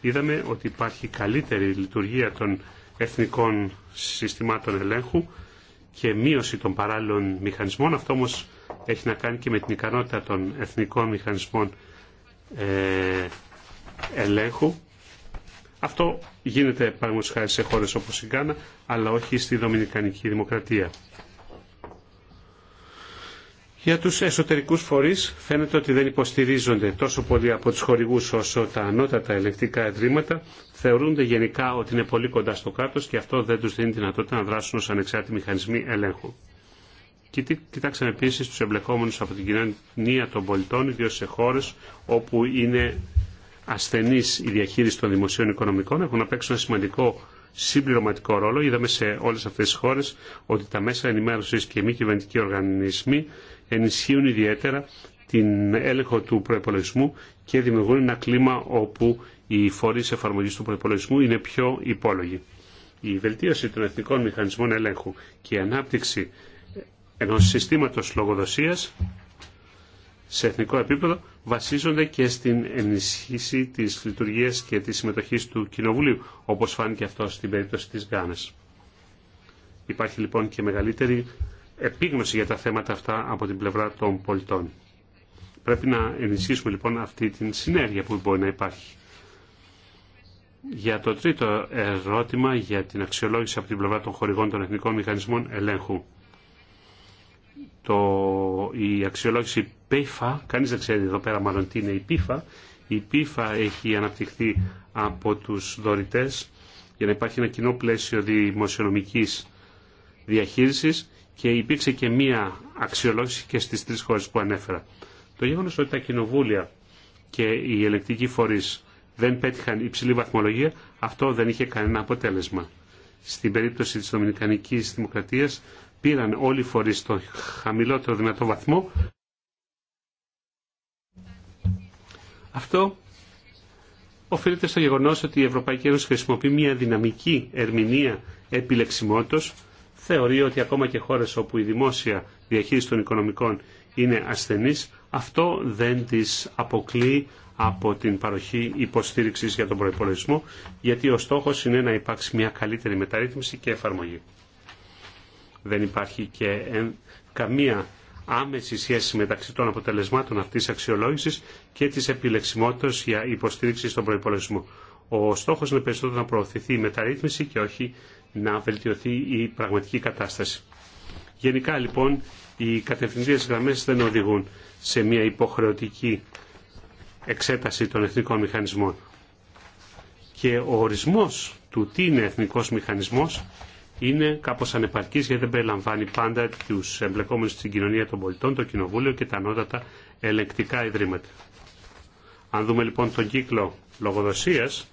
είδαμε ότι υπάρχει καλύτερη λειτουργία των εθνικών συστημάτων ελέγχου και μείωση των παράλληλων μηχανισμών. Αυτό όμω έχει να κάνει και με την ικανότητα των εθνικών μηχανισμών ε, ελέγχου αυτό γίνεται παραδείγματος χάρη σε χώρε όπω η Γκάνα, αλλά όχι στη Δομινικανική Δημοκρατία. Για τους εσωτερικούς φορείς φαίνεται ότι δεν υποστηρίζονται τόσο πολύ από τους χορηγούς όσο τα ανώτατα ελεκτικά εδρήματα θεωρούνται γενικά ότι είναι πολύ κοντά στο κράτος και αυτό δεν τους δίνει δυνατότητα να δράσουν ως ανεξάρτητοι μηχανισμοί ελέγχου. Κοιτάξαμε επίση του εμπλεκόμενου από την κοινωνία των πολιτών, ιδίω σε χώρε όπου είναι ασθενεί η διαχείριση των δημοσίων οικονομικών έχουν να παίξουν ένα σημαντικό συμπληρωματικό ρόλο. Είδαμε σε όλε αυτέ τις χώρε ότι τα μέσα ενημέρωση και μη κυβερνητικοί οργανισμοί ενισχύουν ιδιαίτερα την έλεγχο του προπολογισμού και δημιουργούν ένα κλίμα όπου οι φορεί εφαρμογή του προπολογισμού είναι πιο υπόλογοι. Η βελτίωση των εθνικών μηχανισμών ελέγχου και η ανάπτυξη ενός συστήματος λογοδοσίας σε εθνικό επίπεδο βασίζονται και στην ενισχύση της λειτουργίας και της συμμετοχής του Κοινοβουλίου, όπως φάνηκε αυτό στην περίπτωση της Γκάνας. Υπάρχει λοιπόν και μεγαλύτερη επίγνωση για τα θέματα αυτά από την πλευρά των πολιτών. Πρέπει να ενισχύσουμε λοιπόν αυτή την συνέργεια που μπορεί να υπάρχει. Για το τρίτο ερώτημα για την αξιολόγηση από την πλευρά των χορηγών των εθνικών μηχανισμών ελέγχου το, η αξιολόγηση PIFA, κανείς δεν ξέρει εδώ πέρα μάλλον τι είναι η PIFA, η PIFA έχει αναπτυχθεί από τους δωρητές για να υπάρχει ένα κοινό πλαίσιο δημοσιονομικής διαχείρισης και υπήρξε και μία αξιολόγηση και στις τρεις χώρες που ανέφερα. Το γεγονός ότι τα κοινοβούλια και οι ελεκτικοί φορείς δεν πέτυχαν υψηλή βαθμολογία, αυτό δεν είχε κανένα αποτέλεσμα. Στην περίπτωση της Δομινικανικής Δημοκρατίας πήραν όλοι οι φορείς στο χαμηλότερο δυνατό βαθμό. Αυτό οφείλεται στο γεγονός ότι η Ευρωπαϊκή Ένωση χρησιμοποιεί μια δυναμική ερμηνεία επιλεξιμότητος. Θεωρεί ότι ακόμα και χώρες όπου η δημόσια διαχείριση των οικονομικών είναι ασθενής, αυτό δεν τις αποκλεί από την παροχή υποστήριξης για τον προϋπολογισμό, γιατί ο στόχος είναι να υπάρξει μια καλύτερη μεταρρύθμιση και εφαρμογή δεν υπάρχει και καμία άμεση σχέση μεταξύ των αποτελεσμάτων αυτής της αξιολόγησης και της επιλεξιμότητας για υποστήριξη στον προϋπολογισμό. Ο στόχος είναι περισσότερο να προωθηθεί η μεταρρύθμιση και όχι να βελτιωθεί η πραγματική κατάσταση. Γενικά λοιπόν οι κατευθυντήριες γραμμές δεν οδηγούν σε μια υποχρεωτική εξέταση των εθνικών μηχανισμών. Και ο ορισμός του τι είναι εθνικός μηχανισμός είναι κάπως ανεπαρκής γιατί δεν περιλαμβάνει πάντα τους εμπλεκόμενους στην κοινωνία των πολιτών, το κοινοβούλιο και τα ανώτατα ελεκτικά ιδρύματα. Αν δούμε λοιπόν τον κύκλο λογοδοσίας,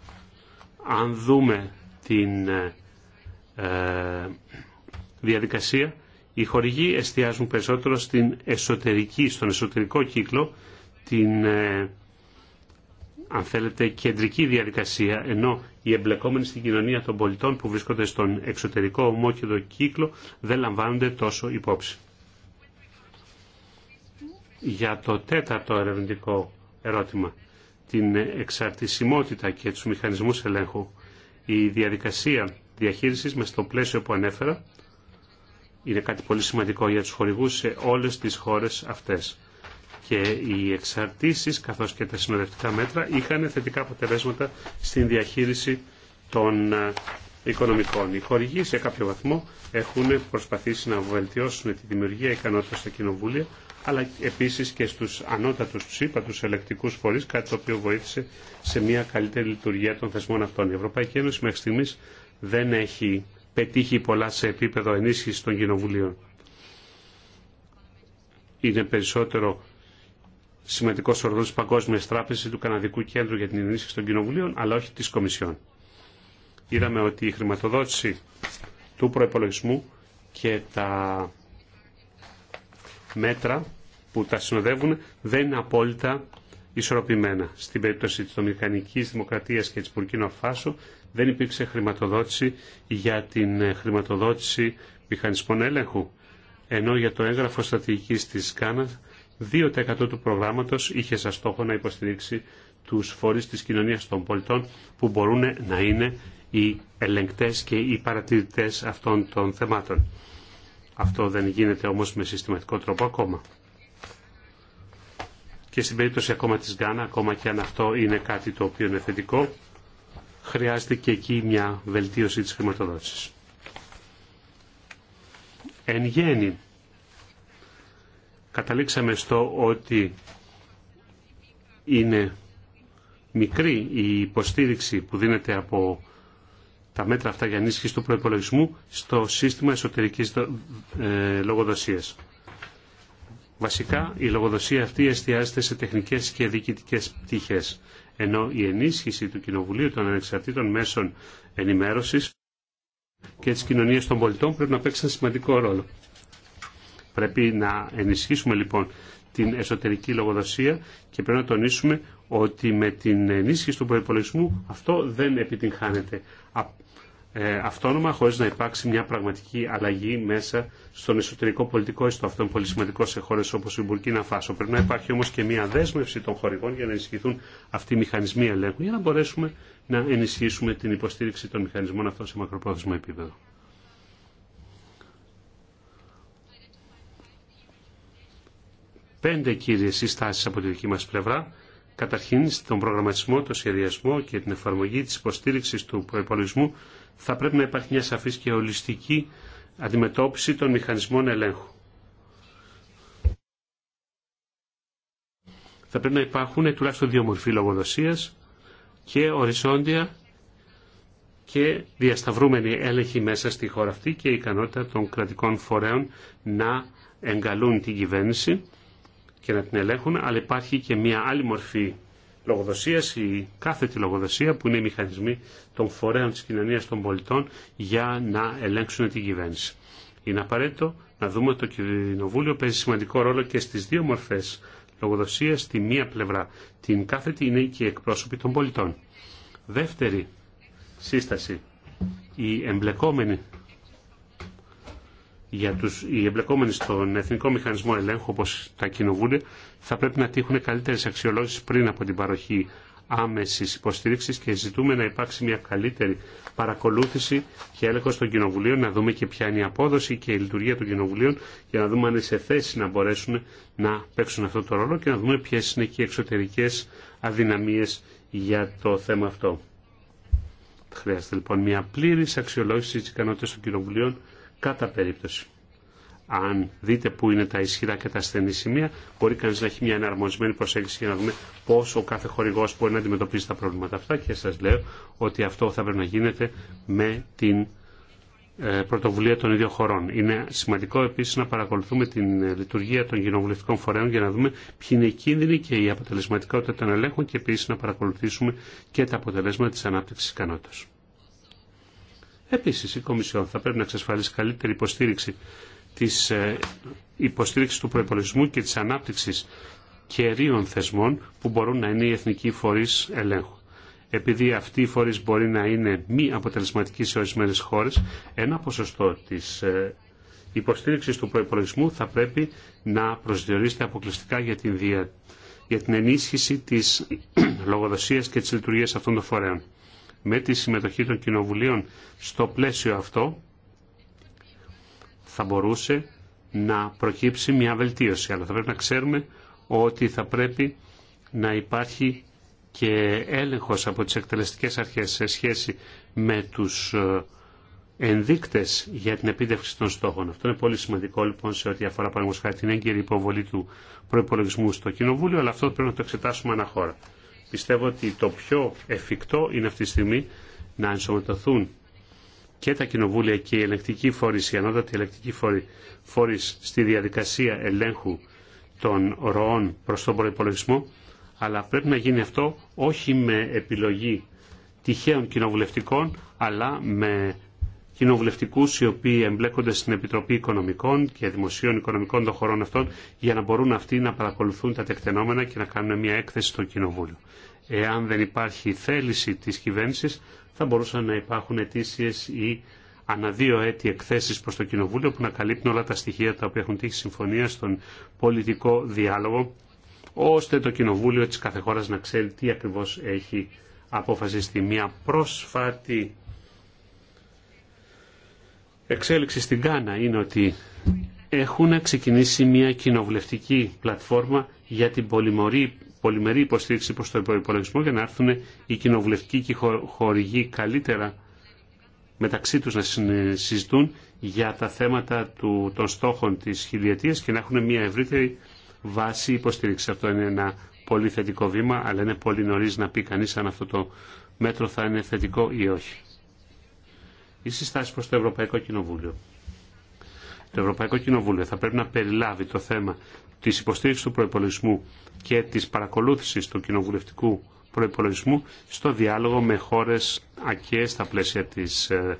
αν δούμε την ε, ε, διαδικασία, οι χορηγοί εστιάζουν περισσότερο στην εσωτερική, στον εσωτερικό κύκλο, την ε, αν θέλετε, κεντρική διαδικασία, ενώ οι εμπλεκόμενοι στην κοινωνία των πολιτών που βρίσκονται στον εξωτερικό ομόκυδο κύκλο δεν λαμβάνονται τόσο υπόψη. Για το τέταρτο ερευνητικό ερώτημα, την εξαρτησιμότητα και τους μηχανισμούς ελέγχου, η διαδικασία διαχείρισης με στο πλαίσιο που ανέφερα είναι κάτι πολύ σημαντικό για τους χορηγούς σε όλες τις χώρες αυτές και οι εξαρτήσεις καθώς και τα συνοδευτικά μέτρα είχαν θετικά αποτελέσματα στην διαχείριση των ε, οικονομικών. Οι χορηγοί σε κάποιο βαθμό έχουν προσπαθήσει να βελτιώσουν τη δημιουργία ικανότητα στα κοινοβούλια αλλά επίσης και στους ανώτατους του ΣΥΠΑ, τους ελεκτικούς φορείς, κάτι το οποίο βοήθησε σε μια καλύτερη λειτουργία των θεσμών αυτών. Η Ευρωπαϊκή Ένωση μέχρι στιγμή δεν έχει πετύχει πολλά σε επίπεδο ενίσχυσης των κοινοβουλίων. Είναι περισσότερο σημαντικό οργανισμό τη Παγκόσμια Τράπεζα του Καναδικού Κέντρου για την Ενίσχυση των Κοινοβουλίων, αλλά όχι τη Κομισιόν. Είδαμε ότι η χρηματοδότηση του προπολογισμού και τα μέτρα που τα συνοδεύουν δεν είναι απόλυτα ισορροπημένα. Στην περίπτωση της Δομικανικής Δημοκρατίας και της Πουρκίνο Φάσο δεν υπήρξε χρηματοδότηση για την χρηματοδότηση μηχανισμών έλεγχου. Ενώ για το έγγραφο στρατηγικής της Κάνα 2% του προγράμματος είχε σαν στόχο να υποστηρίξει τους φορεί της κοινωνίας των πολιτών που μπορούν να είναι οι ελεγκτές και οι παρατηρητές αυτών των θεμάτων. Αυτό δεν γίνεται όμως με συστηματικό τρόπο ακόμα. Και στην περίπτωση ακόμα της Γκάνα, ακόμα και αν αυτό είναι κάτι το οποίο είναι θετικό, χρειάζεται και εκεί μια βελτίωση της χρηματοδότησης. Εν γέννη, καταλήξαμε στο ότι είναι μικρή η υποστήριξη που δίνεται από τα μέτρα αυτά για ενίσχυση του προϋπολογισμού στο σύστημα εσωτερικής ε, λογοδοσίας. Βασικά, η λογοδοσία αυτή εστιάζεται σε τεχνικές και διοικητικές πτυχές, ενώ η ενίσχυση του Κοινοβουλίου των Ανεξαρτήτων Μέσων Ενημέρωσης και της κοινωνίας των πολιτών πρέπει να παίξει ένα σημαντικό ρόλο. Πρέπει να ενισχύσουμε λοιπόν την εσωτερική λογοδοσία και πρέπει να τονίσουμε ότι με την ενίσχυση του προπολογισμού αυτό δεν επιτυγχάνεται ε, αυτόνομα χωρίς να υπάρξει μια πραγματική αλλαγή μέσα στον εσωτερικό πολιτικό ιστό. Αυτό είναι πολύ σημαντικό σε χώρες όπως η Μπουρκίνα Φάσο. Πρέπει να υπάρχει όμως και μια δέσμευση των χορηγών για να ενισχυθούν αυτοί οι μηχανισμοί ελέγχου για να μπορέσουμε να ενισχύσουμε την υποστήριξη των μηχανισμών αυτών σε μακροπρόθεσμο επίπεδο. πέντε κύριες συστάσεις από τη δική μας πλευρά. Καταρχήν, στον προγραμματισμό, το σχεδιασμό και την εφαρμογή της υποστήριξης του προπολογισμού θα πρέπει να υπάρχει μια σαφής και ολιστική αντιμετώπιση των μηχανισμών ελέγχου. Θα πρέπει να υπάρχουν τουλάχιστον δύο μορφή λογοδοσία και οριζόντια και διασταυρούμενη έλεγχη μέσα στη χώρα αυτή και η ικανότητα των κρατικών φορέων να εγκαλούν την κυβέρνηση και να την ελέγχουν, αλλά υπάρχει και μια άλλη μορφή λογοδοσίας, η κάθετη λογοδοσία που είναι οι μηχανισμοί των φορέων της κοινωνίας των πολιτών για να ελέγξουν την κυβέρνηση. Είναι απαραίτητο να δούμε ότι το Κοινοβούλιο παίζει σημαντικό ρόλο και στις δύο μορφές λογοδοσίας, στη μία πλευρά την κάθετη είναι και οι εκπρόσωποι των πολιτών. Δεύτερη σύσταση, οι εμπλεκόμενοι για τους, οι εμπλεκόμενοι στον Εθνικό Μηχανισμό Ελέγχου, όπως τα κοινοβούλια, θα πρέπει να τύχουν καλύτερες αξιολόγησεις πριν από την παροχή άμεσης υποστήριξης και ζητούμε να υπάρξει μια καλύτερη παρακολούθηση και έλεγχος των κοινοβουλίων, να δούμε και ποια είναι η απόδοση και η λειτουργία των κοινοβουλίων, για να δούμε αν είναι σε θέση να μπορέσουν να παίξουν αυτό το ρόλο και να δούμε ποιε είναι και οι εξωτερικές αδυναμίες για το θέμα αυτό. Χρειάζεται λοιπόν μια πλήρης αξιολόγηση τη ικανότητα των κοινοβουλίων κατά περίπτωση. Αν δείτε πού είναι τα ισχυρά και τα ασθενή σημεία, μπορεί κανεί να έχει μια εναρμονισμένη προσέγγιση για να δούμε πώ ο κάθε χορηγό μπορεί να αντιμετωπίσει τα προβλήματα αυτά. Και σα λέω ότι αυτό θα πρέπει να γίνεται με την ε, πρωτοβουλία των ίδιων χωρών. Είναι σημαντικό επίση να παρακολουθούμε την ε, λειτουργία των κοινοβουλευτικών φορέων για να δούμε ποιοι είναι οι κίνδυνοι και η αποτελεσματικότητα των ελέγχων και επίση να παρακολουθήσουμε και τα αποτελέσματα τη ανάπτυξη ικανότητα. Επίση, η Κομισιόν θα πρέπει να εξασφαλίσει καλύτερη υποστήριξη της ε, υποστήριξης του προπολογισμού και τη ανάπτυξη κερίων θεσμών που μπορούν να είναι οι εθνικοί φορεί ελέγχου. Επειδή αυτοί οι φορεί μπορεί να είναι μη αποτελεσματικοί σε ορισμένε χώρε, ένα ποσοστό της ε, υποστήριξη του προπολογισμού θα πρέπει να προσδιορίζεται αποκλειστικά για την, για την ενίσχυση της [clears throat] λογοδοσίας και της λειτουργίας αυτών των φορέων με τη συμμετοχή των κοινοβουλίων στο πλαίσιο αυτό θα μπορούσε να προκύψει μια βελτίωση. Αλλά θα πρέπει να ξέρουμε ότι θα πρέπει να υπάρχει και έλεγχος από τις εκτελεστικές αρχές σε σχέση με τους ε, ενδείκτες για την επίτευξη των στόχων. Αυτό είναι πολύ σημαντικό λοιπόν σε ό,τι αφορά την έγκαιρη υποβολή του προπολογισμού στο Κοινοβούλιο, αλλά αυτό πρέπει να το εξετάσουμε αναχώρα. Πιστεύω ότι το πιο εφικτό είναι αυτή τη στιγμή να ενσωματωθούν και τα κοινοβούλια και η φόρηση, η ανώτατη ελεκτική φόρεις στη διαδικασία ελέγχου των ροών προς τον προπολογισμό, αλλά πρέπει να γίνει αυτό όχι με επιλογή τυχαίων κοινοβουλευτικών, αλλά με κοινοβουλευτικού οι οποίοι εμπλέκονται στην Επιτροπή Οικονομικών και Δημοσίων Οικονομικών των χωρών αυτών για να μπορούν αυτοί να παρακολουθούν τα τεκτενόμενα και να κάνουν μια έκθεση στο Κοινοβούλιο. Εάν δεν υπάρχει θέληση της κυβέρνησης θα μπορούσαν να υπάρχουν αιτήσει ή ανά δύο έτη εκθέσεις προς το Κοινοβούλιο που να καλύπτουν όλα τα στοιχεία τα οποία έχουν τύχει συμφωνία στον πολιτικό διάλογο ώστε το Κοινοβούλιο της κάθε χώρας να ξέρει τι ακριβώ έχει αποφασιστεί. Μια πρόσφατη εξέλιξη στην Κάνα είναι ότι έχουν ξεκινήσει μια κοινοβουλευτική πλατφόρμα για την πολυμερή, πολυμερή υποστήριξη προς το υπολογισμό για να έρθουν οι κοινοβουλευτικοί και οι χορηγοί καλύτερα μεταξύ τους να συζητούν για τα θέματα του, των στόχων της χιλιετίας και να έχουν μια ευρύτερη βάση υποστήριξη. Αυτό είναι ένα πολύ θετικό βήμα, αλλά είναι πολύ νωρί να πει κανείς αν αυτό το μέτρο θα είναι θετικό ή όχι. Η συστάση προς το Ευρωπαϊκό Κοινοβούλιο. Το Ευρωπαϊκό Κοινοβούλιο θα πρέπει να περιλάβει το θέμα της υποστήριξης του προπολογισμού και της παρακολούθησης του κοινοβουλευτικού προπολογισμού στο διάλογο με χώρες Ακέ στα πλαίσια της ε,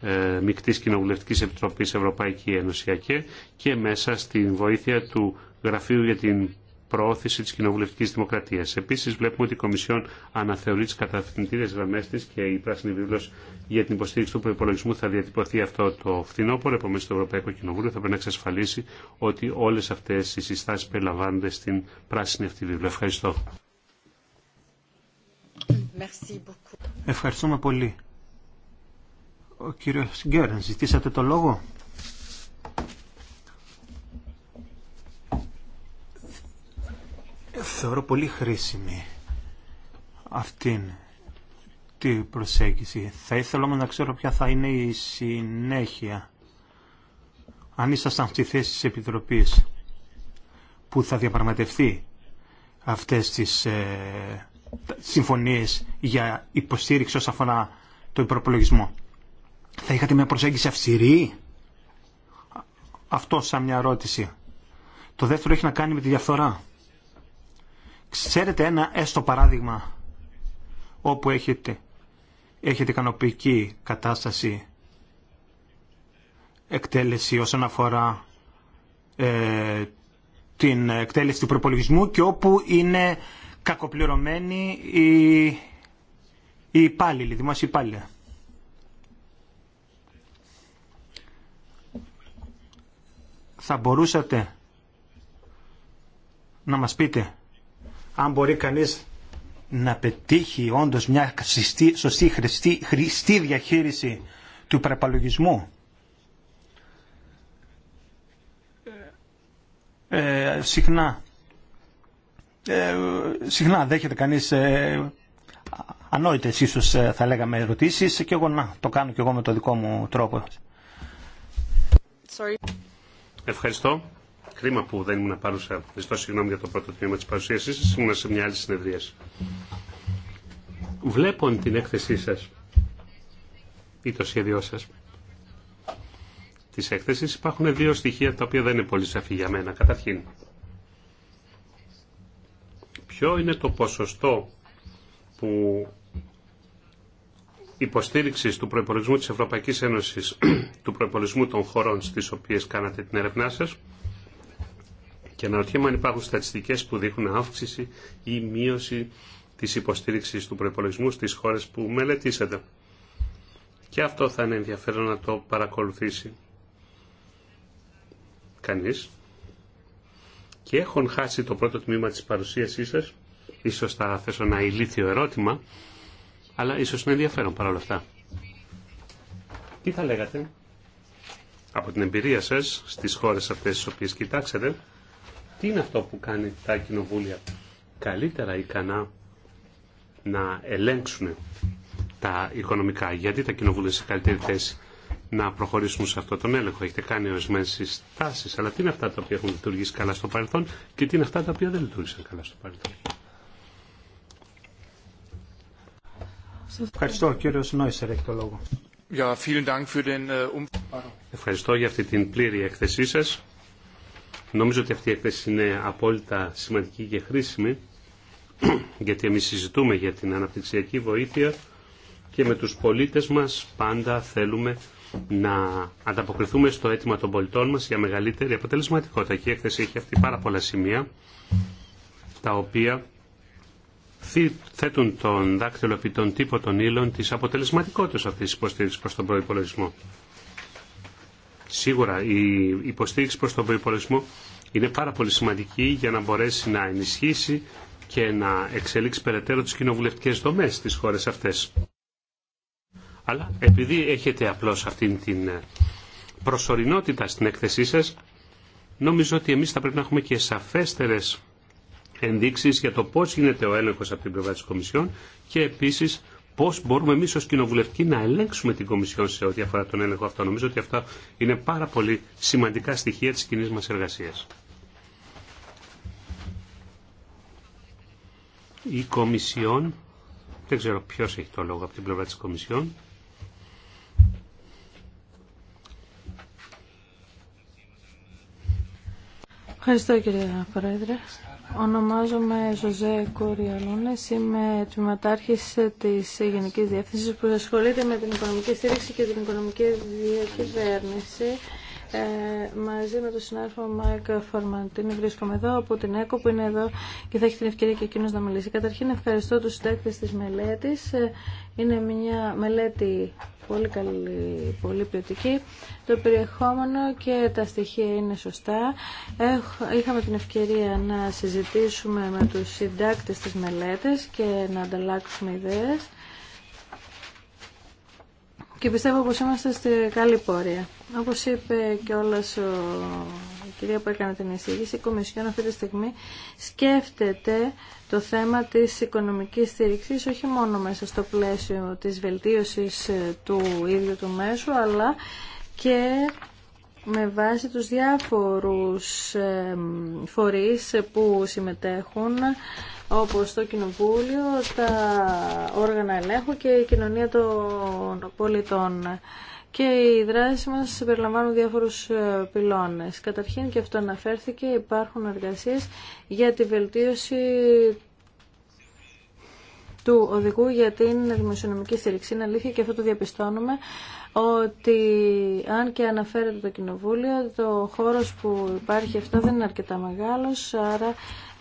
ε, Μικτής Κοινοβουλευτικής Επιτροπής Ευρωπαϊκή Ένωση και, και μέσα στην βοήθεια του Γραφείου για την προώθηση της κοινοβουλευτικής δημοκρατίας. Επίσης βλέπουμε ότι η Κομισιόν αναθεωρεί τις καταθυντήρες γραμμές της και η πράσινη βίβλος για την υποστήριξη του προπολογισμού θα διατυπωθεί αυτό το φθινόπωρο. Επομένως το Ευρωπαϊκό Κοινοβούλιο θα πρέπει να εξασφαλίσει ότι όλες αυτές οι συστάσεις περιλαμβάνονται στην πράσινη αυτή βίβλο. Ευχαριστώ. Ευχαριστούμε πολύ. Ο κύριος Γκέρεν, ζητήσατε το λόγο. θεωρώ πολύ χρήσιμη αυτήν την προσέγγιση. Θα ήθελα όμως να ξέρω ποια θα είναι η συνέχεια. Αν ήσασταν στη θέση της Επιτροπής που θα διαπραγματευτεί αυτές τις ε, συμφωνίες για υποστήριξη όσον αφορά το υπερπολογισμό. Θα είχατε μια προσέγγιση αυστηρή. Αυτό σαν μια ερώτηση. Το δεύτερο έχει να κάνει με τη διαφθορά. Ξέρετε ένα έστω παράδειγμα όπου έχετε, έχετε ικανοποιητική κατάσταση εκτέλεση όσον αφορά ε, την εκτέλεση του προπολογισμού και όπου είναι κακοπληρωμένοι οι, οι υπάλληλοι, οι δημόσιοι υπάλληλοι. Θα μπορούσατε να μας πείτε αν μπορεί κανείς να πετύχει όντως μια σωστή, σωστή χρηστή, χρηστή διαχείριση του προπαλογισμού. Ε, συχνά, ε, συχνά δέχεται κανείς ε, ανόητες ίσως ε, θα λέγαμε ερωτήσεις και εγώ να το κάνω και εγώ με το δικό μου τρόπο. Ευχαριστώ. Κρίμα που δεν ήμουν παρούσα. Ζητώ συγγνώμη για το πρώτο τμήμα τη παρουσίασή σα. Ήμουν σε μια άλλη συνεδρία. Βλέπουν την έκθεσή σα ή το σχέδιό σα τη έκθεση υπάρχουν δύο στοιχεία τα οποία δεν είναι πολύ σαφή για μένα. Καταρχήν, ποιο είναι το ποσοστό που υποστήριξη του προπολογισμού της Ευρωπαϊκής Ένωσης, [clears throat] του προπολογισμού των χωρών στι οποίες κάνατε την έρευνά σα, και αναρωτιέμαι αν υπάρχουν στατιστικέ που δείχνουν αύξηση ή μείωση της υποστήριξης του προπολογισμού στις χώρες που μελετήσατε. Και αυτό θα είναι ενδιαφέρον να το παρακολουθήσει Κανεί. Και έχουν χάσει το πρώτο τμήμα της παρουσίασή σα, Ίσως θα θέσω ένα ηλίθιο ερώτημα, αλλά ίσως είναι ενδιαφέρον παρόλα αυτά. Τι θα λέγατε από την εμπειρία σας στις χώρες αυτές τις οποίες κοιτάξατε, τι είναι αυτό που κάνει τα κοινοβούλια καλύτερα ικανά να ελέγξουν τα οικονομικά. Γιατί τα κοινοβούλια σε καλύτερη θέση να προχωρήσουν σε αυτό τον έλεγχο. Έχετε κάνει ορισμένε συστάσει, αλλά τι είναι αυτά τα οποία έχουν λειτουργήσει καλά στο παρελθόν και τι είναι αυτά τα οποία δεν λειτουργήσαν καλά στο παρελθόν. Ευχαριστώ. Κύριο äh, um- Ευχαριστώ για αυτή την πλήρη έκθεσή σας. Νομίζω ότι αυτή η έκθεση είναι απόλυτα σημαντική και χρήσιμη, [clears throat] γιατί εμείς συζητούμε για την αναπτυξιακή βοήθεια και με τους πολίτες μας πάντα θέλουμε να ανταποκριθούμε στο αίτημα των πολιτών μας για μεγαλύτερη αποτελεσματικότητα. Και η έκθεση έχει αυτή πάρα πολλά σημεία, τα οποία θέτουν τον δάκτυλο επί τον τύπο των ύλων της αποτελεσματικότητας αυτής της υποστήριξης προς τον προϋπολογισμό. Σίγουρα η υποστήριξη προς τον προπολογισμό είναι πάρα πολύ σημαντική για να μπορέσει να ενισχύσει και να εξελίξει περαιτέρω τις κοινοβουλευτικές δομές στις χώρες αυτές. Αλλά επειδή έχετε απλώς αυτήν την προσωρινότητα στην έκθεσή σας, νομίζω ότι εμείς θα πρέπει να έχουμε και σαφέστερες ενδείξεις για το πώς γίνεται ο έλεγχος από την πλευρά της και επίσης πώ μπορούμε εμεί ω κοινοβουλευτικοί να ελέγξουμε την Κομισιόν σε ό,τι αφορά τον έλεγχο αυτό. Νομίζω ότι αυτά είναι πάρα πολύ σημαντικά στοιχεία τη κοινή μα εργασία. Η Κομισιόν, δεν ξέρω ποιο έχει το λόγο από την πλευρά τη Κομισιόν. Ευχαριστώ κύριε Πρόεδρε. Ονομάζομαι Ζωζέ Κοριαλούνες, είμαι τμηματάρχη της γενική διεύθυνση που ασχολείται με την οικονομική στήριξη και την οικονομική διακυβέρνηση ε, μαζί με τον συνάδελφο Μάικ Φορμαντίνη βρίσκομαι εδώ από την ΕΚΟ που είναι εδώ και θα έχει την ευκαιρία και εκείνος να μιλήσει. Καταρχήν ευχαριστώ τους συντάκτες της μελέτης. Ε, είναι μια μελέτη πολύ καλή, πολύ ποιοτική. Το περιεχόμενο και τα στοιχεία είναι σωστά. είχαμε την ευκαιρία να συζητήσουμε με τους συντάκτες της μελέτης και να ανταλλάξουμε ιδέες και πιστεύω πως είμαστε στη καλή πορεία. Όπως είπε και όλας η κυρία που έκανε την εισήγηση, η Κομισιόν αυτή τη στιγμή σκέφτεται το θέμα της οικονομικής στήριξης όχι μόνο μέσα στο πλαίσιο της βελτίωσης ε, του ίδιου του μέσου, αλλά και με βάση τους διάφορους ε, φορείς που συμμετέχουν όπως το Κοινοβούλιο, τα όργανα ελέγχου και η κοινωνία των πολιτών. Και οι δράσει μας περιλαμβάνουν διάφορους ε, πυλώνε. Καταρχήν, και αυτό αναφέρθηκε, υπάρχουν εργασίε για τη βελτίωση του οδηγού για την δημοσιονομική στήριξη. Είναι αλήθεια και αυτό το διαπιστώνουμε ότι αν και αναφέρεται το Κοινοβούλιο, το χώρος που υπάρχει αυτό δεν είναι αρκετά μεγάλος, άρα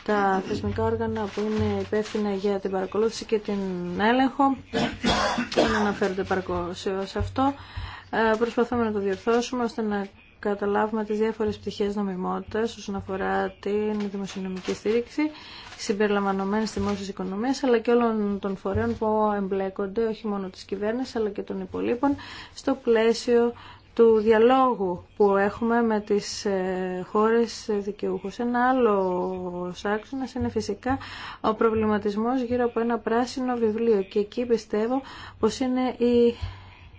τα θεσμικά όργανα που είναι υπεύθυνα για την παρακολούθηση και την έλεγχο. Δεν αναφέρονται παρκώ σε αυτό. Ε, προσπαθούμε να το διορθώσουμε ώστε να καταλάβουμε τις διάφορες πτυχές νομιμότητας όσον αφορά την δημοσιονομική στήριξη συμπεριλαμβανομένες δημόσια οικονομία, αλλά και όλων των φορέων που εμπλέκονται όχι μόνο της κυβέρνησης αλλά και των υπολείπων στο πλαίσιο του διαλόγου που έχουμε με τις ε, χώρες δικαιούχους. Ένα άλλο άξονα είναι φυσικά ο προβληματισμός γύρω από ένα πράσινο βιβλίο και εκεί πιστεύω πως είναι η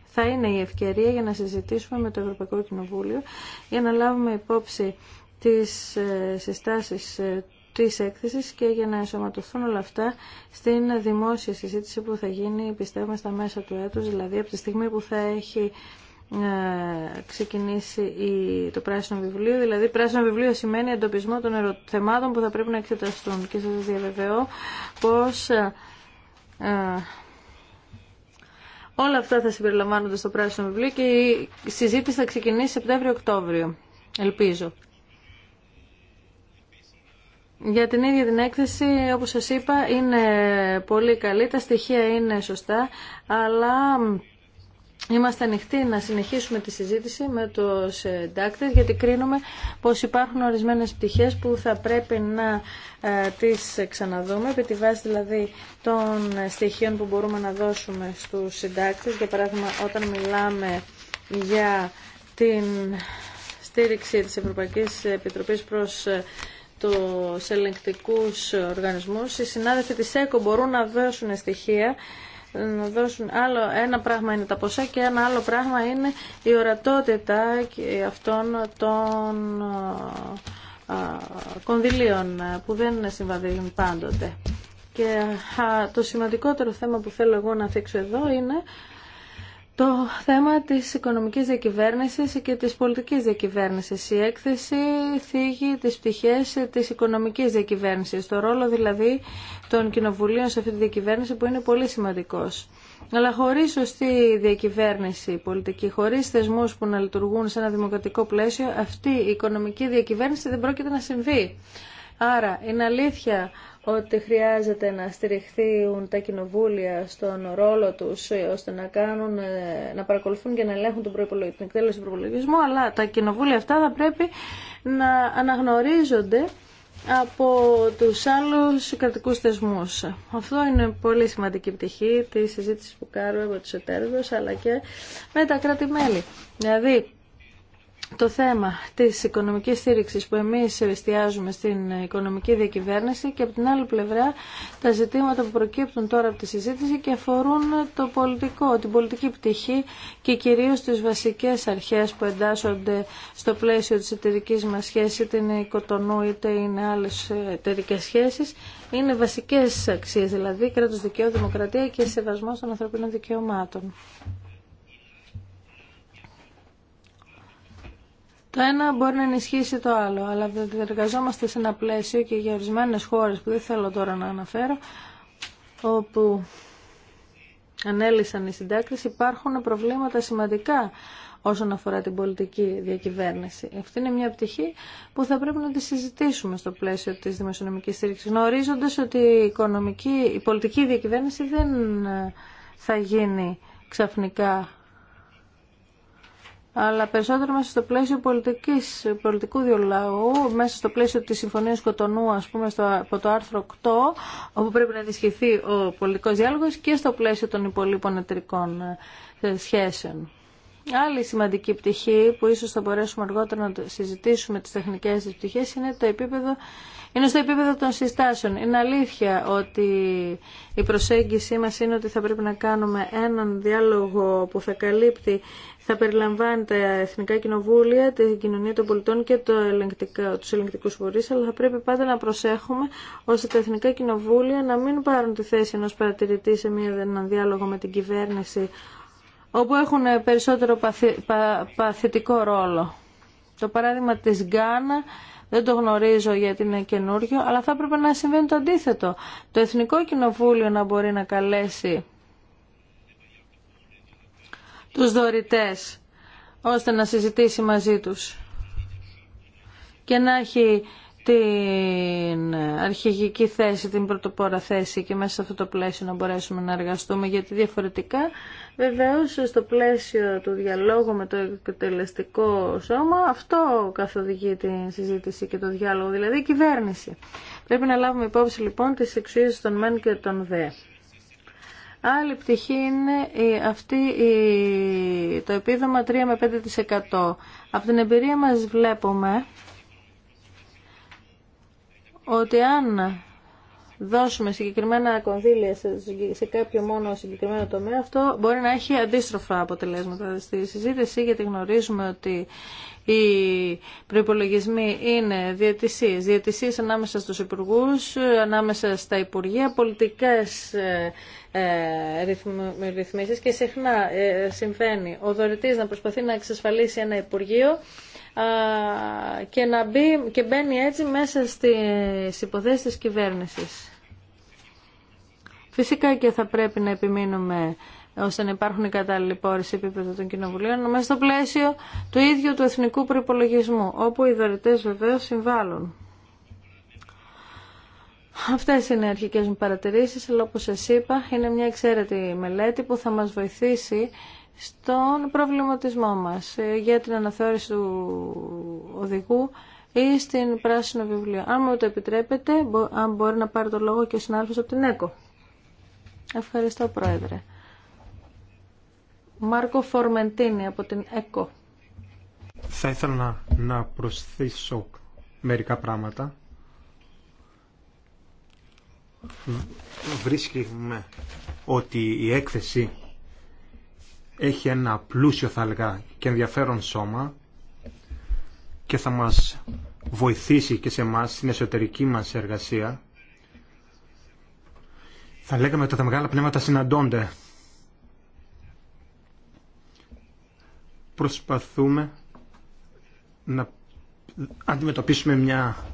θα είναι η ευκαιρία για να συζητήσουμε με το Ευρωπαϊκό Κοινοβούλιο για να λάβουμε υπόψη τις ε, συστάσεις ε, της έκθεσης και για να ενσωματωθούν όλα αυτά στην δημόσια συζήτηση που θα γίνει πιστεύουμε στα μέσα του έτους, δηλαδή από τη στιγμή που θα έχει ε, ξεκινήσει το πράσινο βιβλίο. Δηλαδή, πράσινο βιβλίο σημαίνει εντοπισμό των θεμάτων που θα πρέπει να εξεταστούν. Και σας διαβεβαιώ πως ε, ε, όλα αυτά θα συμπεριλαμβάνονται στο πράσινο βιβλίο και η συζήτηση θα ξεκινήσει Σεπτέμβριο-Οκτώβριο. Ελπίζω. Για την ίδια την έκθεση, όπως σας είπα, είναι πολύ καλή, τα στοιχεία είναι σωστά, αλλά Είμαστε ανοιχτοί να συνεχίσουμε τη συζήτηση με του συντάκτε, γιατί κρίνουμε πω υπάρχουν ορισμένε πτυχέ που θα πρέπει να ε, τι ξαναδούμε, επί τη βάση δηλαδή των στοιχείων που μπορούμε να δώσουμε στου συντάκτε. Για παράδειγμα, όταν μιλάμε για την στήριξη της Ευρωπαϊκής Επιτροπής προς ε, του ελεγκτικού οργανισμού, Οι συνάδελφοι τη ΕΚΟ μπορούν να δώσουν στοιχεία να δώσουν άλλο ένα πράγμα είναι τα ποσά και ένα άλλο πράγμα είναι η ορατότητα αυτών των κονδυλίων που δεν συμβαδίζουν πάντοτε. Και το σημαντικότερο θέμα που θέλω εγώ να θίξω εδώ είναι το θέμα της οικονομικής διακυβέρνησης και της πολιτικής διακυβέρνησης. Η έκθεση θίγει τις πτυχές της οικονομικής διακυβέρνησης, το ρόλο δηλαδή των κοινοβουλίων σε αυτή τη διακυβέρνηση που είναι πολύ σημαντικός. Αλλά χωρί σωστή διακυβέρνηση πολιτική, χωρί θεσμού που να λειτουργούν σε ένα δημοκρατικό πλαίσιο, αυτή η οικονομική διακυβέρνηση δεν πρόκειται να συμβεί. Άρα είναι αλήθεια ότι χρειάζεται να στηριχθούν τα κοινοβούλια στον ρόλο τους ε, ώστε να, κάνουν, ε, να παρακολουθούν και να ελέγχουν τον την εκτέλεση του προπολογισμού, αλλά τα κοινοβούλια αυτά θα πρέπει να αναγνωρίζονται από τους άλλους κρατικούς θεσμούς. Αυτό είναι πολύ σημαντική πτυχή της συζήτησης που κάνουμε με τους εταίρους αλλά και με τα κράτη-μέλη. Δηλαδή, το θέμα της οικονομικής στήριξης που εμείς εστιάζουμε στην οικονομική διακυβέρνηση και από την άλλη πλευρά τα ζητήματα που προκύπτουν τώρα από τη συζήτηση και αφορούν το πολιτικό, την πολιτική πτυχή και κυρίως τις βασικές αρχές που εντάσσονται στο πλαίσιο της εταιρική μας σχέση, είτε είναι η είτε είναι άλλες εταιρικέ σχέσεις. Είναι βασικές αξίες δηλαδή, κράτος δικαίου, δημοκρατία και σεβασμός των ανθρωπίνων δικαιωμάτων. Το ένα μπορεί να ενισχύσει το άλλο, αλλά εργαζόμαστε σε ένα πλαίσιο και για ορισμένε χώρε που δεν θέλω τώρα να αναφέρω, όπου ανέλησαν οι συντάκτες, υπάρχουν προβλήματα σημαντικά όσον αφορά την πολιτική διακυβέρνηση. Αυτή είναι μια πτυχή που θα πρέπει να τη συζητήσουμε στο πλαίσιο της δημοσιονομικής στήριξης, γνωρίζοντα ότι η, οικονομική, η πολιτική διακυβέρνηση δεν θα γίνει ξαφνικά αλλά περισσότερο μέσα στο πλαίσιο πολιτικής, πολιτικού διολαού, μέσα στο πλαίσιο της Συμφωνίας Κοτονού, ας πούμε, στο, από το άρθρο 8, όπου πρέπει να ενισχυθεί ο πολιτικός διάλογος και στο πλαίσιο των υπολείπων εταιρικών ε, σχέσεων. Άλλη σημαντική πτυχή που ίσως θα μπορέσουμε αργότερα να συζητήσουμε τις τεχνικές της πτυχές είναι, το επίπεδο, είναι στο επίπεδο των συστάσεων. Είναι αλήθεια ότι η προσέγγιση μας είναι ότι θα πρέπει να κάνουμε έναν διάλογο που θα καλύπτει θα περιλαμβάνει τα Εθνικά Κοινοβούλια, την κοινωνία των πολιτών και το ελεγκτικά, τους ελεγκτικούς αλλά θα πρέπει πάντα να προσέχουμε ώστε τα Εθνικά Κοινοβούλια να μην πάρουν τη θέση ενός παρατηρητή σε μια, έναν διάλογο με την κυβέρνηση, όπου έχουν περισσότερο παθητικό ρόλο. Το παράδειγμα της Γκάνα δεν το γνωρίζω γιατί είναι καινούριο, αλλά θα έπρεπε να συμβαίνει το αντίθετο. Το Εθνικό Κοινοβούλιο να μπορεί να καλέσει τους δωρητές ώστε να συζητήσει μαζί τους και να έχει την αρχηγική θέση, την πρωτοπόρα θέση και μέσα σε αυτό το πλαίσιο να μπορέσουμε να εργαστούμε γιατί διαφορετικά βεβαίως στο πλαίσιο του διαλόγου με το εκτελεστικό σώμα αυτό καθοδηγεί την συζήτηση και το διάλογο, δηλαδή η κυβέρνηση. Πρέπει να λάβουμε υπόψη λοιπόν τις εξουσίες των μεν και των δε. Άλλη πτυχή είναι αυτή το επίδομα 3 με 5%. Από την εμπειρία μας βλέπουμε ότι αν δώσουμε συγκεκριμένα κονδύλια σε, κάποιο μόνο συγκεκριμένο τομέα, αυτό μπορεί να έχει αντίστροφα αποτελέσματα. Στη συζήτηση, γιατί γνωρίζουμε ότι οι προπολογισμοί είναι διαιτησίες. Διαιτησίες ανάμεσα στους υπουργούς, ανάμεσα στα υπουργεία, πολιτικές ε, ε, ρυθμίσεις και συχνά ε, συμβαίνει ο δωρητής να προσπαθεί να εξασφαλίσει ένα Υπουργείο και, να μπει, και μπαίνει έτσι μέσα στις υποθέσεις της κυβέρνησης. Φυσικά και θα πρέπει να επιμείνουμε ώστε να υπάρχουν οι κατάλληλοι πόροι σε επίπεδο των κοινοβουλίων μέσα στο πλαίσιο του ίδιου του εθνικού προπολογισμού, όπου οι δωρητές βεβαίως συμβάλλουν. Αυτέ είναι οι αρχικέ μου παρατηρήσεις, αλλά όπως σα είπα είναι μια εξαίρετη μελέτη που θα μας βοηθήσει στον προβληματισμό μας ε, για την αναθεώρηση του οδηγού ή στην πράσινο βιβλίο. Αν μου το επιτρέπετε, αν μπορεί να πάρει το λόγο και ο συνάδελφος από την ΕΚΟ. Ευχαριστώ, Πρόεδρε. Μάρκο Φορμεντίνη από την ΕΚΟ. Θα ήθελα να προσθέσω μερικά πράγματα βρίσκουμε ότι η έκθεση έχει ένα πλούσιο θα έλεγα και ενδιαφέρον σώμα και θα μας βοηθήσει και σε εμά στην εσωτερική μας εργασία. Θα λέγαμε ότι τα μεγάλα πνεύματα συναντώνται. Προσπαθούμε να αντιμετωπίσουμε μια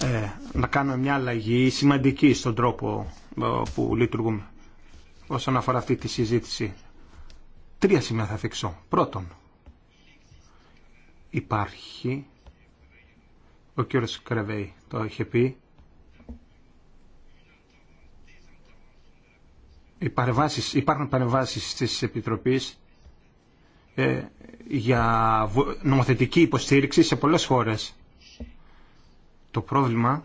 ε, να κάνουμε μια αλλαγή σημαντική στον τρόπο ε, που λειτουργούμε όσον αφορά αυτή τη συζήτηση. Τρία σημεία θα θίξω. Πρώτον, υπάρχει, ο κύριος Κρεβέη το είχε πει, υπάρχουν παρεμβάσεις της Επιτροπής ε, για νομοθετική υποστήριξη σε πολλές χώρες το πρόβλημα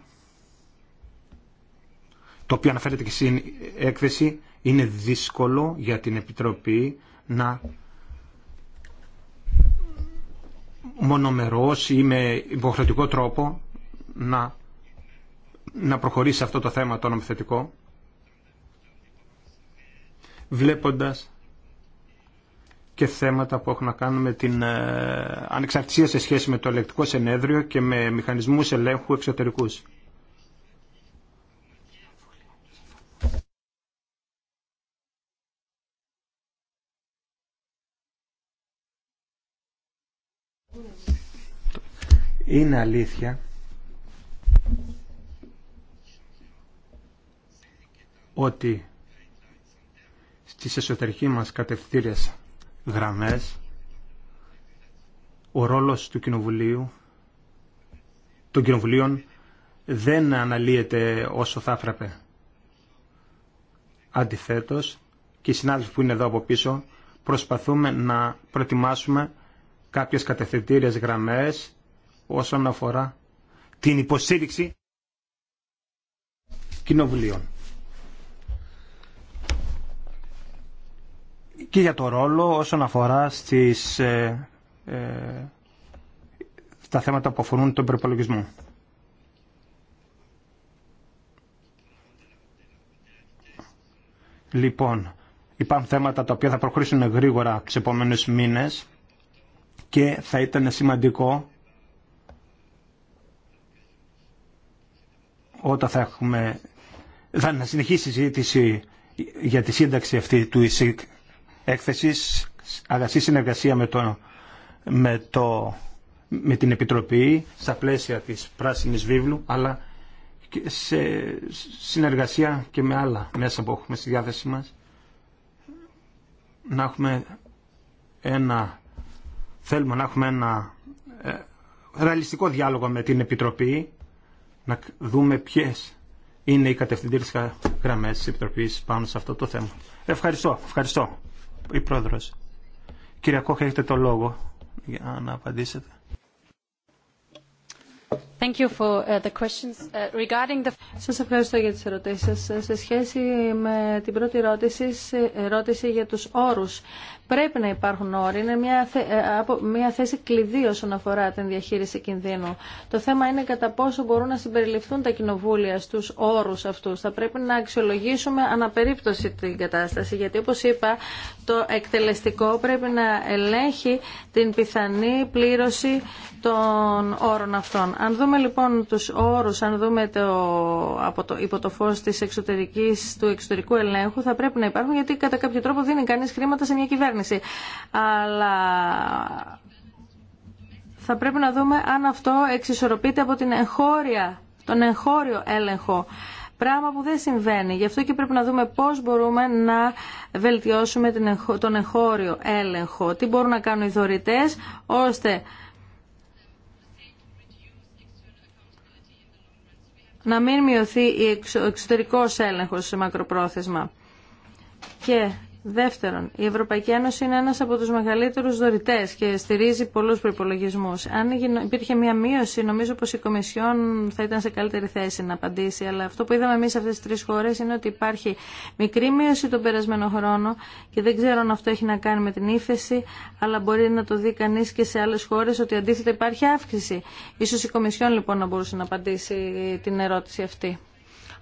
το οποίο αναφέρεται και στην έκθεση είναι δύσκολο για την Επιτροπή να μονομερώσει ή με υποχρεωτικό τρόπο να, να προχωρήσει αυτό το θέμα το νομοθετικό βλέποντας και θέματα που έχουν να κάνουν με την ε, ανεξαρτησία σε σχέση με το ελεκτικό συνέδριο και με μηχανισμούς ελέγχου εξωτερικούς. Είναι αλήθεια ότι στις εσωτερικοί μας κατευθύνσεις γραμμές, ο ρόλος του Κοινοβουλίου, των Κοινοβουλίων δεν αναλύεται όσο θα έπρεπε. Αντιθέτως, και οι συνάδελφοι που είναι εδώ από πίσω, προσπαθούμε να προετοιμάσουμε κάποιες κατευθυντήριες γραμμές όσον αφορά την υποστήριξη κοινοβουλίων. και για το ρόλο όσον αφορά στις, ε, ε, τα θέματα που αφορούν τον προπολογισμό. Λοιπόν, υπάρχουν θέματα τα οποία θα προχωρήσουν γρήγορα τι επόμενους μήνες και θα ήταν σημαντικό όταν θα έχουμε θα συνεχίσει η συζήτηση για τη σύνταξη αυτή του ΙΣΙΚ έκθεσης, αγαστή συνεργασία με, το, με, το, με την Επιτροπή στα πλαίσια της Πράσινης Βίβλου, αλλά και σε συνεργασία και με άλλα μέσα που έχουμε στη διάθεση μας, να έχουμε ένα, θέλουμε να έχουμε ένα ε, ρεαλιστικό διάλογο με την Επιτροπή, να δούμε ποιες είναι οι κατευθυντήρες γραμμές της Επιτροπής πάνω σε αυτό το θέμα. Ευχαριστώ, ευχαριστώ η πρόεδρος. Κύριε Κόχ, έχετε το λόγο για να απαντήσετε. Thank uh, uh, Σας ευχαριστώ για τις ερωτήσεις σας. Ε, σε σχέση με την πρώτη ερώτηση, ερώτηση για τους όρους. Πρέπει να υπάρχουν όροι. Είναι μια, ε, μια θέση κλειδί όσον αφορά την διαχείριση κινδύνου. Το θέμα είναι κατά πόσο μπορούν να συμπεριληφθούν τα κοινοβούλια στους όρους αυτούς. Θα πρέπει να αξιολογήσουμε αναπερίπτωση την κατάσταση. Γιατί όπως είπα, το εκτελεστικό πρέπει να ελέγχει την πιθανή πλήρωση των όρων αυτών. Αν δούμε λοιπόν τους όρους, αν δούμε το, από το, υπό το φως της εξωτερικής, του εξωτερικού ελέγχου, θα πρέπει να υπάρχουν, γιατί κατά κάποιο τρόπο δίνει κανείς χρήματα σε μια κυβέρνηση. Αλλά θα πρέπει να δούμε αν αυτό εξισορροπείται από την εγχώρια, τον εγχώριο έλεγχο. Πράγμα που δεν συμβαίνει. Γι' αυτό και πρέπει να δούμε πώς μπορούμε να βελτιώσουμε τον εγχώριο έλεγχο. Τι μπορούν να κάνουν οι δωρητές ώστε να μην μειωθεί ο εξωτερικός έλεγχος σε μακροπρόθεσμα. Και Δεύτερον, η Ευρωπαϊκή Ένωση είναι ένας από τους μεγαλύτερους δωρητές και στηρίζει πολλούς προπολογισμού. Αν υπήρχε μια μείωση, νομίζω πως η Κομισιόν θα ήταν σε καλύτερη θέση να απαντήσει. Αλλά αυτό που είδαμε εμείς σε αυτές τις τρεις χώρες είναι ότι υπάρχει μικρή μείωση τον περασμένο χρόνο και δεν ξέρω αν αυτό έχει να κάνει με την ύφεση, αλλά μπορεί να το δει κανεί και σε άλλες χώρες ότι αντίθετα υπάρχει αύξηση. Ίσως η Κομισιόν λοιπόν να μπορούσε να απαντήσει την ερώτηση αυτή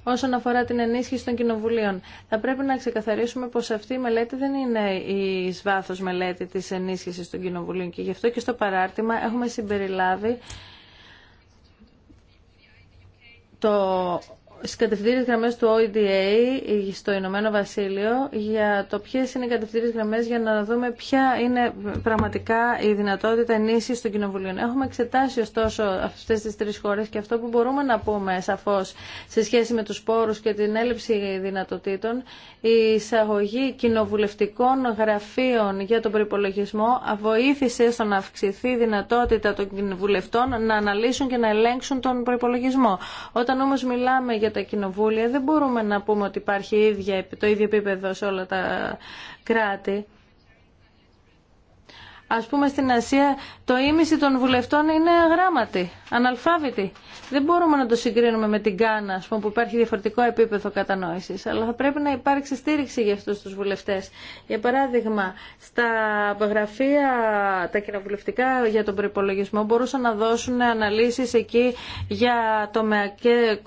όσον αφορά την ενίσχυση των κοινοβουλίων. Θα πρέπει να ξεκαθαρίσουμε πως αυτή η μελέτη δεν είναι η σβάθο μελέτη της ενίσχυσης των κοινοβουλίων και γι' αυτό και στο παράρτημα έχουμε συμπεριλάβει το στις κατευθυντήριες γραμμές του OEDA στο Ηνωμένο Βασίλειο για το ποιες είναι οι κατευθυντήριες γραμμές για να δούμε ποια είναι πραγματικά η δυνατότητα ενίσχυσης των κοινοβουλίων. Έχουμε εξετάσει ωστόσο αυτές τις τρεις χώρες και αυτό που μπορούμε να πούμε σαφώς σε σχέση με τους πόρους και την έλλειψη δυνατοτήτων η εισαγωγή κοινοβουλευτικών γραφείων για τον προπολογισμό βοήθησε στο να αυξηθεί η δυνατότητα των κοινοβουλευτών να αναλύσουν και να ελέγξουν τον προπολογισμό. Όταν όμως μιλάμε για τα κοινοβούλια. Δεν μπορούμε να πούμε ότι υπάρχει ίδια, το ίδιο επίπεδο σε όλα τα κράτη. Ας πούμε στην Ασία το ίμιση των βουλευτών είναι αγράμματοι, αναλφάβητοι. Δεν μπορούμε να το συγκρίνουμε με την Κάνα, ας πούμε, που υπάρχει διαφορετικό επίπεδο κατανόησης. Αλλά θα πρέπει να υπάρξει στήριξη για αυτούς τους βουλευτές. Για παράδειγμα, στα γραφεία, τα κοινοβουλευτικά για τον προπολογισμό μπορούσαν να δώσουν αναλύσεις εκεί για τομεακέ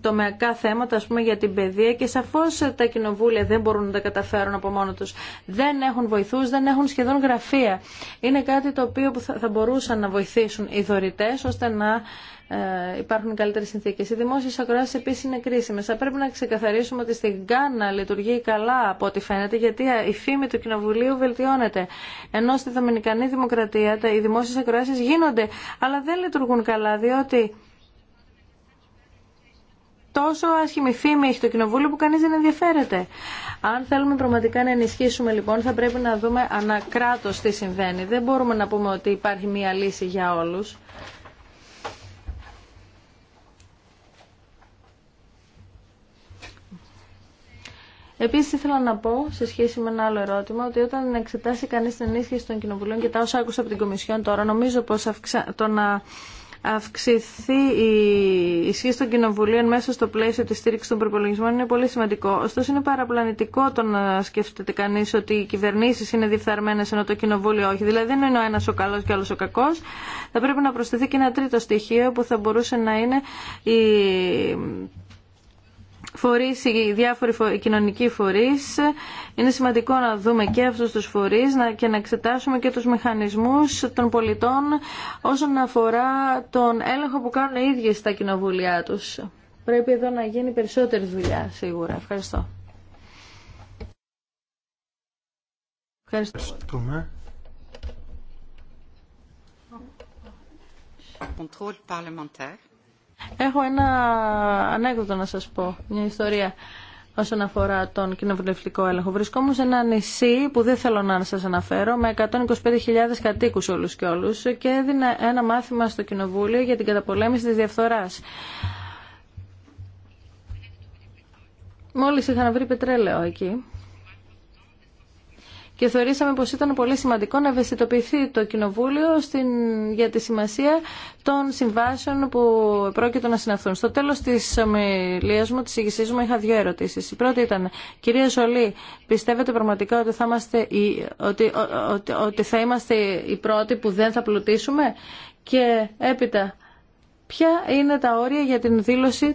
τομεακά θέματα ας πούμε, για την παιδεία και σαφώς τα κοινοβούλια δεν μπορούν να τα καταφέρουν από μόνο τους. Δεν έχουν βοηθούς, δεν έχουν σχεδόν γραφεία. Είναι κάτι το οποίο θα μπορούσαν να βοηθήσουν οι δωρητές ώστε να ε, υπάρχουν καλύτερες συνθήκες. Οι δημόσιες ακροάσει επίσης είναι κρίσιμε. Θα πρέπει να ξεκαθαρίσουμε ότι στην Γκάνα λειτουργεί καλά από ό,τι φαίνεται, γιατί η φήμη του Κοινοβουλίου βελτιώνεται. Ενώ στη Δομινικανή Δημοκρατία οι δημόσιε ακροάσει γίνονται, αλλά δεν λειτουργούν καλά, διότι τόσο άσχημη φήμη έχει το κοινοβούλιο που κανείς δεν ενδιαφέρεται. Αν θέλουμε πραγματικά να ενισχύσουμε λοιπόν θα πρέπει να δούμε ανακράτος τι συμβαίνει. Δεν μπορούμε να πούμε ότι υπάρχει μία λύση για όλους. Επίσης ήθελα να πω σε σχέση με ένα άλλο ερώτημα ότι όταν εξετάσει κανείς την ενίσχυση των κοινοβουλίων και τα όσα άκουσα από την Κομισιόν τώρα νομίζω πως το να αυξηθεί η ισχύ των κοινοβουλίων μέσα στο πλαίσιο της στήριξη των προπολογισμών είναι πολύ σημαντικό. Ωστόσο, είναι παραπλανητικό το να σκέφτεται κανείς ότι οι κυβερνήσεις είναι διφθαρμένες ενώ το κοινοβούλιο όχι. Δηλαδή, δεν είναι ο ένα ο καλό και ο άλλο ο κακός. Θα πρέπει να προσθεθεί και ένα τρίτο στοιχείο που θα μπορούσε να είναι η φορείς, οι διάφοροι κοινωνικοί φορείς. Είναι σημαντικό να δούμε και αυτούς τους φορείς και να εξετάσουμε και τους μηχανισμούς των πολιτών όσον αφορά τον έλεγχο που κάνουν οι ίδιοι στα κοινοβουλιά τους. Πρέπει εδώ να γίνει περισσότερη δουλειά σίγουρα. Ευχαριστώ. Ευχαριστώ. Έχω ένα ανέκδοτο να σας πω, μια ιστορία όσον αφορά τον κοινοβουλευτικό έλεγχο. Βρισκόμουν σε ένα νησί που δεν θέλω να σας αναφέρω με 125.000 κατοίκους όλους και όλους και έδινα ένα μάθημα στο κοινοβούλιο για την καταπολέμηση της διαφθοράς. Μόλις να βρει πετρέλαιο εκεί και θεωρήσαμε πως ήταν πολύ σημαντικό να ευαισθητοποιηθεί το Κοινοβούλιο στην, για τη σημασία των συμβάσεων που πρόκειται να συναυθούν. Στο τέλος της ομιλίας μου, της ηγησής μου, είχα δύο ερωτήσεις. Η πρώτη ήταν, κυρία Ζολή, πιστεύετε πραγματικά ότι θα είμαστε, οι, ότι, ότι θα είμαστε οι πρώτοι που δεν θα πλουτίσουμε και έπειτα... Ποια είναι τα όρια για την δήλωση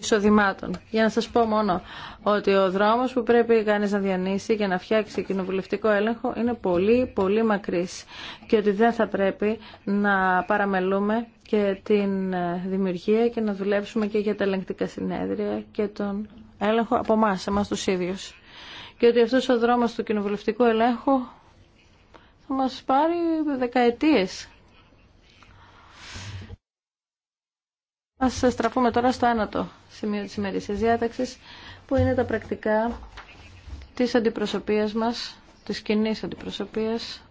εισοδημάτων. Για να σας πω μόνο ότι ο δρόμος που πρέπει κανείς να διανύσει για να φτιάξει κοινοβουλευτικό έλεγχο είναι πολύ πολύ μακρύς και ότι δεν θα πρέπει να παραμελούμε και την ε, δημιουργία και να δουλέψουμε και για τα ελεγκτικά συνέδρια και τον έλεγχο από εμά, εμάς τους ίδιους. Και ότι αυτός ο δρόμος του κοινοβουλευτικού ελέγχου θα μας πάρει δεκαετίες Ας στραφούμε τώρα στο άνατο σημείο της ημερήσιας διάταξης που είναι τα πρακτικά της αντιπροσωπείας μας, της κοινή αντιπροσωπείας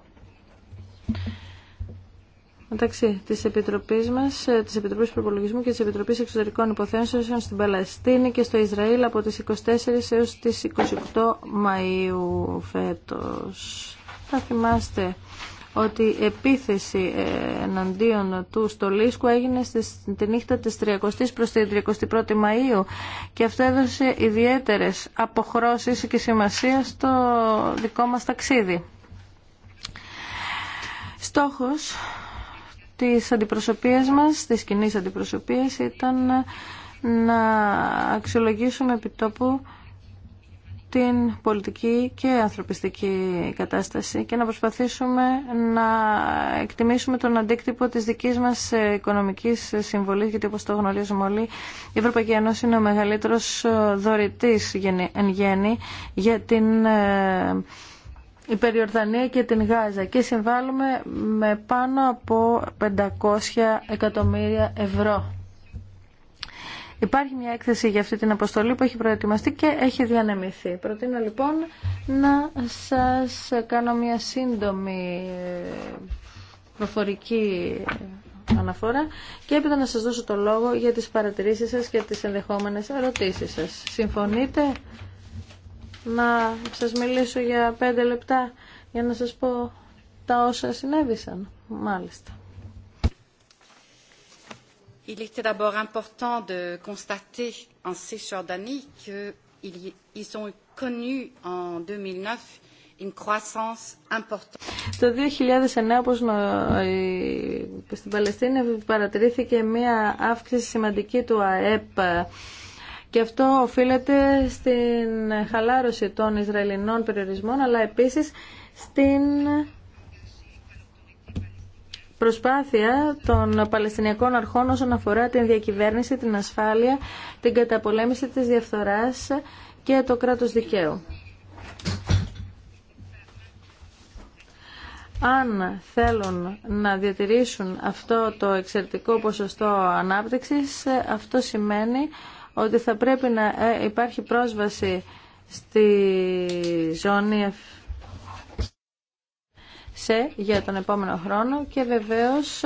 μεταξύ της Επιτροπής μας, ε, της Επιτροπής Προπολογισμού και της Επιτροπής Εξωτερικών Υποθέσεων στην Παλαιστίνη και στο Ισραήλ από τις 24 έως τις 28 Μαΐου φέτος. Θα θυμάστε ότι η επίθεση ε, εναντίον του στο Λίσκο έγινε τη νύχτα της 30ης προς την 31η Μαΐου και αυτό έδωσε ιδιαίτερες αποχρώσεις και σημασία στο δικό μας ταξίδι. Στόχος της αντιπροσωπείας μας, της κοινής αντιπροσωπείας, ήταν να αξιολογήσουμε επιτόπου την πολιτική και ανθρωπιστική κατάσταση και να προσπαθήσουμε να εκτιμήσουμε τον αντίκτυπο της δικής μας οικονομικής συμβολής γιατί όπως το γνωρίζουμε όλοι η Ευρωπαϊκή Ένωση είναι ο μεγαλύτερος δωρητής εν γέννη για την υπεριορδανία ε, και την Γάζα και συμβάλλουμε με πάνω από 500 εκατομμύρια ευρώ. Υπάρχει μια έκθεση για αυτή την αποστολή που έχει προετοιμαστεί και έχει διανεμηθεί. Προτείνω λοιπόν να σας κάνω μια σύντομη ε, προφορική αναφορά και έπειτα να σας δώσω το λόγο για τις παρατηρήσεις σας και τις ενδεχόμενες ερωτήσεις σας. Συμφωνείτε να σας μιλήσω για πέντε λεπτά για να σας πω τα όσα συνέβησαν. Μάλιστα. Il était d'abord important de constater en Cisjordanie qu'ils ont connu en 2009 une croissance importante. Το 2009, όπως ε, στην Παλαιστίνη, παρατηρήθηκε μία αύξηση σημαντική του ΑΕΠ και αυτό οφείλεται στην χαλάρωση των Ισραηλινών περιορισμών, αλλά επίσης στην προσπάθεια των Παλαιστινιακών Αρχών όσον αφορά την διακυβέρνηση, την ασφάλεια, την καταπολέμηση της διαφθοράς και το κράτος δικαίου. αν θέλουν να διατηρήσουν αυτό το εξαιρετικό ποσοστό ανάπτυξης, αυτό σημαίνει ότι θα πρέπει να ε, υπάρχει πρόσβαση στη ζώνη σε για τον επόμενο χρόνο και βεβαίως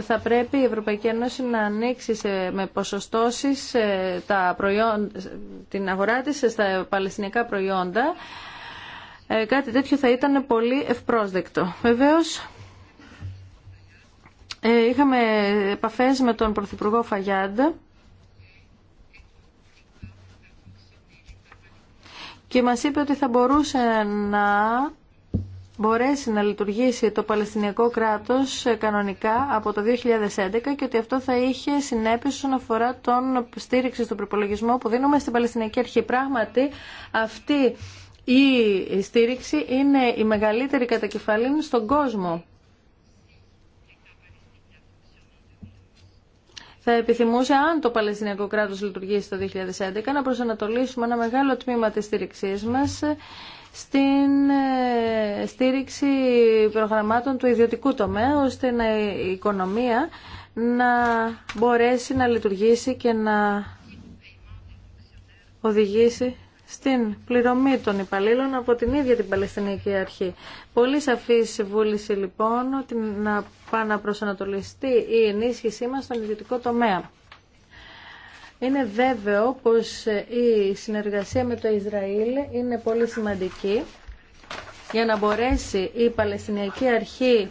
θα πρέπει η Ευρωπαϊκή Ένωση να ανοίξει με ποσοστώσεις ε, τα την αγορά της στα παλαιστινιακά προϊόντα. Ε, κάτι τέτοιο θα ήταν πολύ ευπρόσδεκτο. Βεβαίως ε, είχαμε επαφές με τον Πρωθυπουργό Φαγιάντα και μας είπε ότι θα μπορούσε να μπορέσει να λειτουργήσει το Παλαιστινιακό κράτος ε, κανονικά από το 2011 και ότι αυτό θα είχε συνέπειες όσον αφορά τον στήριξη στον προπολογισμό που δίνουμε στην Παλαιστινιακή Αρχή. Πράγματι, αυτή η στήριξη είναι η μεγαλύτερη κατακεφαλήν στον κόσμο. θα επιθυμούσε, αν το Παλαιστινιακό Κράτος λειτουργήσει το 2011, να προσανατολίσουμε ένα μεγάλο τμήμα τη στήριξή μα στην ε, στήριξη προγραμμάτων του ιδιωτικού τομέα, ώστε η οικονομία να μπορέσει να λειτουργήσει και να οδηγήσει στην πληρωμή των υπαλλήλων από την ίδια την Παλαιστινική Αρχή. Πολύ σαφή συμβούληση, λοιπόν ότι να προσανατολιστεί η ενίσχυσή μας στον ιδιωτικό τομέα. Είναι βέβαιο πως η συνεργασία με το Ισραήλ είναι πολύ σημαντική για να μπορέσει η Παλαιστινιακή Αρχή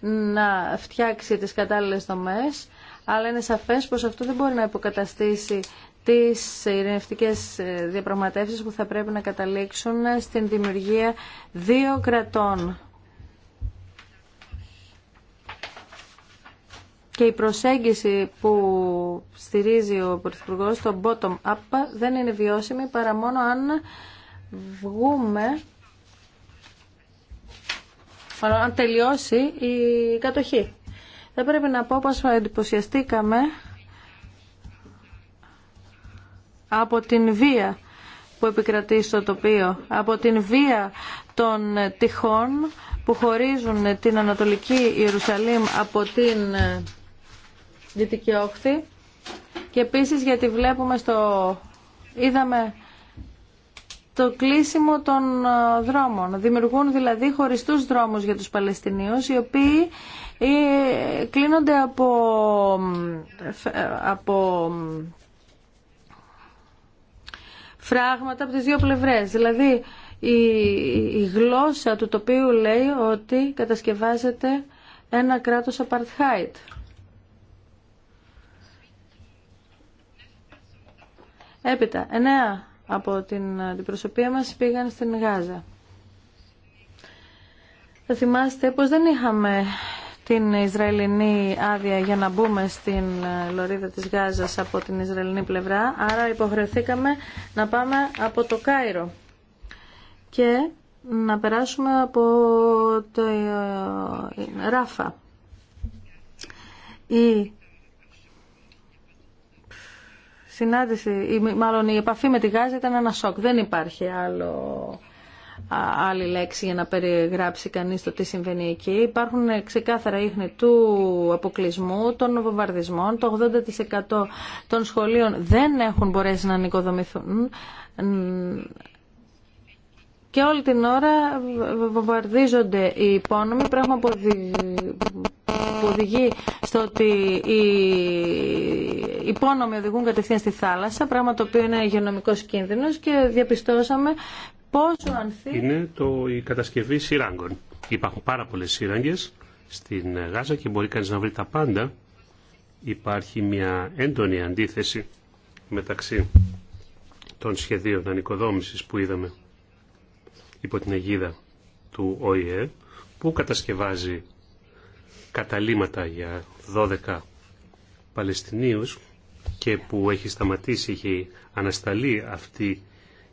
να φτιάξει τις κατάλληλες δομές, αλλά είναι σαφές πως αυτό δεν μπορεί να υποκαταστήσει τις ειρηνευτικές ε, διαπραγματεύσεις που θα πρέπει να καταλήξουν στην δημιουργία δύο κρατών. και η προσέγγιση που στηρίζει ο Πρωθυπουργό στο bottom-up δεν είναι βιώσιμη παρά μόνο αν βγούμε αν τελειώσει η κατοχή. Θα πρέπει να πω πως εντυπωσιαστήκαμε από την βία που επικρατεί στο τοπίο, από την βία των τυχών που χωρίζουν την Ανατολική Ιερουσαλήμ από την Δυτική Όχθη και επίσης γιατί βλέπουμε στο... είδαμε το κλείσιμο των ε, δρόμων. Δημιουργούν δηλαδή χωριστούς δρόμους για τους Παλαιστινίους, οι οποίοι ε, κλείνονται από, ε, από φράγματα από τις δύο πλευρές. Δηλαδή η, γλώσσα του τοπίου λέει ότι κατασκευάζεται ένα κράτος apartheid. Έπειτα, εννέα από την αντιπροσωπεία μας πήγαν στην Γάζα. Θα θυμάστε πως δεν είχαμε την Ισραηλινή άδεια για να μπούμε στην λωρίδα της Γάζας από την Ισραηλινή πλευρά, άρα υποχρεωθήκαμε να πάμε από το Κάιρο και να περάσουμε από το ε, Ράφα συνάντηση, ή μάλλον η επαφή με τη Γάζα ήταν ένα σοκ. Δεν υπάρχει άλλο, άλλη λέξη για να περιγράψει κανείς το τι συμβαίνει εκεί. Υπάρχουν ξεκάθαρα ίχνη του αποκλεισμού, των βομβαρδισμών. Το 80% των σχολείων δεν έχουν μπορέσει να νοικοδομηθούν. Και όλη την ώρα βομβαρδίζονται οι υπόνομοι, πράγμα που που οδηγεί στο ότι οι υπόνομοι οδηγούν κατευθείαν στη θάλασσα, πράγμα το οποίο είναι υγειονομικό κίνδυνο και διαπιστώσαμε πόσο ανθεί... Είναι το, η κατασκευή σειράγγων Υπάρχουν πάρα πολλέ σειράγγε στην Γάζα και μπορεί κανείς να βρει τα πάντα. Υπάρχει μια έντονη αντίθεση μεταξύ των σχεδίων ανοικοδόμησης που είδαμε υπό την αιγίδα του ΟΗΕ που κατασκευάζει καταλήματα για 12 Παλαιστινίους και που έχει σταματήσει, έχει ανασταλεί αυτή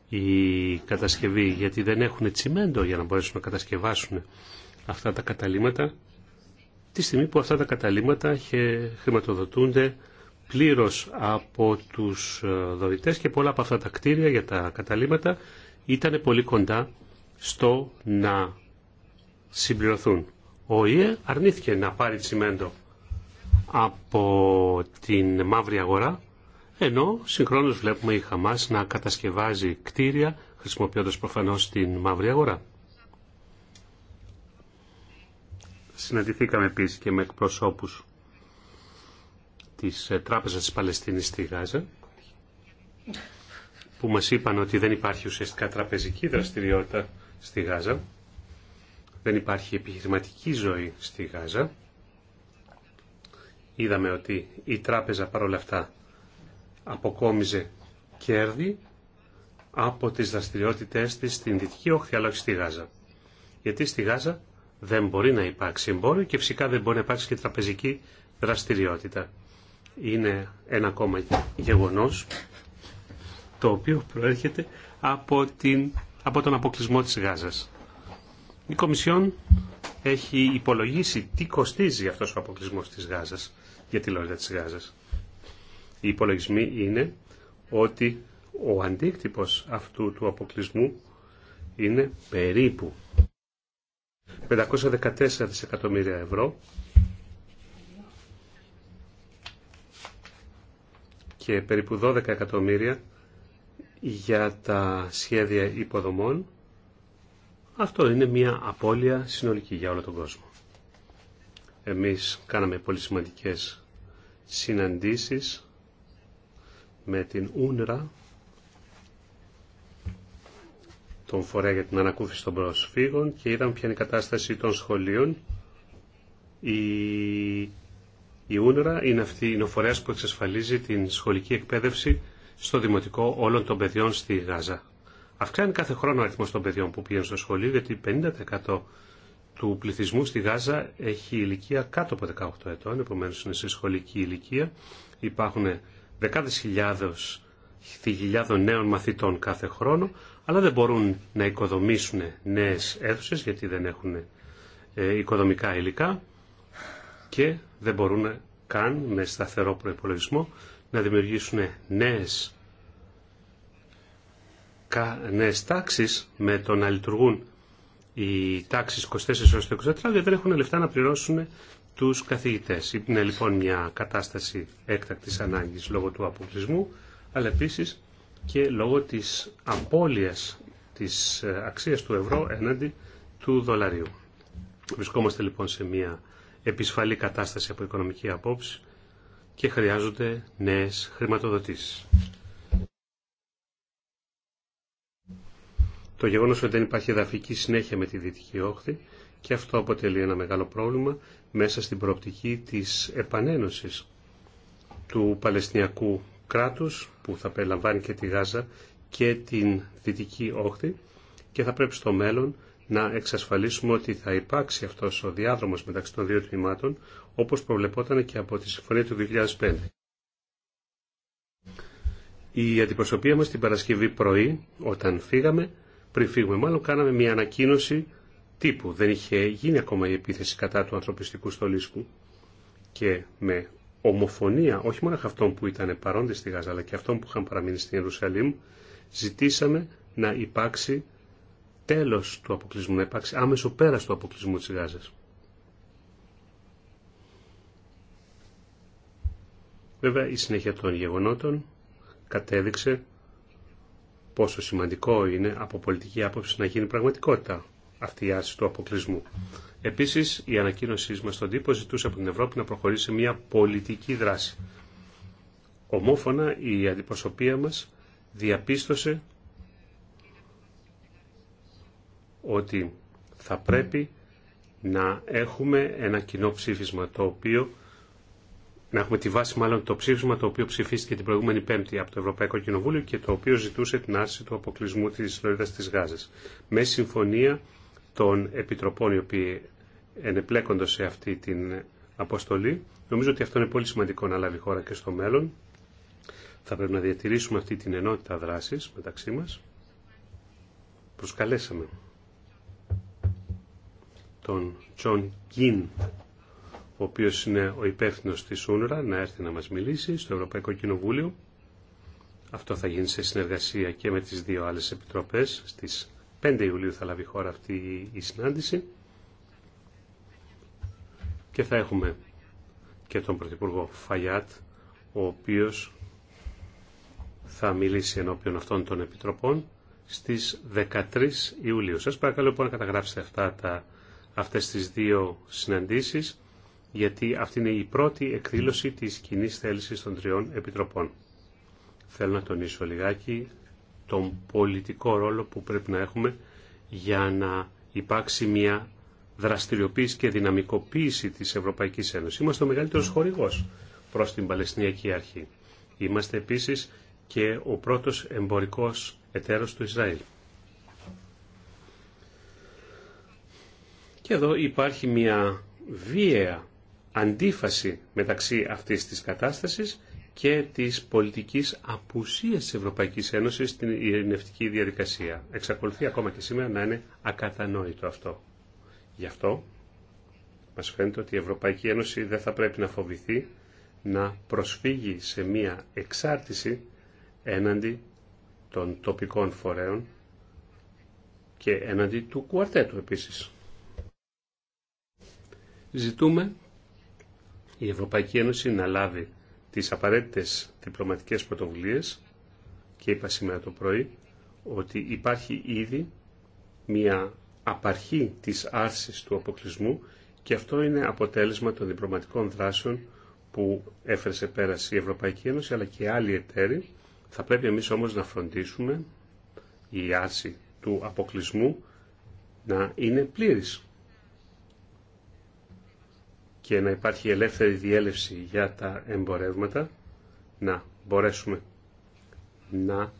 η κατασκευή γιατί δεν έχουν τσιμέντο για να μπορέσουν να κατασκευάσουν αυτά τα καταλήματα τη στιγμή που αυτά τα καταλήματα χρηματοδοτούνται πλήρως από τους ε, δωρητές και πολλά από αυτά τα κτίρια για τα καταλήματα ήταν πολύ κοντά στο να συμπληρωθούν. Ο ΙΕ αρνήθηκε να πάρει τσιμέντο από την μαύρη αγορά, ενώ συγχρόνως βλέπουμε η Χαμάς να κατασκευάζει κτίρια, χρησιμοποιώντας προφανώς την μαύρη αγορά. Συναντηθήκαμε επίσης και με εκπροσώπους της ε, Τράπεζας της Παλαιστίνης στη Γάζα, που μας είπαν ότι δεν υπάρχει ουσιαστικά τραπεζική δραστηριότητα στη Γάζα δεν υπάρχει επιχειρηματική ζωή στη Γάζα. Είδαμε ότι η τράπεζα παρόλα αυτά αποκόμιζε κέρδη από τις δραστηριότητές της στην Δυτική Όχθη αλλά όχι στη Γάζα. Γιατί στη Γάζα δεν μπορεί να υπάρξει εμπόριο και φυσικά δεν μπορεί να υπάρξει και τραπεζική δραστηριότητα. Είναι ένα ακόμα γεγονός το οποίο προέρχεται από, την, από τον αποκλεισμό της Γάζας. Η Κομισιόν έχει υπολογίσει τι κοστίζει αυτός ο αποκλεισμός της Γάζας για τη λόγια της Γάζας. Οι υπολογισμοί είναι ότι ο αντίκτυπος αυτού του αποκλεισμού είναι περίπου 514 δισεκατομμύρια ευρώ και περίπου 12 εκατομμύρια για τα σχέδια υποδομών αυτό είναι μια απώλεια συνολική για όλο τον κόσμο. Εμείς κάναμε πολύ σημαντικές συναντήσεις με την Ούνρα, τον φορέα για την ανακούφιση των προσφύγων και είδαμε ποια είναι η κατάσταση των σχολείων. Η, η Ούνρα είναι, αυτή, η ο που εξασφαλίζει την σχολική εκπαίδευση στο δημοτικό όλων των παιδιών στη Γάζα. Αυξάνει κάθε χρόνο ο αριθμό των παιδιών που πηγαίνουν στο σχολείο, γιατί 50% του πληθυσμού στη Γάζα έχει ηλικία κάτω από 18 ετών, επομένω είναι σε σχολική ηλικία. Υπάρχουν δεκάδε χιλιάδων νέων μαθητών κάθε χρόνο, αλλά δεν μπορούν να οικοδομήσουν νέε αίθουσε γιατί δεν έχουν ε, οικοδομικά υλικά και δεν μπορούν καν με σταθερό προπολογισμό να δημιουργήσουν νέες νέες τάξεις με το να λειτουργούν οι τάξεις 24 ώρες 24 γιατί δεν έχουν λεφτά να πληρώσουν τους καθηγητές. Είναι λοιπόν μια κατάσταση έκτακτης ανάγκης λόγω του αποκλεισμού, αλλά επίσης και λόγω της απώλειας της ε, αξίας του ευρώ έναντι του δολαρίου. Βρισκόμαστε λοιπόν σε μια επισφαλή κατάσταση από οικονομική απόψη και χρειάζονται νέες χρηματοδοτήσεις. το γεγονό ότι δεν υπάρχει εδαφική συνέχεια με τη Δυτική Όχθη και αυτό αποτελεί ένα μεγάλο πρόβλημα μέσα στην προοπτική της επανένωσης του Παλαιστινιακού κράτους που θα περιλαμβάνει και τη Γάζα και την Δυτική Όχθη και θα πρέπει στο μέλλον να εξασφαλίσουμε ότι θα υπάρξει αυτός ο διάδρομος μεταξύ των δύο τμήματων όπως προβλεπόταν και από τη Συμφωνία του 2005. Η αντιπροσωπεία μας την Παρασκευή πρωί όταν φύγαμε πριν φύγουμε μάλλον, κάναμε μια ανακοίνωση τύπου. Δεν είχε γίνει ακόμα η επίθεση κατά του ανθρωπιστικού στολίσκου και με ομοφωνία, όχι μόνο αυτών που ήταν παρόντες στη Γάζα, αλλά και αυτών που είχαν παραμείνει στην Ιερουσαλήμ, ζητήσαμε να υπάρξει τέλος του αποκλεισμού, να υπάρξει άμεσο πέρας του αποκλεισμού της Γάζας. Βέβαια, η συνέχεια των γεγονότων κατέδειξε πόσο σημαντικό είναι από πολιτική άποψη να γίνει πραγματικότητα αυτή η άρση του αποκλεισμού. Επίσης, η ανακοίνωσή μας στον τύπο ζητούσε από την Ευρώπη να προχωρήσει μια πολιτική δράση. Ομόφωνα, η αντιπροσωπεία μας διαπίστωσε ότι θα πρέπει να έχουμε ένα κοινό ψήφισμα το οποίο να έχουμε τη βάση μάλλον το ψήφισμα το οποίο ψηφίστηκε την προηγούμενη Πέμπτη από το Ευρωπαϊκό Κοινοβούλιο και το οποίο ζητούσε την άρση του αποκλεισμού της Λωρίδας της Γάζας. Με συμφωνία των επιτροπών οι οποίοι ενεπλέκονται σε αυτή την αποστολή. Νομίζω ότι αυτό είναι πολύ σημαντικό να λάβει χώρα και στο μέλλον. Θα πρέπει να διατηρήσουμε αυτή την ενότητα δράσης μεταξύ μας. Προσκαλέσαμε τον Τζον Κιν ο οποίος είναι ο υπεύθυνο της Ούνρα, να έρθει να μας μιλήσει στο Ευρωπαϊκό Κοινοβούλιο. Αυτό θα γίνει σε συνεργασία και με τις δύο άλλες επιτροπές. Στις 5 Ιουλίου θα λάβει χώρα αυτή η συνάντηση. Και θα έχουμε και τον Πρωθυπουργό Φαγιάτ, ο οποίος θα μιλήσει ενώπιον αυτών των επιτροπών στις 13 Ιουλίου. Σας παρακαλώ λοιπόν να καταγράψετε αυτά τα, αυτές τις δύο συναντήσεις γιατί αυτή είναι η πρώτη εκδήλωση της κοινή θέληση των τριών επιτροπών. Θέλω να τονίσω λιγάκι τον πολιτικό ρόλο που πρέπει να έχουμε για να υπάρξει μια δραστηριοποίηση και δυναμικοποίηση της Ευρωπαϊκής Ένωσης. Είμαστε ο μεγαλύτερος χορηγός προς την Παλαιστινιακή Αρχή. Είμαστε επίσης και ο πρώτος εμπορικός εταίρος του Ισραήλ. Και εδώ υπάρχει μια βία αντίφαση μεταξύ αυτής της κατάστασης και της πολιτικής απουσίας της Ευρωπαϊκής Ένωσης στην ειρηνευτική διαδικασία. Εξακολουθεί ακόμα και σήμερα να είναι ακατανόητο αυτό. Γι' αυτό μας φαίνεται ότι η Ευρωπαϊκή Ένωση δεν θα πρέπει να φοβηθεί να προσφύγει σε μία εξάρτηση έναντι των τοπικών φορέων και έναντι του κουαρτέτου επίσης. Ζητούμε η Ευρωπαϊκή Ένωση να λάβει τις απαραίτητες διπλωματικές πρωτοβουλίες και είπα σήμερα το πρωί ότι υπάρχει ήδη μια απαρχή της άρσης του αποκλεισμού και αυτό είναι αποτέλεσμα των διπλωματικών δράσεων που έφερε σε πέραση η Ευρωπαϊκή Ένωση αλλά και άλλοι εταίροι. Θα πρέπει εμείς όμως να φροντίσουμε η άρση του αποκλεισμού να είναι πλήρης και να υπάρχει ελεύθερη διέλευση για τα εμπορεύματα, να μπορέσουμε να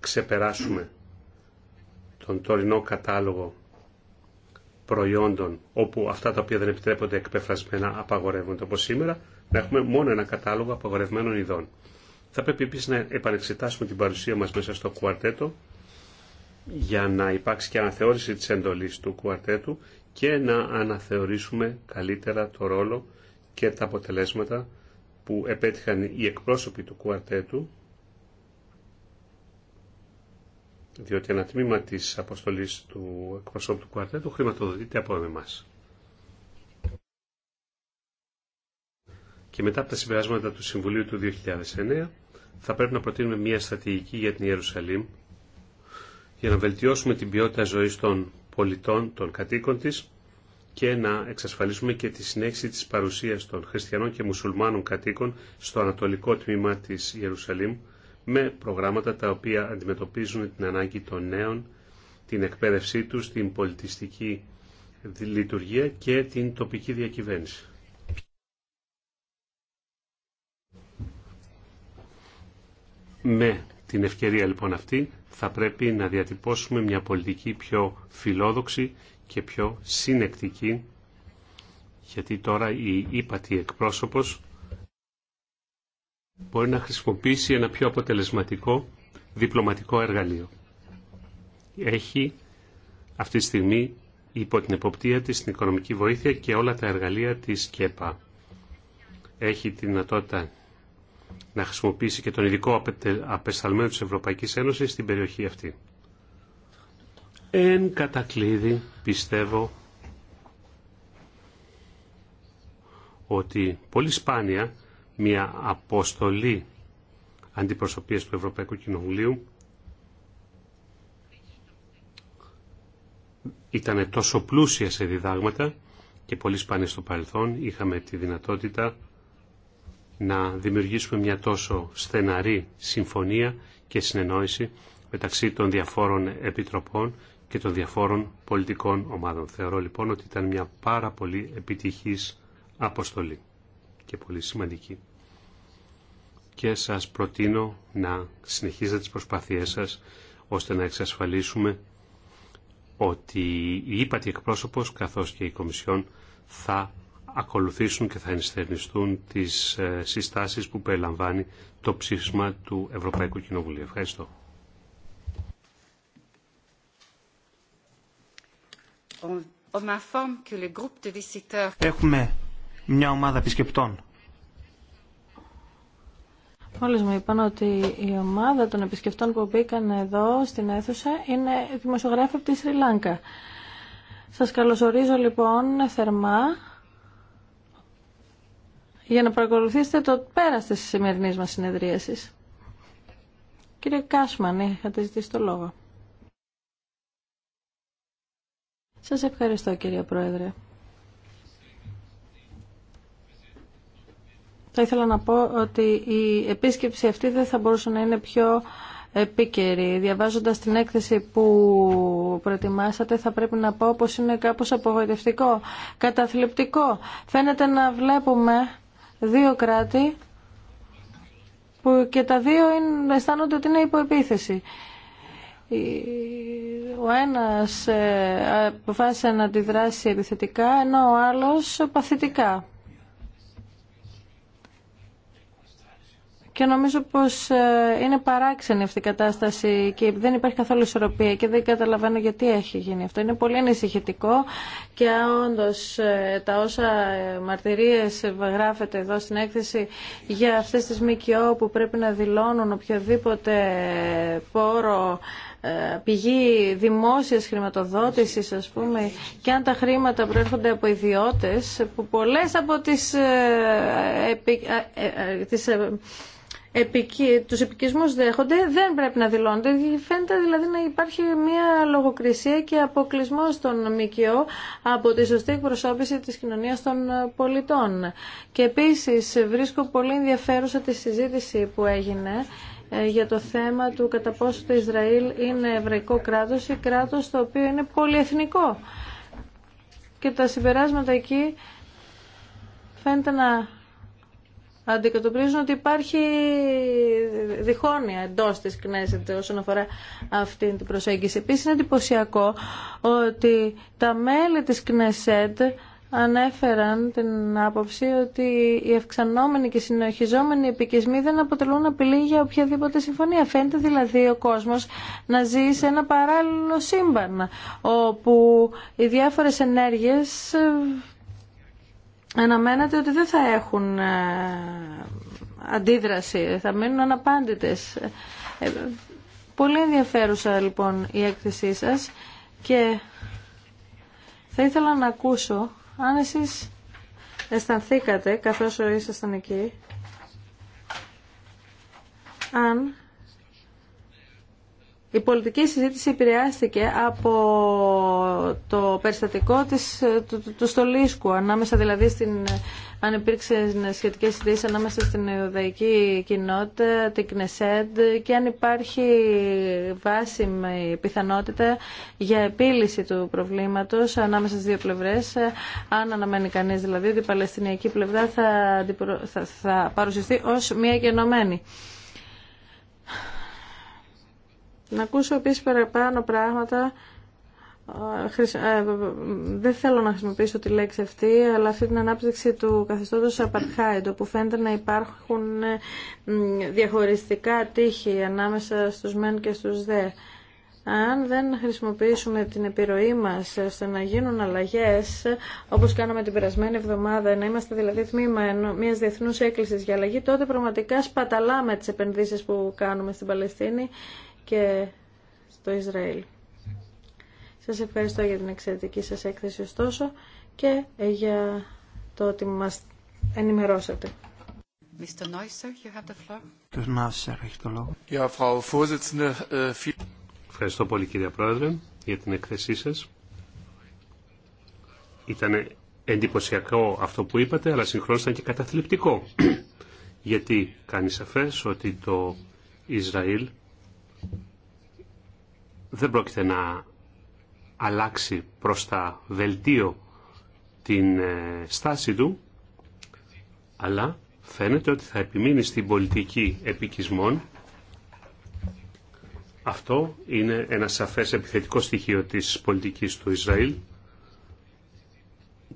ξεπεράσουμε τον τωρινό κατάλογο προϊόντων όπου αυτά τα οποία δεν επιτρέπονται εκπεφρασμένα απαγορεύονται όπως σήμερα, να έχουμε μόνο ένα κατάλογο απαγορευμένων ειδών. Θα πρέπει επίσης να επανεξετάσουμε την παρουσία μας μέσα στο κουαρτέτο για να υπάρξει και αναθεώρηση της εντολής του κουαρτέτου και να αναθεωρήσουμε καλύτερα το ρόλο και τα αποτελέσματα που επέτυχαν οι εκπρόσωποι του κουαρτέτου διότι ένα τμήμα της αποστολής του εκπροσώπου του κουαρτέτου χρηματοδοτείται από εμάς. Και μετά από τα συμπεράσματα του Συμβουλίου του 2009 θα πρέπει να προτείνουμε μια στρατηγική για την Ιερουσαλήμ για να βελτιώσουμε την ποιότητα ζωής των πολιτών, των κατοίκων της και να εξασφαλίσουμε και τη συνέχιση της παρουσίας των χριστιανών και μουσουλμάνων κατοίκων στο ανατολικό τμήμα της Ιερουσαλήμ με προγράμματα τα οποία αντιμετωπίζουν την ανάγκη των νέων, την εκπαίδευσή τους, την πολιτιστική λειτουργία και την τοπική διακυβέρνηση. Με την ευκαιρία λοιπόν αυτή θα πρέπει να διατυπώσουμε μια πολιτική πιο φιλόδοξη και πιο συνεκτική γιατί τώρα η ύπατη εκπρόσωπος μπορεί να χρησιμοποιήσει ένα πιο αποτελεσματικό διπλωματικό εργαλείο. Έχει αυτή τη στιγμή υπό την εποπτεία της την οικονομική βοήθεια και όλα τα εργαλεία της ΚΕΠΑ. Έχει τη δυνατότητα να χρησιμοποιήσει και τον ειδικό απεσταλμένο της Ευρωπαϊκής Ένωσης στην περιοχή αυτή. Εν κατακλείδη πιστεύω ότι πολύ σπάνια μια αποστολή αντιπροσωπείας του Ευρωπαϊκού Κοινοβουλίου ήταν τόσο πλούσια σε διδάγματα και πολύ σπάνια στο παρελθόν είχαμε τη δυνατότητα να δημιουργήσουμε μια τόσο στεναρή συμφωνία και συνεννόηση μεταξύ των διαφόρων επιτροπών και των διαφόρων πολιτικών ομάδων. Θεωρώ λοιπόν ότι ήταν μια πάρα πολύ επιτυχής αποστολή και πολύ σημαντική. Και σας προτείνω να συνεχίζετε τις προσπάθειές σας ώστε να εξασφαλίσουμε ότι η ύπατη εκπρόσωπος καθώς και η Κομισιόν θα ακολουθήσουν και θα ενστερνιστούν τις ε, συστάσεις που περιλαμβάνει το ψήφισμα του Ευρωπαϊκού Κοινοβουλίου. Ευχαριστώ. Έχουμε μια ομάδα επισκεπτών. Μόλι μου είπαν ότι η ομάδα των επισκεπτών που μπήκαν εδώ στην αίθουσα είναι δημοσιογράφοι από τη Σρι Λάνκα. Σας καλωσορίζω λοιπόν θερμά για να παρακολουθήσετε το πέρας της σημερινής μας συνεδρίασης. Κύριε Κάσμαν, είχατε ζητήσει το λόγο. Σας ευχαριστώ κύριε Πρόεδρε. Θα ήθελα να πω ότι η επίσκεψη αυτή δεν θα μπορούσε να είναι πιο επίκαιρη. Διαβάζοντας την έκθεση που προετοιμάσατε θα πρέπει να πω πως είναι κάπως απογοητευτικό, καταθλιπτικό. Φαίνεται να βλέπουμε δύο κράτη που και τα δύο είναι, αισθάνονται ότι είναι υποεπίθεση. Ο ένας ε, αποφάσισε να αντιδράσει επιθετικά, ενώ ο άλλος παθητικά. Και νομίζω πως ε, είναι παράξενη αυτή η κατάσταση και δεν υπάρχει καθόλου ισορροπία και δεν καταλαβαίνω γιατί έχει γίνει αυτό. Είναι πολύ ανησυχητικό και όντως ε, τα όσα ε, μαρτυρίες γράφεται εδώ στην έκθεση για αυτές τις ΜΚΟ που πρέπει να δηλώνουν οποιοδήποτε πόρο πηγή δημόσιας χρηματοδότησης ας πούμε και αν τα χρήματα προέρχονται από ιδιώτες που πολλές από τις, τις τους επικισμούς δέχονται, δεν πρέπει να δηλώνονται. Φαίνεται δηλαδή να υπάρχει μια λογοκρισία και αποκλεισμό των ΜΚΟ από τη σωστή εκπροσώπηση της κοινωνίας των πολιτών. Και επίσης βρίσκω πολύ ενδιαφέρουσα τη συζήτηση που έγινε ε, για το θέμα του κατά πόσο το Ισραήλ είναι εβραϊκό κράτος ή κράτος το οποίο είναι πολυεθνικό. Και τα συμπεράσματα εκεί φαίνεται να αντικατοπτρίζουν ότι υπάρχει διχόνοια εντό τη Κνέσετ όσον αφορά αυτή την προσέγγιση. Επίσης είναι εντυπωσιακό ότι τα μέλη της Κνέσετ ανέφεραν την άποψη ότι οι αυξανόμενοι και συνεχιζόμενοι επικισμοί δεν αποτελούν απειλή για οποιαδήποτε συμφωνία. Φαίνεται δηλαδή ο κόσμος να ζει σε ένα παράλληλο σύμπαν, όπου οι διάφορες ενέργειες αναμένατε ότι δεν θα έχουν ε, αντίδραση, θα μείνουν αναπάντητες. Ε, ε, πολύ ενδιαφέρουσα λοιπόν η έκθεσή σας και θα ήθελα να ακούσω αν εσείς αισθανθήκατε καθώς ήσασταν εκεί αν η πολιτική συζήτηση επηρεάστηκε από το περιστατικό της, του, του, Στολίσκου, ανάμεσα δηλαδή στην, αν υπήρξε σχετικέ συζητήσει ανάμεσα στην Ιουδαϊκή κοινότητα, την ΚΝΕΣΕΔ και αν υπάρχει βάσιμη πιθανότητα για επίλυση του προβλήματος ανάμεσα στις δύο πλευρές, αν αναμένει κανείς δηλαδή ότι η Παλαιστινιακή πλευρά θα, θα, θα παρουσιαστεί ως μια γενομένη. Να ακούσω επίσης παραπάνω πράγματα. Ε, ε, δεν θέλω να χρησιμοποιήσω τη λέξη αυτή, αλλά αυτή την ανάπτυξη του καθεστώτος Απαρχάιντ, όπου φαίνεται να υπάρχουν ε, διαχωριστικά τείχη ανάμεσα στους μεν και στους δε. Αν δεν χρησιμοποιήσουμε την επιρροή μας ώστε να γίνουν αλλαγές, όπως κάναμε την περασμένη εβδομάδα, να είμαστε δηλαδή τμήμα μιας διεθνούς έκκλησης για αλλαγή, τότε πραγματικά σπαταλάμε τις επενδύσεις που κάνουμε στην Παλαιστίνη και στο Ισραήλ. Σας ευχαριστώ για την εξαιρετική σας έκθεση ωστόσο και ε, για το ότι μας ενημερώσατε. Ευχαριστώ πολύ κυρία Πρόεδρε για την εκθεσή σας. Ήταν εντυπωσιακό αυτό που είπατε, αλλά συγχρόνως ήταν και καταθλιπτικό. [clears throat] Γιατί κάνει σαφές ότι το Ισραήλ δεν πρόκειται να αλλάξει προς τα βελτίο την ε, στάση του, αλλά φαίνεται ότι θα επιμείνει στην πολιτική επικισμών. Αυτό είναι ένα σαφές επιθετικό στοιχείο της πολιτικής του Ισραήλ.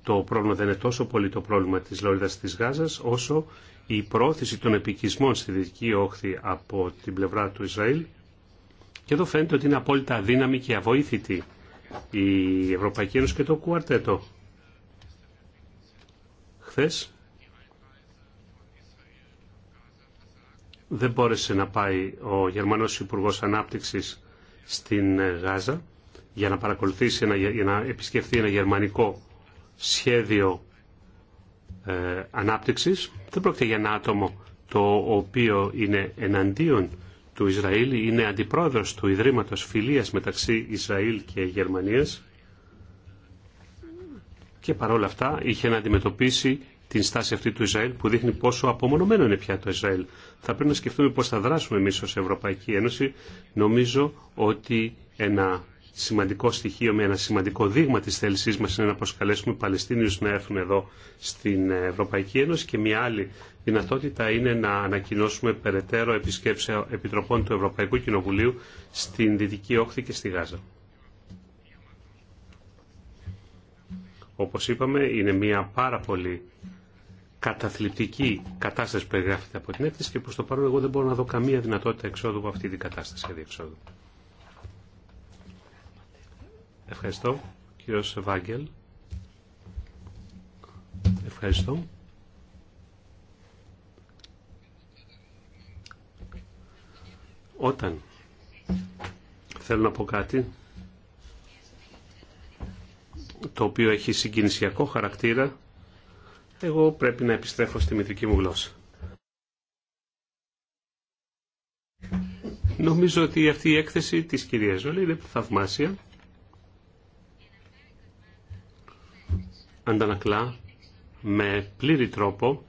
Το πρόβλημα δεν είναι τόσο πολύ το πρόβλημα της Λόριδας της Γάζας, όσο η πρόθεση των επικισμών στη Δυτική Όχθη από την πλευρά του Ισραήλ και εδώ φαίνεται ότι είναι απόλυτα αδύναμη και αβοήθητη η Ευρωπαϊκή Ένωση και το κουαρτέτο. Χθες δεν μπόρεσε να πάει ο Γερμανός Υπουργός Ανάπτυξης στην Γάζα για να παρακολουθήσει, για να επισκεφθεί ένα γερμανικό σχέδιο ε, ανάπτυξης. Δεν πρόκειται για ένα άτομο το οποίο είναι εναντίον του Ισραήλ είναι αντιπρόεδρος του Ιδρύματος Φιλίας μεταξύ Ισραήλ και Γερμανίας και παρόλα αυτά είχε να αντιμετωπίσει την στάση αυτή του Ισραήλ που δείχνει πόσο απομονωμένο είναι πια το Ισραήλ. Θα πρέπει να σκεφτούμε πώς θα δράσουμε εμείς ως Ευρωπαϊκή Ένωση. Νομίζω ότι ένα σημαντικό στοιχείο, με ένα σημαντικό δείγμα της θέλησής μας είναι να προσκαλέσουμε Παλαιστίνιους να έρθουν εδώ στην Ευρωπαϊκή Ένωση και μια άλλη δυνατότητα είναι να ανακοινώσουμε περαιτέρω επισκέψεων επιτροπών του Ευρωπαϊκού Κοινοβουλίου στην Δυτική Όχθη και στη Γάζα. Όπως είπαμε, είναι μια πάρα πολύ καταθλιπτική κατάσταση που περιγράφεται από την έκθεση και προς το παρόν εγώ δεν μπορώ να δω καμία δυνατότητα εξόδου από αυτή την κατάσταση διεξόδου. Ευχαριστώ. Κύριος Βάγγελ. Ευχαριστώ. Όταν θέλω να πω κάτι το οποίο έχει συγκινησιακό χαρακτήρα, εγώ πρέπει να επιστρέφω στη μητρική μου γλώσσα. Νομίζω ότι αυτή η έκθεση της κυρίας Ζολή είναι θαυμάσια. Αντανακλά με πλήρη τρόπο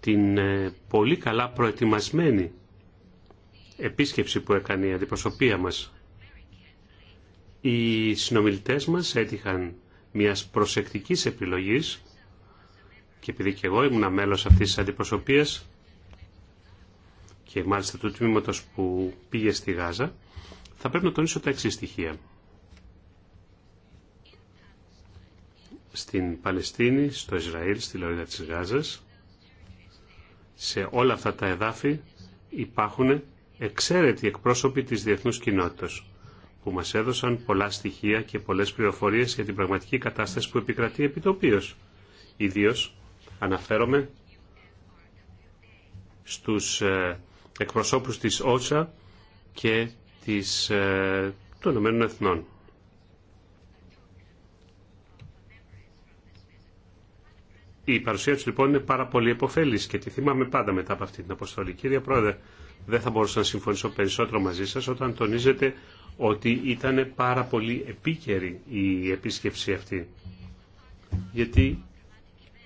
την ε, πολύ καλά προετοιμασμένη επίσκεψη που έκανε η αντιπροσωπεία μας. Οι συνομιλητές μας έτυχαν μιας προσεκτικής επιλογής και επειδή και εγώ ήμουν μέλος αυτής της αντιπροσωπείας και μάλιστα του τμήματος που πήγε στη Γάζα, θα πρέπει να τονίσω τα εξή στοιχεία. Στην Παλαιστίνη, στο Ισραήλ, στη Λωρίδα της Γάζας, σε όλα αυτά τα εδάφη υπάρχουν εξαίρετοι εκπρόσωποι της διεθνούς κοινότητας που μας έδωσαν πολλά στοιχεία και πολλές πληροφορίες για την πραγματική κατάσταση που επικρατεί επί επιτοπίως. Ιδίως αναφέρομαι στους ε, εκπροσώπους της ΟΣΑ και της, ε, των Ηνωμένων Εθνών. Η παρουσία τους λοιπόν είναι πάρα πολύ επωφέλης και τη θυμάμαι πάντα μετά από αυτή την αποστολή. Κύριε Πρόεδρε, δεν θα μπορούσα να συμφωνήσω περισσότερο μαζί σας όταν τονίζετε ότι ήταν πάρα πολύ επίκαιρη η επίσκεψη αυτή. Γιατί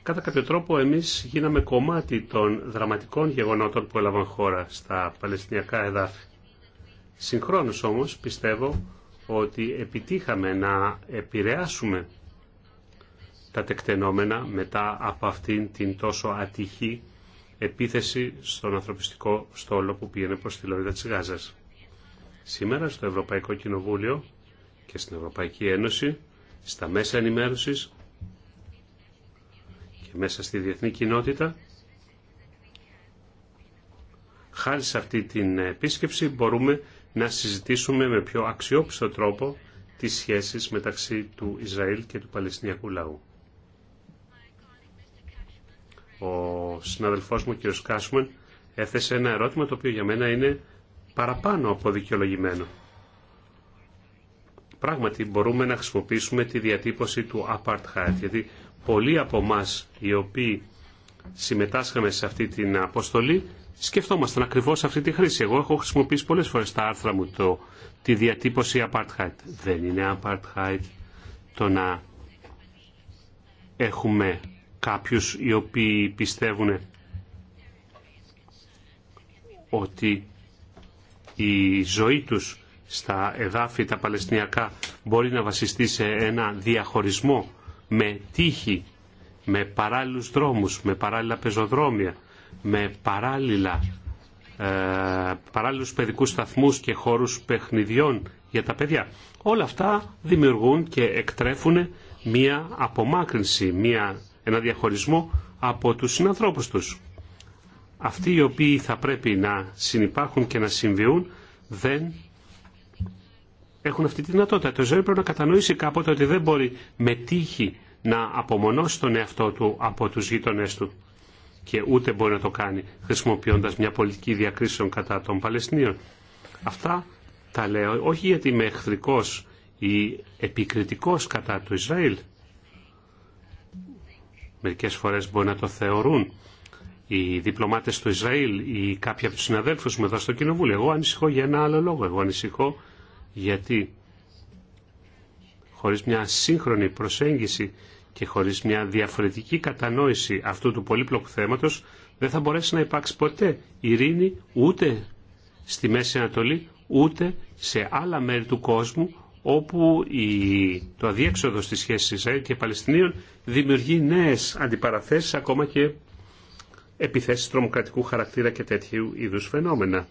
κατά κάποιο τρόπο εμείς γίναμε κομμάτι των δραματικών γεγονότων που έλαβαν χώρα στα Παλαιστινιακά εδάφη. Συγχρόνως όμως πιστεύω ότι επιτύχαμε να επηρεάσουμε τα τεκτενόμενα μετά από αυτήν την τόσο ατυχή επίθεση στον ανθρωπιστικό στόλο που πήγαινε προς τη Λωρίδα της Γάζας. Σήμερα στο Ευρωπαϊκό Κοινοβούλιο και στην Ευρωπαϊκή Ένωση, στα μέσα ενημέρωσης και μέσα στη διεθνή κοινότητα, χάρη σε αυτή την επίσκεψη μπορούμε να συζητήσουμε με πιο αξιόπιστο τρόπο τις σχέσεις μεταξύ του Ισραήλ και του Παλαιστινιακού λαού. Ο συναδελφός μου, κ. Κάσμαν, έθεσε ένα ερώτημα το οποίο για μένα είναι παραπάνω από δικαιολογημένο. Πράγματι μπορούμε να χρησιμοποιήσουμε τη διατύπωση του apartheid, γιατί πολλοί από εμά οι οποίοι συμμετάσχαμε σε αυτή την αποστολή σκεφτόμασταν ακριβώς αυτή τη χρήση. Εγώ έχω χρησιμοποιήσει πολλές φορές τα άρθρα μου το, τη διατύπωση apartheid. Δεν είναι apartheid το να έχουμε κάποιους οι οποίοι πιστεύουν ότι η ζωή τους στα εδάφη τα Παλαιστινιακά μπορεί να βασιστεί σε ένα διαχωρισμό με τύχη, με παράλληλους δρόμους, με παράλληλα πεζοδρόμια, με παράλληλα, ε, παράλληλους παιδικούς σταθμούς και χώρους παιχνιδιών για τα παιδιά. Όλα αυτά δημιουργούν και εκτρέφουν μία απομάκρυνση, μία ένα διαχωρισμό από τους συνανθρώπους τους. Αυτοί οι οποίοι θα πρέπει να συνεπάρχουν και να συμβιούν δεν έχουν αυτή τη δυνατότητα. Το ζωή πρέπει να κατανοήσει κάποτε ότι δεν μπορεί με τύχη να απομονώσει τον εαυτό του από τους γείτονές του και ούτε μπορεί να το κάνει χρησιμοποιώντας μια πολιτική διακρίσεων κατά των Παλαιστινίων. Αυτά τα λέω όχι γιατί είμαι εχθρικός ή επικριτικός κατά του Ισραήλ. Μερικές φορές μπορεί να το θεωρούν οι διπλωμάτες του Ισραήλ ή κάποιοι από τους συναδέλφους μου εδώ στο Κοινοβούλιο. Εγώ ανησυχώ για ένα άλλο λόγο. Εγώ ανησυχώ γιατί χωρίς μια σύγχρονη προσέγγιση και χωρίς μια διαφορετική κατανόηση αυτού του πολύπλοκου θέματος δεν θα μπορέσει να υπάρξει ποτέ ειρήνη ούτε στη Μέση Ανατολή ούτε σε άλλα μέρη του κόσμου όπου η, το αδιέξοδο στις σχέσεις Ισραήλ και Παλαιστινίων δημιουργεί νέες αντιπαραθέσεις ακόμα και επιθέσεις τρομοκρατικού χαρακτήρα και τέτοιου είδους φαινόμενα.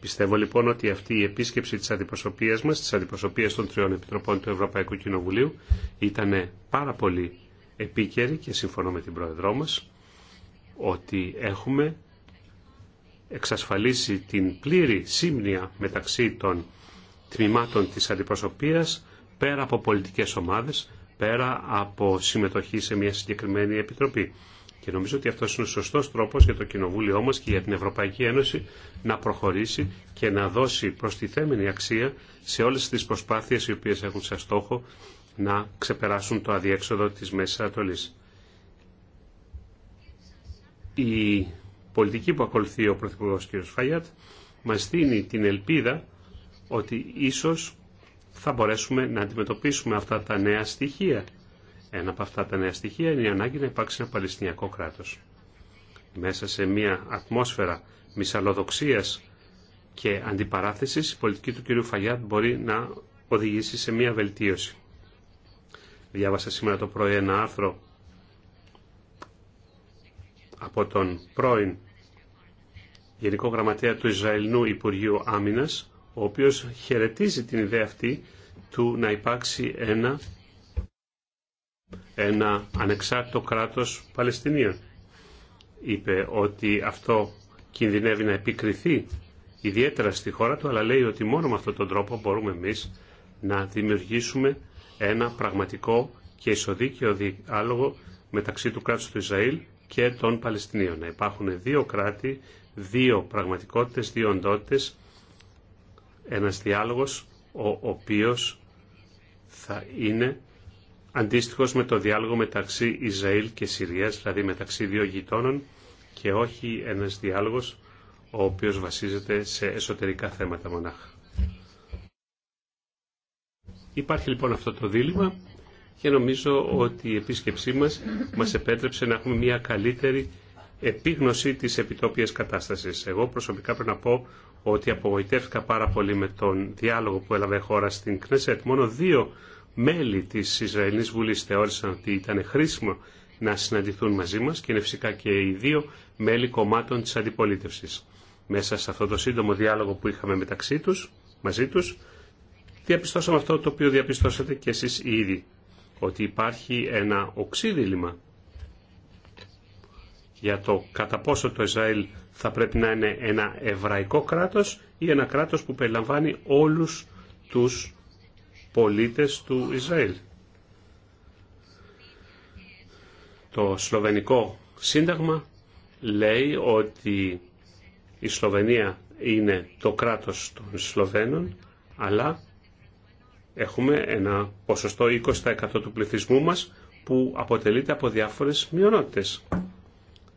Πιστεύω λοιπόν ότι αυτή η επίσκεψη της αντιπροσωπείας μας, της αντιπροσωπείας των τριών επιτροπών του Ευρωπαϊκού Κοινοβουλίου ήταν πάρα πολύ επίκαιρη και συμφωνώ με την Πρόεδρό μας ότι έχουμε εξασφαλίσει την πλήρη σύμνοια μεταξύ των τμήματων της αντιπροσωπείας, πέρα από πολιτικές ομάδες, πέρα από συμμετοχή σε μια συγκεκριμένη επιτροπή. Και νομίζω ότι αυτός είναι ο σωστός τρόπος για το Κοινοβούλιο μας και για την Ευρωπαϊκή Ένωση να προχωρήσει και να δώσει προστιθέμενη αξία σε όλες τις προσπάθειες οι οποίες έχουν σαν στόχο να ξεπεράσουν το αδιέξοδο της Μέσης Ανατολής. Η πολιτική που ακολουθεί ο Πρωθυπουργός κ. Φαγιάτ μας δίνει την ελπίδα ότι ίσως θα μπορέσουμε να αντιμετωπίσουμε αυτά τα νέα στοιχεία. Ένα από αυτά τα νέα στοιχεία είναι η ανάγκη να υπάρξει ένα Παλαιστινιακό κράτος. Μέσα σε μια ατμόσφαιρα μυσαλλοδοξίας και αντιπαράθεσης, η πολιτική του κ. Φαγιάτ μπορεί να οδηγήσει σε μια βελτίωση. Διάβασα σήμερα το πρωί ένα άρθρο από τον πρώην Γενικό Γραμματέα του Ισραηλινού Υπουργείου Άμυνας, ο οποίος χαιρετίζει την ιδέα αυτή του να υπάρξει ένα, ένα ανεξάρτητο κράτος Παλαιστινίων. Είπε ότι αυτό κινδυνεύει να επικριθεί ιδιαίτερα στη χώρα του, αλλά λέει ότι μόνο με αυτόν τον τρόπο μπορούμε εμείς να δημιουργήσουμε ένα πραγματικό και ισοδίκαιο διάλογο μεταξύ του κράτους του Ισραήλ και των Παλαιστινίων. Να υπάρχουν δύο κράτη, δύο πραγματικότητες, δύο οντότητες ένας διάλογος ο οποίος θα είναι αντίστοιχος με το διάλογο μεταξύ Ισραήλ και Συρίας, δηλαδή μεταξύ δύο γειτόνων και όχι ένας διάλογος ο οποίος βασίζεται σε εσωτερικά θέματα μονάχα. Υπάρχει λοιπόν αυτό το δίλημα και νομίζω ότι η επίσκεψή μας μας επέτρεψε να έχουμε μια καλύτερη επίγνωση της επιτόπιας κατάστασης. Εγώ προσωπικά πρέπει να πω ότι απογοητεύτηκα πάρα πολύ με τον διάλογο που έλαβε χώρα στην Κνέσετ. Μόνο δύο μέλη της Ισραηλινής Βουλής θεώρησαν ότι ήταν χρήσιμο να συναντηθούν μαζί μας και είναι φυσικά και οι δύο μέλη κομμάτων της αντιπολίτευσης. Μέσα σε αυτό το σύντομο διάλογο που είχαμε μεταξύ τους, μαζί τους, διαπιστώσαμε αυτό το οποίο διαπιστώσατε και εσείς ήδη, ότι υπάρχει ένα οξύδηλημα για το κατά πόσο το Ισραήλ θα πρέπει να είναι ένα εβραϊκό κράτος ή ένα κράτος που περιλαμβάνει όλους τους πολίτες του Ισραήλ. Το Σλοβενικό Σύνταγμα λέει ότι η Σλοβενία είναι το κράτος των Σλοβαίνων, αλλά έχουμε ένα ποσοστό 20% του πληθυσμού μας που αποτελείται από διάφορες μειονότητες.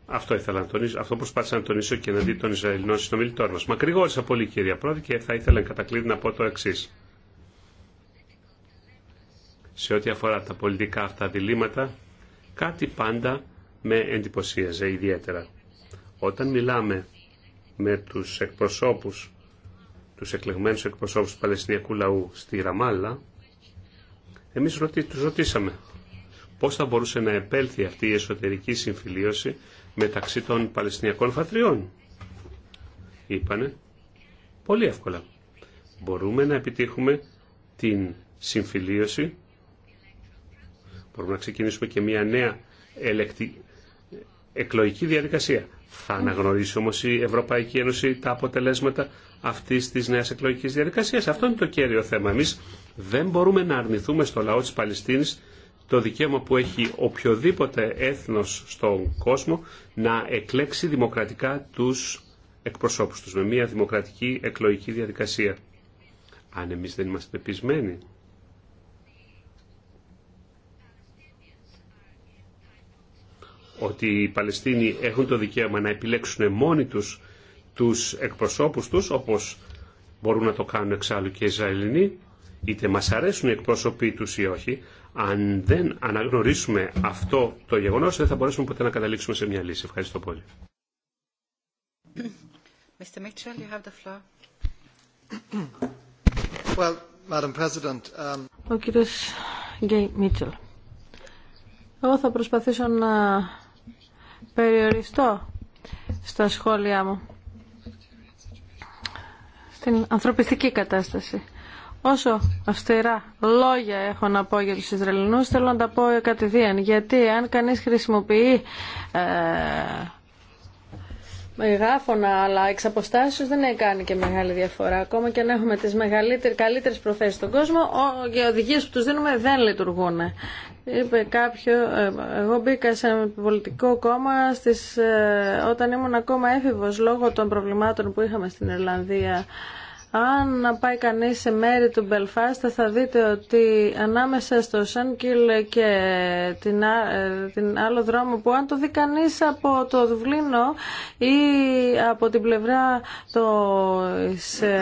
Αυτό ήθελα να τονίσω, αυτό προσπάθησα να τονίσω και εναντίον των Ισραηλινών συνομιλητών μα. Μακρηγόρησα πολύ, κυρία Πρόεδρε, και θα ήθελα κατακλείδη να πω το εξή. Σε ό,τι αφορά τα πολιτικά αυτά διλήμματα, κάτι πάντα με εντυπωσίαζε ιδιαίτερα. Όταν μιλάμε με τους εκπροσώπους, τους εκλεγμένους εκπροσώπους του Παλαιστινιακού λαού στη Ραμάλα, εμείς τους ρωτήσαμε πώς θα μπορούσε να επέλθει αυτή η εσωτερική συμφιλίωση μεταξύ των Παλαιστινιακών φατριών. Είπανε πολύ εύκολα. Μπορούμε να επιτύχουμε την συμφιλίωση. Μπορούμε να ξεκινήσουμε και μια νέα εκλογική διαδικασία. Θα αναγνωρίσει όμως η Ευρωπαϊκή Ένωση τα αποτελέσματα αυτής της νέας εκλογικής διαδικασίας. Αυτό είναι το κέριο θέμα. Εμείς δεν μπορούμε να αρνηθούμε στο λαό της Παλαιστίνης το δικαίωμα που έχει οποιοδήποτε έθνος στον κόσμο να εκλέξει δημοκρατικά τους εκπροσώπους τους με μια δημοκρατική εκλογική διαδικασία. Αν εμείς δεν είμαστε πεπισμένοι ότι οι Παλαιστίνοι έχουν το δικαίωμα να επιλέξουν μόνοι τους τους εκπροσώπους τους, όπως μπορούν να το κάνουν εξάλλου και οι Ισραηλινοί, είτε μας αρέσουν οι εκπρόσωποι τους ή όχι, αν δεν αναγνωρίσουμε αυτό το γεγονός, δεν θα μπορέσουμε ποτέ να καταλήξουμε σε μια λύση. Ευχαριστώ πολύ. Um, Ο Γκέι Μίτσελ. Εγώ θα προσπαθήσω να περιοριστώ στα σχόλιά μου στην ανθρωπιστική κατάσταση. Όσο αυστηρά λόγια έχω να πω για τους Ισραηλινούς, θέλω να τα πω κατηδίαν. Γιατί αν κανείς χρησιμοποιεί ε, αλλά εξ αποστάσεως δεν κάνει και μεγάλη διαφορά. Ακόμα και αν έχουμε τις μεγαλύτερες, καλύτερες προθέσεις στον κόσμο, οι οδηγίες που τους δίνουμε δεν λειτουργούν. Είπε κάποιο, ε, εγώ μπήκα σε ένα πολιτικό κόμμα στις, ε, όταν ήμουν ακόμα έφηβος λόγω των προβλημάτων που είχαμε στην Ιρλανδία αν πάει κανείς σε μέρη του Μπελφάστα θα δείτε ότι ανάμεσα στο Σάνκιλ και την, ε, την άλλο δρόμο που αν το δει κανείς από το Δουβλίνο ή από την πλευρά το, ε, σε,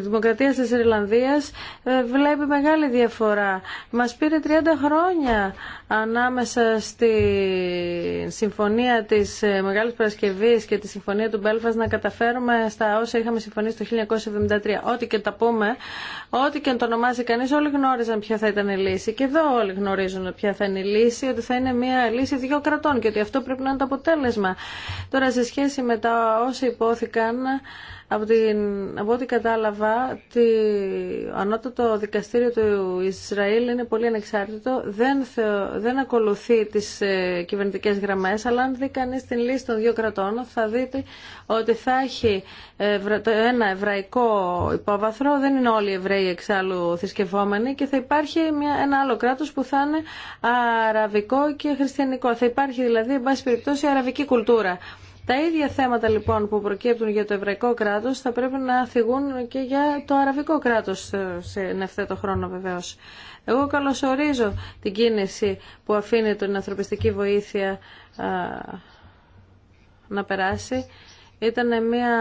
δημοκρατία της Ιρλανδίας ε, βλέπει μεγάλη διαφορά. Μας πήρε 30 χρόνια ανάμεσα στη συμφωνία της ε, Μεγάλης Παρασκευής και τη συμφωνία του Μπέλφας να καταφέρουμε στα όσα είχαμε συμφωνήσει το 1973. Ό,τι και τα πούμε, ό,τι και το ονομάσει κανείς, όλοι γνώριζαν ποια θα ήταν η λύση. Και εδώ όλοι γνωρίζουν ποια θα είναι η λύση, ότι θα είναι μια λύση δύο κρατών και ότι αυτό πρέπει να είναι το αποτέλεσμα. Τώρα σε σχέση με τα όσα υπόθηκαν, από, την, από ό,τι κατάλαβα, το ανώτατο δικαστήριο του Ισραήλ είναι πολύ ανεξάρτητο, δεν, δεν ακολουθεί τις ε, κυβερνητικές γραμμές, αλλά αν δει κανείς την λύση των δύο κρατών θα δείτε ότι θα έχει ε, ένα εβραϊκό υπόβαθρο, δεν είναι όλοι οι Εβραίοι εξάλλου θρησκευόμενοι και θα υπάρχει μια, ένα άλλο κράτος που θα είναι αραβικό και χριστιανικό. Θα υπάρχει δηλαδή, εν πάση περιπτώσει, αραβική κουλτούρα. Τα ίδια θέματα λοιπόν που προκύπτουν για το εβραϊκό κράτο θα πρέπει να θυγούν και για το αραβικό κράτος σε το χρόνο βεβαίως. Εγώ καλωσορίζω την κίνηση που αφήνει την ανθρωπιστική βοήθεια να περάσει. Ήταν μια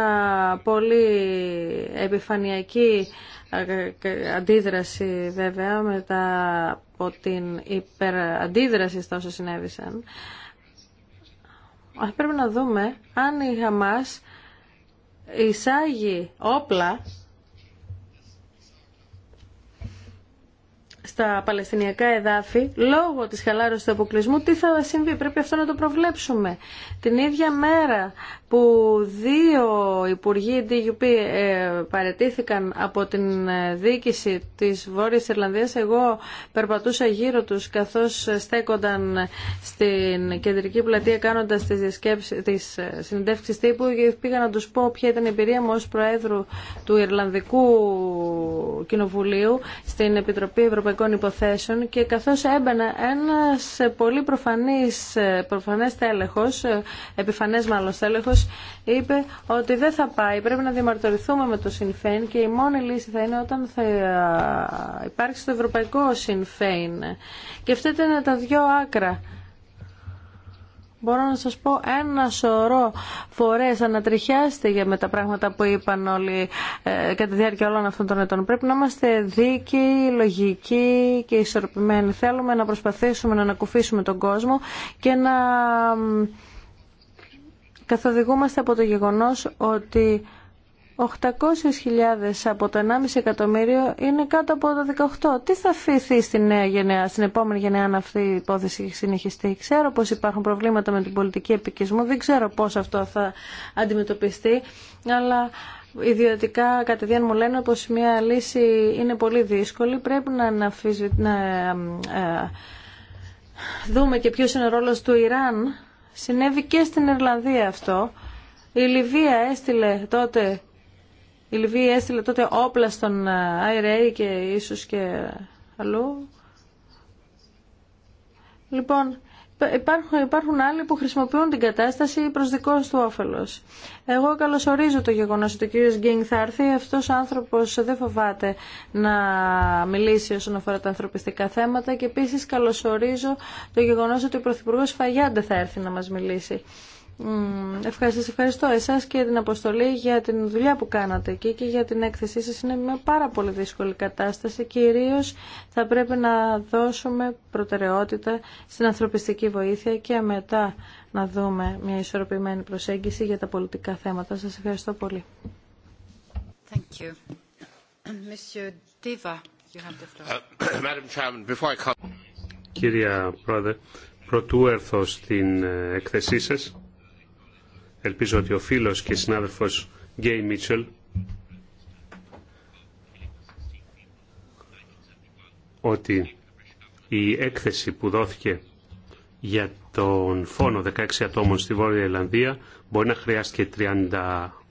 πολύ επιφανειακή αντίδραση βέβαια μετά από την υπεραντίδραση στα όσα συνέβησαν πρέπει να δούμε αν η Χαμάς εισάγει όπλα στα παλαιστινιακά εδάφη, λόγω της χαλάρωσης του αποκλεισμού, τι θα συμβεί. Πρέπει αυτό να το προβλέψουμε. Την ίδια μέρα που δύο υπουργοί DUP ε, παρετήθηκαν από την ε, διοίκηση της Βόρειας Ιρλανδίας, εγώ περπατούσα γύρω τους καθώς στέκονταν στην κεντρική πλατεία κάνοντας τις, τις ε, συνεντεύξεις τύπου και πήγα να τους πω ποια ήταν η εμπειρία μου ως Προέδρου του Ιρλανδικού Κοινοβουλίου στην Επιτροπή Ευρωπαϊκή και καθώς έμπαινα ένας πολύ προφανής, προφανές τέλεχος, επιφανές μάλλον τέλεχος, είπε ότι δεν θα πάει, πρέπει να διαμαρτυρηθούμε με το Συνφέιν και η μόνη λύση θα είναι όταν θα υπάρξει το Ευρωπαϊκό Συνφέιν. Και αυτά ήταν τα δυο άκρα Μπορώ να σας πω ένα σωρό φορές για με τα πράγματα που είπαν όλοι ε, κατά τη διάρκεια όλων αυτών των ετών. Πρέπει να είμαστε δίκοι, λογικοί και ισορροπημένοι. Θέλουμε να προσπαθήσουμε να ανακουφίσουμε τον κόσμο και να καθοδηγούμαστε από το γεγονός ότι 800.000 από το 1,5 εκατομμύριο είναι κάτω από το 18. Τι θα φυθεί στην νέα γενεά, στην επόμενη γενεά, αν αυτή η υπόθεση συνεχιστεί. Ξέρω πως υπάρχουν προβλήματα με την πολιτική επικισμό, δεν ξέρω πώς αυτό θα αντιμετωπιστεί, αλλά ιδιωτικά κατεδίαν μου λένε πως μια λύση είναι πολύ δύσκολη, πρέπει να, να, ε, ε, δούμε και ποιος είναι ο ρόλος του Ιράν. Συνέβη και στην Ιρλανδία αυτό. Η Λιβύα έστειλε τότε η Λιβύη έστειλε τότε όπλα στον ε, IRA και ίσως και αλλού. Λοιπόν, Υπάρχουν, υπάρχουν άλλοι που χρησιμοποιούν την κατάσταση προς δικό του όφελο. Εγώ καλωσορίζω το γεγονός ότι ο κύριος Γκίνγκ θα έρθει. Αυτό ο άνθρωπο δεν φοβάται να μιλήσει όσον αφορά τα ανθρωπιστικά θέματα και επίσης καλωσορίζω το γεγονός ότι ο Πρωθυπουργό Φαγιάντε θα έρθει να μας μιλήσει. Ευχαριστώ, ευχαριστώ εσάς και την αποστολή για την δουλειά που κάνατε εκεί και για την έκθεσή σας. Είναι μια πάρα πολύ δύσκολη κατάσταση. Κυρίως θα πρέπει να δώσουμε προτεραιότητα στην ανθρωπιστική βοήθεια και μετά να δούμε μια ισορροπημένη προσέγγιση για τα πολιτικά θέματα. Σας ευχαριστώ πολύ. Thank you. Κυρία Πρόεδρε, πρωτού έρθω στην εκθεσή σας, Ελπίζω ότι ο φίλος και συνάδελφος Γκέι Μίτσελ ότι η έκθεση που δόθηκε για τον φόνο 16 ατόμων στη Βόρεια Ιρλανδία μπορεί να χρειάστηκε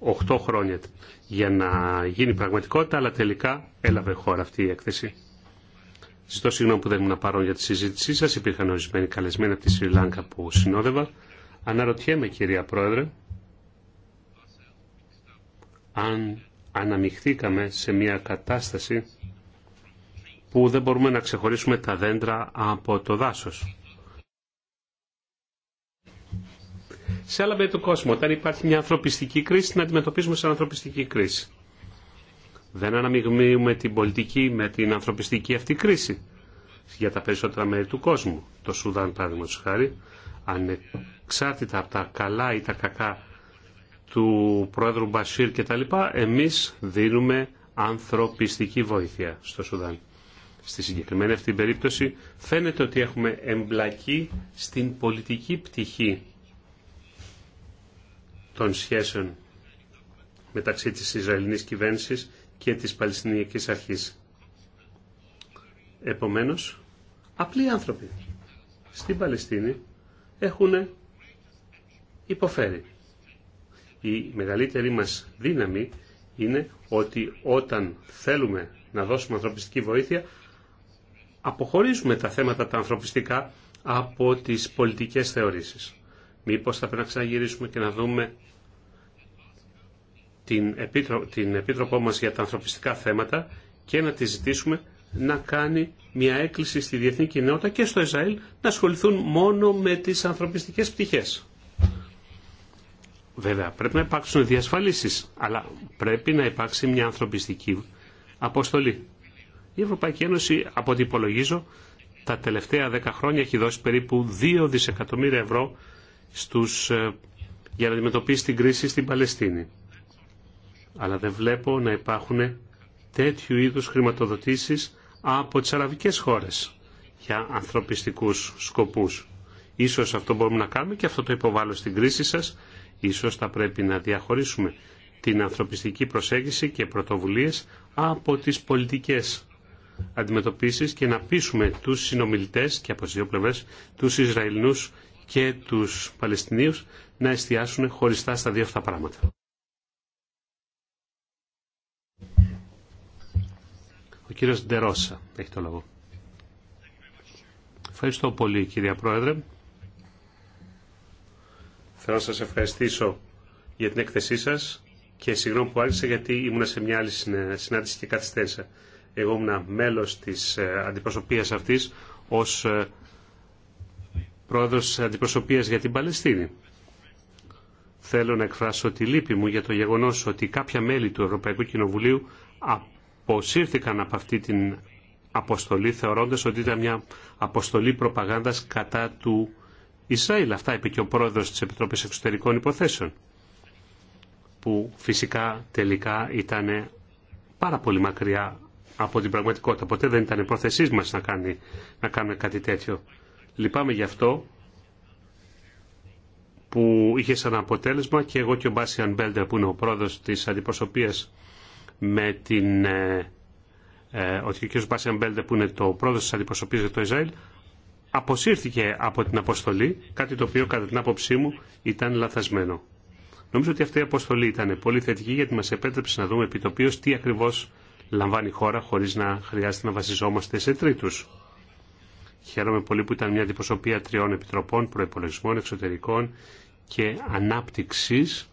38 χρόνια για να γίνει πραγματικότητα, αλλά τελικά έλαβε χώρα αυτή η έκθεση. Ζητώ συγγνώμη που δεν ήμουν παρόν για τη συζήτησή σα Υπήρχαν ορισμένοι καλεσμένοι από τη Σρι που συνόδευα. Αναρωτιέμαι, κυρία Πρόεδρε, αν αναμειχθήκαμε σε μια κατάσταση που δεν μπορούμε να ξεχωρίσουμε τα δέντρα από το δάσος. Σε άλλα μέρη του κόσμου, όταν υπάρχει μια ανθρωπιστική κρίση, την αντιμετωπίζουμε σαν ανθρωπιστική κρίση. Δεν αναμειγνύουμε την πολιτική με την ανθρωπιστική αυτή κρίση για τα περισσότερα μέρη του κόσμου. Το Σουδάν, παραδείγματος χάρη, ανεξάρτητα από τα καλά ή τα κακά του πρόεδρου Μπασίρ και τα λοιπά, εμείς δίνουμε ανθρωπιστική βοήθεια στο Σουδάν. Στη συγκεκριμένη αυτή την περίπτωση φαίνεται ότι έχουμε εμπλακεί στην πολιτική πτυχή των σχέσεων μεταξύ της Ισραηλινής κυβέρνησης και της Παλαιστινιακής Αρχής. Επομένως, απλοί άνθρωποι στην Παλαιστίνη έχουν υποφέρει η μεγαλύτερη μας δύναμη είναι ότι όταν θέλουμε να δώσουμε ανθρωπιστική βοήθεια, αποχωρίζουμε τα θέματα τα ανθρωπιστικά από τις πολιτικές θεωρήσεις. Μήπως θα πρέπει να ξαναγυρίσουμε και να δούμε την, επίτρο, την Επίτροπό μας για τα ανθρωπιστικά θέματα και να τη ζητήσουμε να κάνει μια έκκληση στη διεθνή κοινότητα και στο Ισραήλ να ασχοληθούν μόνο με τις ανθρωπιστικές πτυχές. Βέβαια, πρέπει να υπάρξουν διασφαλίσει, αλλά πρέπει να υπάρξει μια ανθρωπιστική αποστολή. Η Ευρωπαϊκή Ένωση, από ό,τι υπολογίζω, τα τελευταία δέκα χρόνια έχει δώσει περίπου 2 δισεκατομμύρια ευρώ στους, ε, για να αντιμετωπίσει την κρίση στην Παλαιστίνη. Αλλά δεν βλέπω να υπάρχουν τέτοιου είδους χρηματοδοτήσεις από τις αραβικές χώρες για ανθρωπιστικούς σκοπούς. Ίσως αυτό μπορούμε να κάνουμε και αυτό το υποβάλλω στην κρίση σας Ίσως θα πρέπει να διαχωρίσουμε την ανθρωπιστική προσέγγιση και πρωτοβουλίες από τις πολιτικές αντιμετωπίσεις και να πείσουμε τους συνομιλητές και από τις δύο πλευρές, τους Ισραηλινούς και τους Παλαιστινίους να εστιάσουν χωριστά στα δύο αυτά πράγματα. Ο κύριος Ντερόσα έχει το λόγο. Ευχαριστώ πολύ κυρία Πρόεδρε. Θέλω να σας ευχαριστήσω για την έκθεσή σας και συγγνώμη που άρχισα γιατί ήμουν σε μια άλλη συνάντηση και καθυστέρησα. Εγώ ήμουν μέλος της ε, αντιπροσωπείας αυτής ως ε, πρόεδρος αντιπροσωπείας για την Παλαιστίνη. Θέλω να εκφράσω τη λύπη μου για το γεγονός ότι κάποια μέλη του Ευρωπαϊκού Κοινοβουλίου αποσύρθηκαν από αυτή την αποστολή θεωρώντας ότι ήταν μια αποστολή προπαγάνδας κατά του Ισραήλ. Αυτά είπε και ο πρόεδρος της Επιτροπής Εξωτερικών Υποθέσεων, που φυσικά τελικά ήταν πάρα πολύ μακριά από την πραγματικότητα. Ποτέ δεν ήταν πρόθεσή μας να, κάνει, να κάνουμε κάτι τέτοιο. Λυπάμαι γι' αυτό που είχε σαν αποτέλεσμα και εγώ και ο Μπάσιαν Μπέλτερ που είναι ο πρόεδρος της αντιπροσωπείας με ε, ε, ο Μπάσιαν Μπέλτερ που είναι το για το Ισραήλ αποσύρθηκε από την αποστολή, κάτι το οποίο κατά την άποψή μου ήταν λαθασμένο. Νομίζω ότι αυτή η αποστολή ήταν πολύ θετική γιατί μας επέτρεψε να δούμε επιτοπίως τι ακριβώς λαμβάνει η χώρα χωρίς να χρειάζεται να βασιζόμαστε σε τρίτους. Χαίρομαι πολύ που ήταν μια αντιπροσωπεία τριών επιτροπών, προπολογισμών, εξωτερικών και ανάπτυξης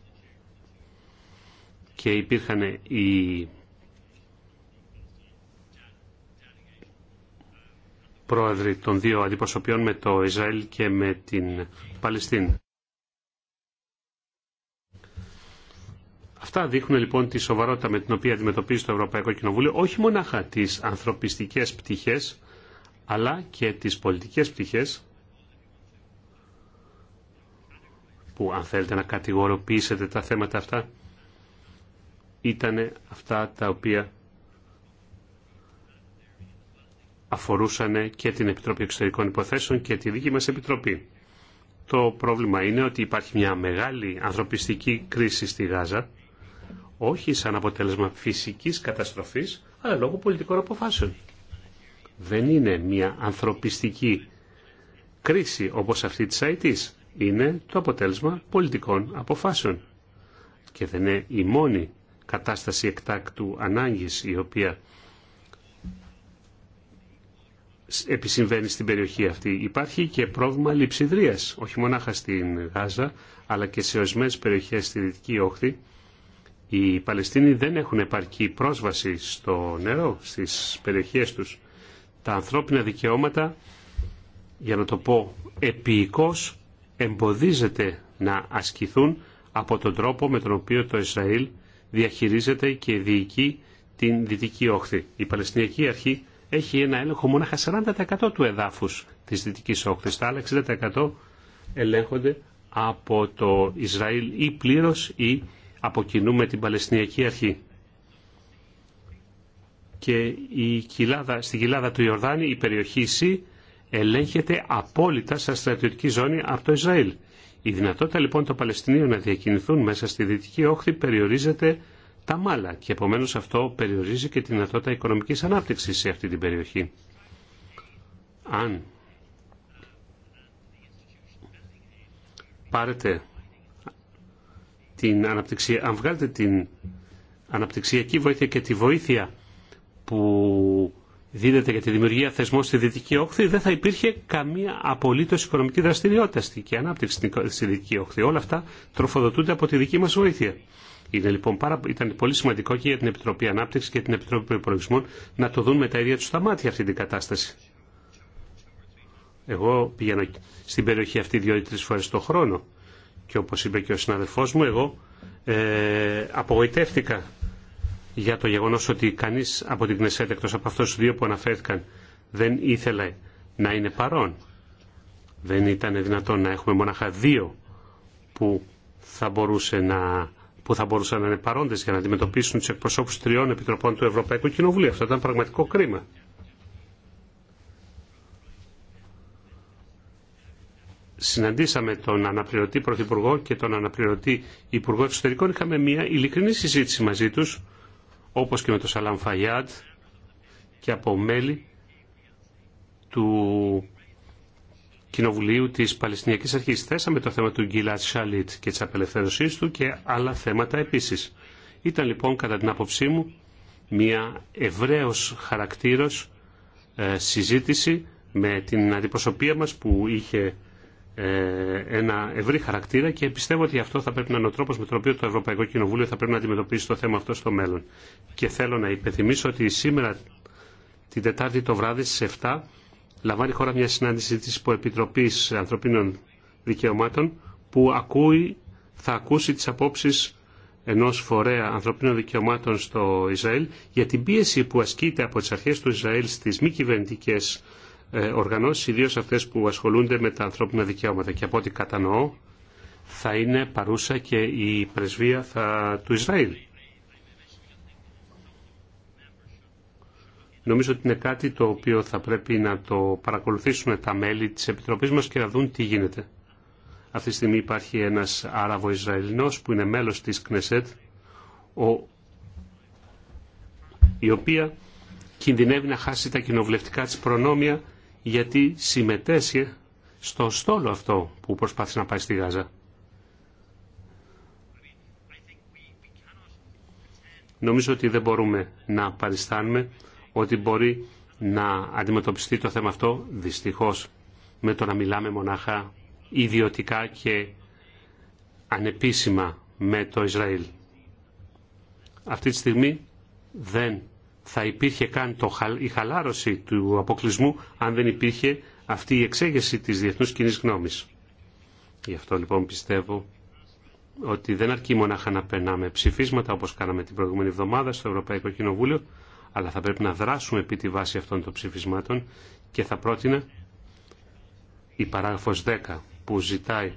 και υπήρχαν οι πρόεδροι των δύο αντιπροσωπιών με το Ισραήλ και με την Παλαιστίνη. Αυτά δείχνουν λοιπόν τη σοβαρότητα με την οποία αντιμετωπίζει το Ευρωπαϊκό Κοινοβούλιο όχι μονάχα τις ανθρωπιστικές πτυχές αλλά και τις πολιτικές πτυχές που αν θέλετε να κατηγοροποιήσετε τα θέματα αυτά ήταν αυτά τα οποία αφορούσαν και την Επιτροπή Εξωτερικών Υποθέσεων και τη δική μας Επιτροπή. Το πρόβλημα είναι ότι υπάρχει μια μεγάλη ανθρωπιστική κρίση στη Γάζα, όχι σαν αποτέλεσμα φυσικής καταστροφής, αλλά λόγω πολιτικών αποφάσεων. Δεν είναι μια ανθρωπιστική κρίση όπως αυτή της ΑΕΤΗΣ. Είναι το αποτέλεσμα πολιτικών αποφάσεων. Και δεν είναι η μόνη κατάσταση εκτάκτου ανάγκης η οποία επισυμβαίνει στην περιοχή αυτή. Υπάρχει και πρόβλημα λειψιδρίας, όχι μονάχα στην Γάζα, αλλά και σε ορισμένε περιοχές στη Δυτική Όχθη. Οι Παλαιστίνοι δεν έχουν επαρκή πρόσβαση στο νερό, στις περιοχές τους. Τα ανθρώπινα δικαιώματα, για να το πω επίοικος, εμποδίζεται να ασκηθούν από τον τρόπο με τον οποίο το Ισραήλ διαχειρίζεται και διοικεί την Δυτική Όχθη. Η Παλαιστινιακή Αρχή έχει ένα έλεγχο μόναχα 40% του εδάφους της Δυτικής Όχθης. Τα άλλα 60% ελέγχονται από το Ισραήλ ή πλήρως ή από κοινού με την Παλαιστινιακή Αρχή. Και η κοιλάδα, στην κοιλάδα του Ιορδάνη η περιοχή ΣΥ ελέγχεται απόλυτα σαν στρατιωτική ζώνη από το Ισραήλ. Η δυνατότητα λοιπόν των Παλαιστινίων να διακινηθούν μέσα στη Δυτική Όχθη περιορίζεται τα μάλα και επομένως αυτό περιορίζει και τη δυνατότητα οικονομικής ανάπτυξης σε αυτή την περιοχή. Αν πάρετε την αναπτυξία, αν βγάλετε την αναπτυξιακή βοήθεια και τη βοήθεια που δίδεται για τη δημιουργία θεσμών στη Δυτική Όχθη, δεν θα υπήρχε καμία απολύτω οικονομική δραστηριότητα και ανάπτυξη στη Δυτική Όχθη. Όλα αυτά τροφοδοτούνται από τη δική μα βοήθεια. Είναι λοιπόν πάρα, ήταν πολύ σημαντικό και για την Επιτροπή Ανάπτυξη και την Επιτροπή Προπολογισμών να το δουν με τα ίδια του τα μάτια αυτή την κατάσταση. Εγώ πηγαίνω στην περιοχή αυτή δύο ή τρει φορέ το χρόνο και όπω είπε και ο συναδελφό μου, εγώ ε, απογοητεύτηκα για το γεγονό ότι κανεί από την Κνεσέτ εκτό από αυτού του δύο που αναφέρθηκαν δεν ήθελε να είναι παρόν. Δεν ήταν δυνατόν να έχουμε μονάχα δύο που θα μπορούσε να που θα μπορούσαν να είναι παρόντε για να αντιμετωπίσουν του εκπροσώπου τριών επιτροπών του Ευρωπαϊκού Κοινοβουλίου. Αυτό ήταν πραγματικό κρίμα. Συναντήσαμε τον αναπληρωτή Πρωθυπουργό και τον αναπληρωτή Υπουργό Εξωτερικών. Είχαμε μια ειλικρινή συζήτηση μαζί του, όπω και με τον Σαλάμ Φαγιάτ και από μέλη του Κοινοβουλίου τη Παλαιστινιακή Αρχή. Θέσαμε το θέμα του Γκίλατ Σαλίτ και τη απελευθέρωσή του και άλλα θέματα επίση. Ήταν λοιπόν, κατά την άποψή μου, μια ευρέω χαρακτήρα ε, συζήτηση με την αντιπροσωπεία μα που είχε ε, ένα ευρύ χαρακτήρα και πιστεύω ότι αυτό θα πρέπει να είναι ο τρόπο με τον οποίο το Ευρωπαϊκό Κοινοβούλιο θα πρέπει να αντιμετωπίσει το θέμα αυτό στο μέλλον. Και θέλω να υπενθυμίσω ότι σήμερα την Τετάρτη το βράδυ στι 7 λαμβάνει χώρα μια συνάντηση της Υποεπιτροπής Ανθρωπίνων Δικαιωμάτων που ακούει, θα ακούσει τις απόψεις ενός φορέα ανθρωπίνων δικαιωμάτων στο Ισραήλ για την πίεση που ασκείται από τις αρχές του Ισραήλ στις μη κυβερνητικέ ε, οργανώσεις, ιδίως αυτές που ασχολούνται με τα ανθρώπινα δικαιώματα. Και από ό,τι κατανοώ θα είναι παρούσα και η πρεσβεία του Ισραήλ. Νομίζω ότι είναι κάτι το οποίο θα πρέπει να το παρακολουθήσουν τα μέλη της Επιτροπής μας και να δουν τι γίνεται. Αυτή τη στιγμή υπάρχει ένας Άραβο-Ισραηλινός που είναι μέλος της Κνεσέτ, ο... η οποία κινδυνεύει να χάσει τα κοινοβουλευτικά της προνόμια γιατί συμμετέσχε στο στόλο αυτό που προσπάθησε να πάει στη Γάζα. Νομίζω ότι δεν μπορούμε να παριστάνουμε ότι μπορεί να αντιμετωπιστεί το θέμα αυτό δυστυχώς με το να μιλάμε μονάχα ιδιωτικά και ανεπίσημα με το Ισραήλ. Αυτή τη στιγμή δεν θα υπήρχε καν το, η χαλάρωση του αποκλεισμού αν δεν υπήρχε αυτή η εξέγεση της διεθνούς κοινή γνώμης. Γι' αυτό λοιπόν πιστεύω ότι δεν αρκεί μονάχα να περνάμε ψηφίσματα όπως κάναμε την προηγούμενη εβδομάδα στο Ευρωπαϊκό Κοινοβούλιο αλλά θα πρέπει να δράσουμε επί τη βάση αυτών των ψηφισμάτων και θα πρότεινα η παράγραφος 10 που ζητάει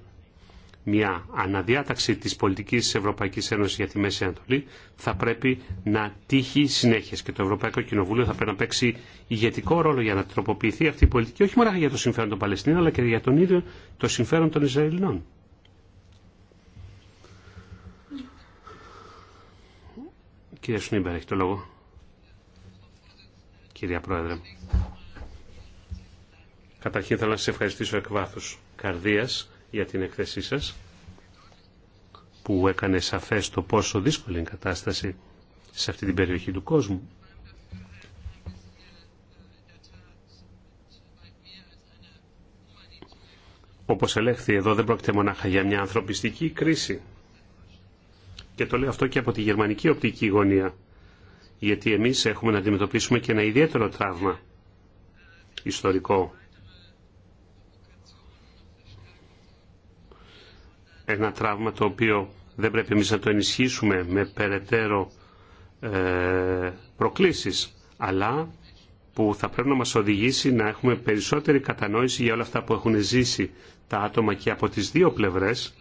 μια αναδιάταξη της πολιτικής της Ευρωπαϊκής Ένωσης για τη Μέση Ανατολή θα πρέπει να τύχει συνέχεια και το Ευρωπαϊκό Κοινοβούλιο θα πρέπει να παίξει ηγετικό ρόλο για να τροποποιηθεί αυτή η πολιτική όχι μόνο για το συμφέρον των Παλαιστινίων αλλά και για τον ίδιο το συμφέρον των Ισραηλινών. Κύριε Σουνίμπερ, έχει το λόγο κυρία Πρόεδρε. Καταρχήν θέλω να σας ευχαριστήσω εκ βάθους καρδίας για την εκθέσή σας που έκανε σαφές το πόσο δύσκολη είναι η κατάσταση σε αυτή την περιοχή του κόσμου. Όπως ελέγχθη εδώ δεν πρόκειται μονάχα για μια ανθρωπιστική κρίση. Και το λέω αυτό και από τη γερμανική οπτική γωνία γιατί εμείς έχουμε να αντιμετωπίσουμε και ένα ιδιαίτερο τραύμα ιστορικό. Ένα τραύμα το οποίο δεν πρέπει εμείς να το ενισχύσουμε με περαιτέρω ε, προκλήσεις, αλλά που θα πρέπει να μας οδηγήσει να έχουμε περισσότερη κατανόηση για όλα αυτά που έχουν ζήσει τα άτομα και από τις δύο πλευρές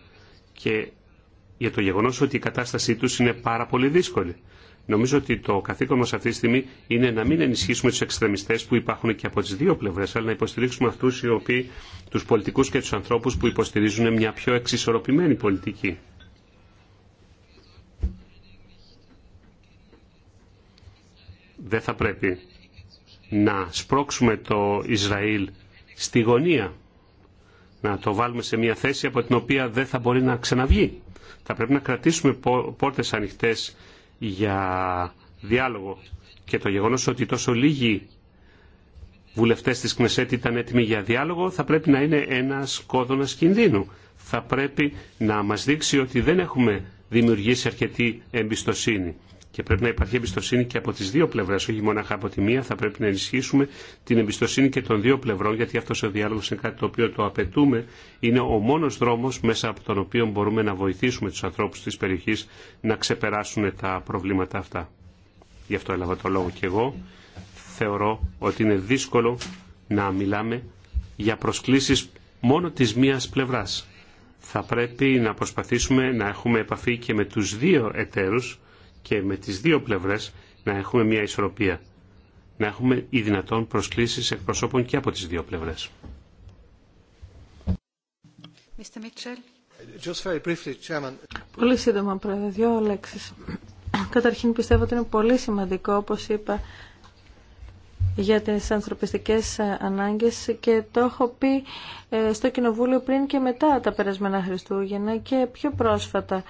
και για το γεγονός ότι η κατάστασή τους είναι πάρα πολύ δύσκολη. Νομίζω ότι το καθήκον μα αυτή τη στιγμή είναι να μην ενισχύσουμε του εξτρεμιστέ που υπάρχουν και από τι δύο πλευρέ, αλλά να υποστηρίξουμε αυτού οι οποίοι, του πολιτικού και του ανθρώπου που υποστηρίζουν μια πιο εξισορροπημένη πολιτική. Δεν θα πρέπει να σπρώξουμε το Ισραήλ στη γωνία, να το βάλουμε σε μια θέση από την οποία δεν θα μπορεί να ξαναβγεί. Θα πρέπει να κρατήσουμε πόρτες ανοιχτές για διάλογο και το γεγονός ότι τόσο λίγοι βουλευτές της Κνεσέτ ήταν έτοιμοι για διάλογο θα πρέπει να είναι ένας κόδωνας κινδύνου. Θα πρέπει να μας δείξει ότι δεν έχουμε δημιουργήσει αρκετή εμπιστοσύνη. Και πρέπει να υπάρχει εμπιστοσύνη και από τι δύο πλευρέ, όχι μονάχα από τη μία. Θα πρέπει να ενισχύσουμε την εμπιστοσύνη και των δύο πλευρών, γιατί αυτό ο διάλογο είναι κάτι το οποίο το απαιτούμε. Είναι ο μόνο δρόμο μέσα από τον οποίο μπορούμε να βοηθήσουμε του ανθρώπου τη περιοχή να ξεπεράσουν τα προβλήματα αυτά. Γι' αυτό έλαβα το λόγο και εγώ. Θεωρώ ότι είναι δύσκολο να μιλάμε για προσκλήσεις μόνο της μίας πλευράς. Θα πρέπει να προσπαθήσουμε να έχουμε επαφή και με τους δύο εταίρους και με τις δύο πλευρές να έχουμε μια ισορροπία. Να έχουμε ή δυνατόν προσκλήσεις εκπροσώπων και από τις δύο πλευρές. Πολύ σύντομα, Πρόεδρε, δύο λέξεις. Καταρχήν πιστεύω ότι είναι πολύ σημαντικό, όπως είπα, για τις ανθρωπιστικές ε, ανάγκες και το έχω πει ε, στο Κοινοβούλιο πριν και μετά τα περασμένα Χριστούγεννα και πιο πρόσφατα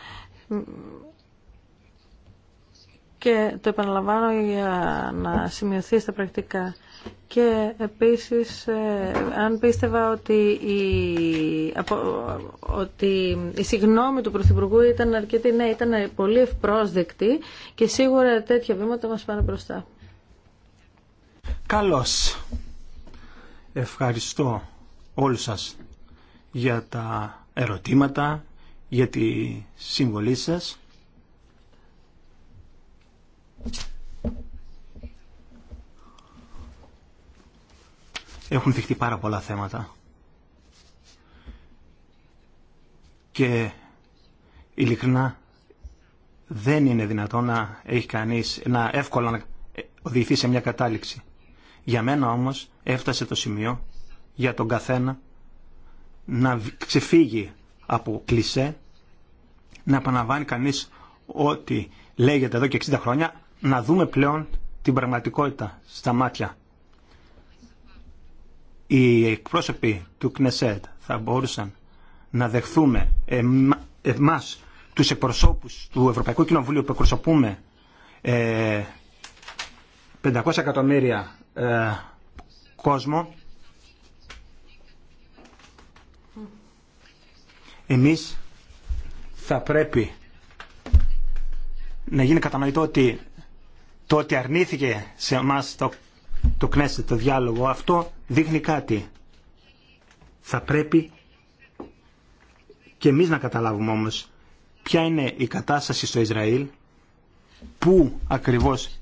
και το επαναλαμβάνω για να σημειωθεί στα πρακτικά. Και επίσης, ε, αν πίστευα ότι η, ότι η συγνώμη του Πρωθυπουργού ήταν αρκετή, ναι, ήταν πολύ ευπρόσδεκτη και σίγουρα τέτοια βήματα μας πάνε μπροστά. Καλώς. Ευχαριστώ όλους σας για τα ερωτήματα, για τη συμβολή σας. Έχουν δειχτεί πάρα πολλά θέματα. Και ειλικρινά δεν είναι δυνατό να έχει κανείς, να εύκολα να οδηγηθεί σε μια κατάληξη. Για μένα όμως έφτασε το σημείο για τον καθένα να ξεφύγει από κλισέ, να επαναβάνει κανείς ό,τι λέγεται εδώ και 60 χρόνια, να δούμε πλέον την πραγματικότητα στα μάτια. Οι εκπρόσωποι του ΚΝΕΣΕΤ θα μπορούσαν να δεχθούμε εμάς τους εκπροσώπους του Ευρωπαϊκού Κοινοβουλίου που εκπροσωπούμε 500 ε, εκατομμύρια ε, κόσμο εμείς θα πρέπει να γίνει κατανοητό ότι το ότι αρνήθηκε σε εμά το, το το διάλογο αυτό δείχνει κάτι. Θα πρέπει και εμείς να καταλάβουμε όμως ποια είναι η κατάσταση στο Ισραήλ, πού ακριβώς,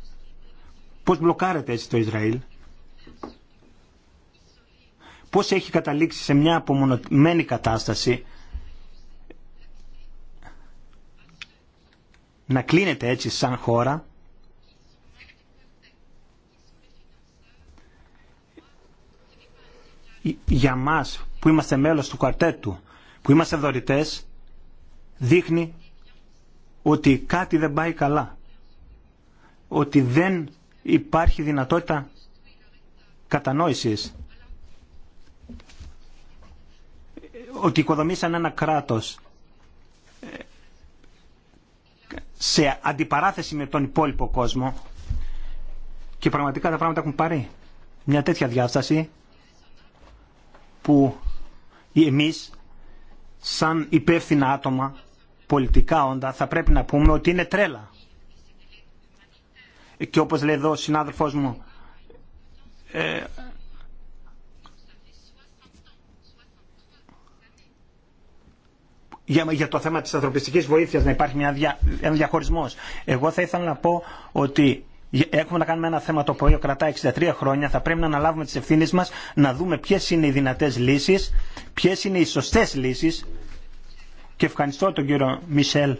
πώς μπλοκάρεται έτσι το Ισραήλ, πώς έχει καταλήξει σε μια απομονωμένη κατάσταση να κλείνεται έτσι σαν χώρα για μας που είμαστε μέλος του κουαρτέτου, που είμαστε δωρητές, δείχνει ότι κάτι δεν πάει καλά. Ότι δεν υπάρχει δυνατότητα κατανόησης. Ότι οικοδομήσαν ένα κράτος ε, σε αντιπαράθεση με τον υπόλοιπο κόσμο και πραγματικά τα πράγματα έχουν πάρει μια τέτοια διάσταση που εμείς σαν υπεύθυνα άτομα, πολιτικά όντα, θα πρέπει να πούμε ότι είναι τρέλα. Και όπως λέει εδώ ο συνάδελφός μου, ε, για, για το θέμα της ανθρωπιστικής βοήθειας να υπάρχει μια ένα διαχωρισμός. Εγώ θα ήθελα να πω ότι έχουμε να κάνουμε ένα θέμα το οποίο κρατά 63 χρόνια, θα πρέπει να αναλάβουμε τις ευθύνε μας, να δούμε ποιε είναι οι δυνατές λύσεις, ποιε είναι οι σωστέ λύσεις. Και ευχαριστώ τον κύριο Μισελ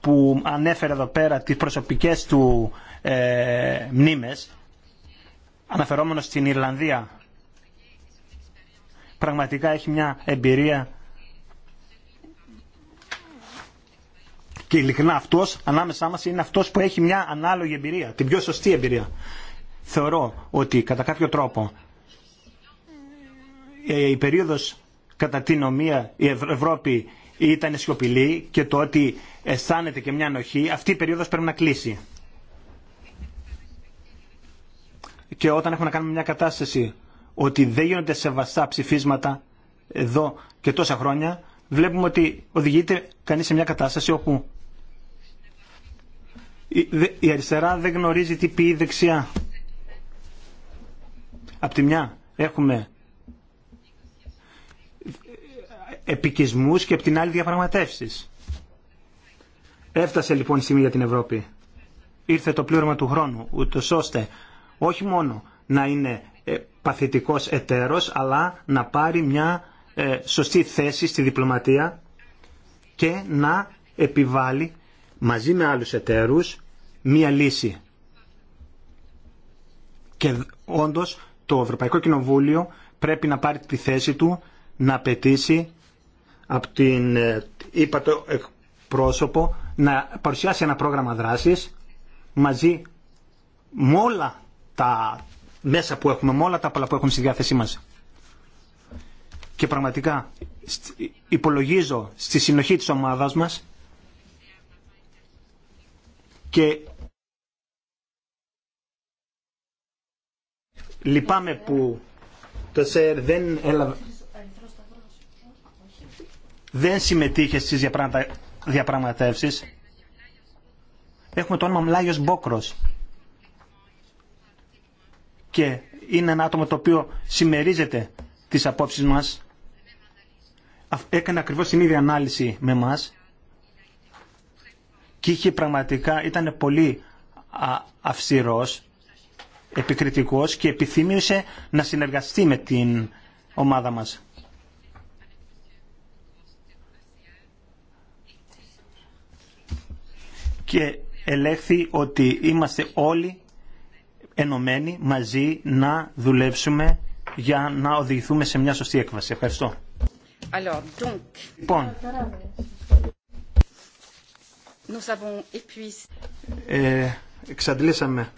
που ανέφερε εδώ πέρα τις προσωπικές του ε, μνήμες, αναφερόμενος στην Ιρλανδία. Πραγματικά έχει μια εμπειρία και ειλικρινά αυτός ανάμεσά μας είναι αυτός που έχει μια ανάλογη εμπειρία, την πιο σωστή εμπειρία. Θεωρώ ότι κατά κάποιο τρόπο ε, η περίοδος κατά την οποία η Ευρώπη ήταν σιωπηλή και το ότι αισθάνεται και μια ανοχή, αυτή η περίοδος πρέπει να κλείσει. Και όταν έχουμε να κάνουμε μια κατάσταση ότι δεν γίνονται σεβαστά ψηφίσματα εδώ και τόσα χρόνια, βλέπουμε ότι οδηγείται κανείς σε μια κατάσταση όπου η αριστερά δεν γνωρίζει τι πει η δεξιά. Απ' τη μια έχουμε επικισμούς και απ' την άλλη διαπραγματεύσεις. Έφτασε λοιπόν η στιγμή για την Ευρώπη. Ήρθε το πλήρωμα του χρόνου, ούτω ώστε όχι μόνο να είναι ε, παθητικός εταίρος, αλλά να πάρει μια ε, σωστή θέση στη διπλωματία και να επιβάλλει μαζί με άλλους εταίρους μία λύση. Και όντως το Ευρωπαϊκό Κοινοβούλιο πρέπει να πάρει τη θέση του να απαιτήσει από την ε, είπα το πρόσωπο να παρουσιάσει ένα πρόγραμμα δράσης μαζί με όλα τα μέσα που έχουμε, με όλα τα πολλά που έχουμε στη διάθεσή μας. Και πραγματικά υπολογίζω στη συνοχή της ομάδας μας και λυπάμαι που το ΣΕΡ δεν έλαβε... Δεν συμμετείχε στις διαπραγματεύσει. διαπραγματεύσεις. Έχουμε το όνομα Μλάγιος Μπόκρος. Και είναι ένα άτομο το οποίο συμμερίζεται τις απόψεις μας. Έκανε ακριβώς την ίδια ανάλυση με μας και είχε πραγματικά, ήταν πολύ αυστηρός, επικριτικός και επιθυμούσε να συνεργαστεί με την ομάδα μας. Και ελέγχθη ότι είμαστε όλοι ενωμένοι μαζί να δουλέψουμε για να οδηγηθούμε σε μια σωστή έκβαση. Ευχαριστώ. Alors, donc... Λοιπόν, ε, εξαντλήσαμε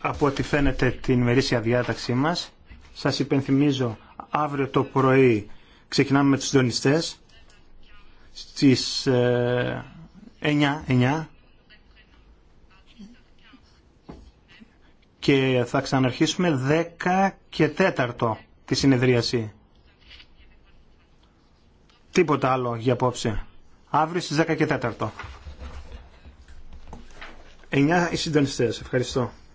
από ό,τι φαίνεται την ημερήσια διάταξή μας. Σας υπενθυμίζω αύριο το πρωί ξεκινάμε με τους συντονιστές στις ε, 9, 9 και θα ξαναρχίσουμε 10 και 4 τη συνεδρίαση. Τίποτα άλλο για απόψε αύριο στις 10 και 4. 9 οι συντονιστές. Ευχαριστώ.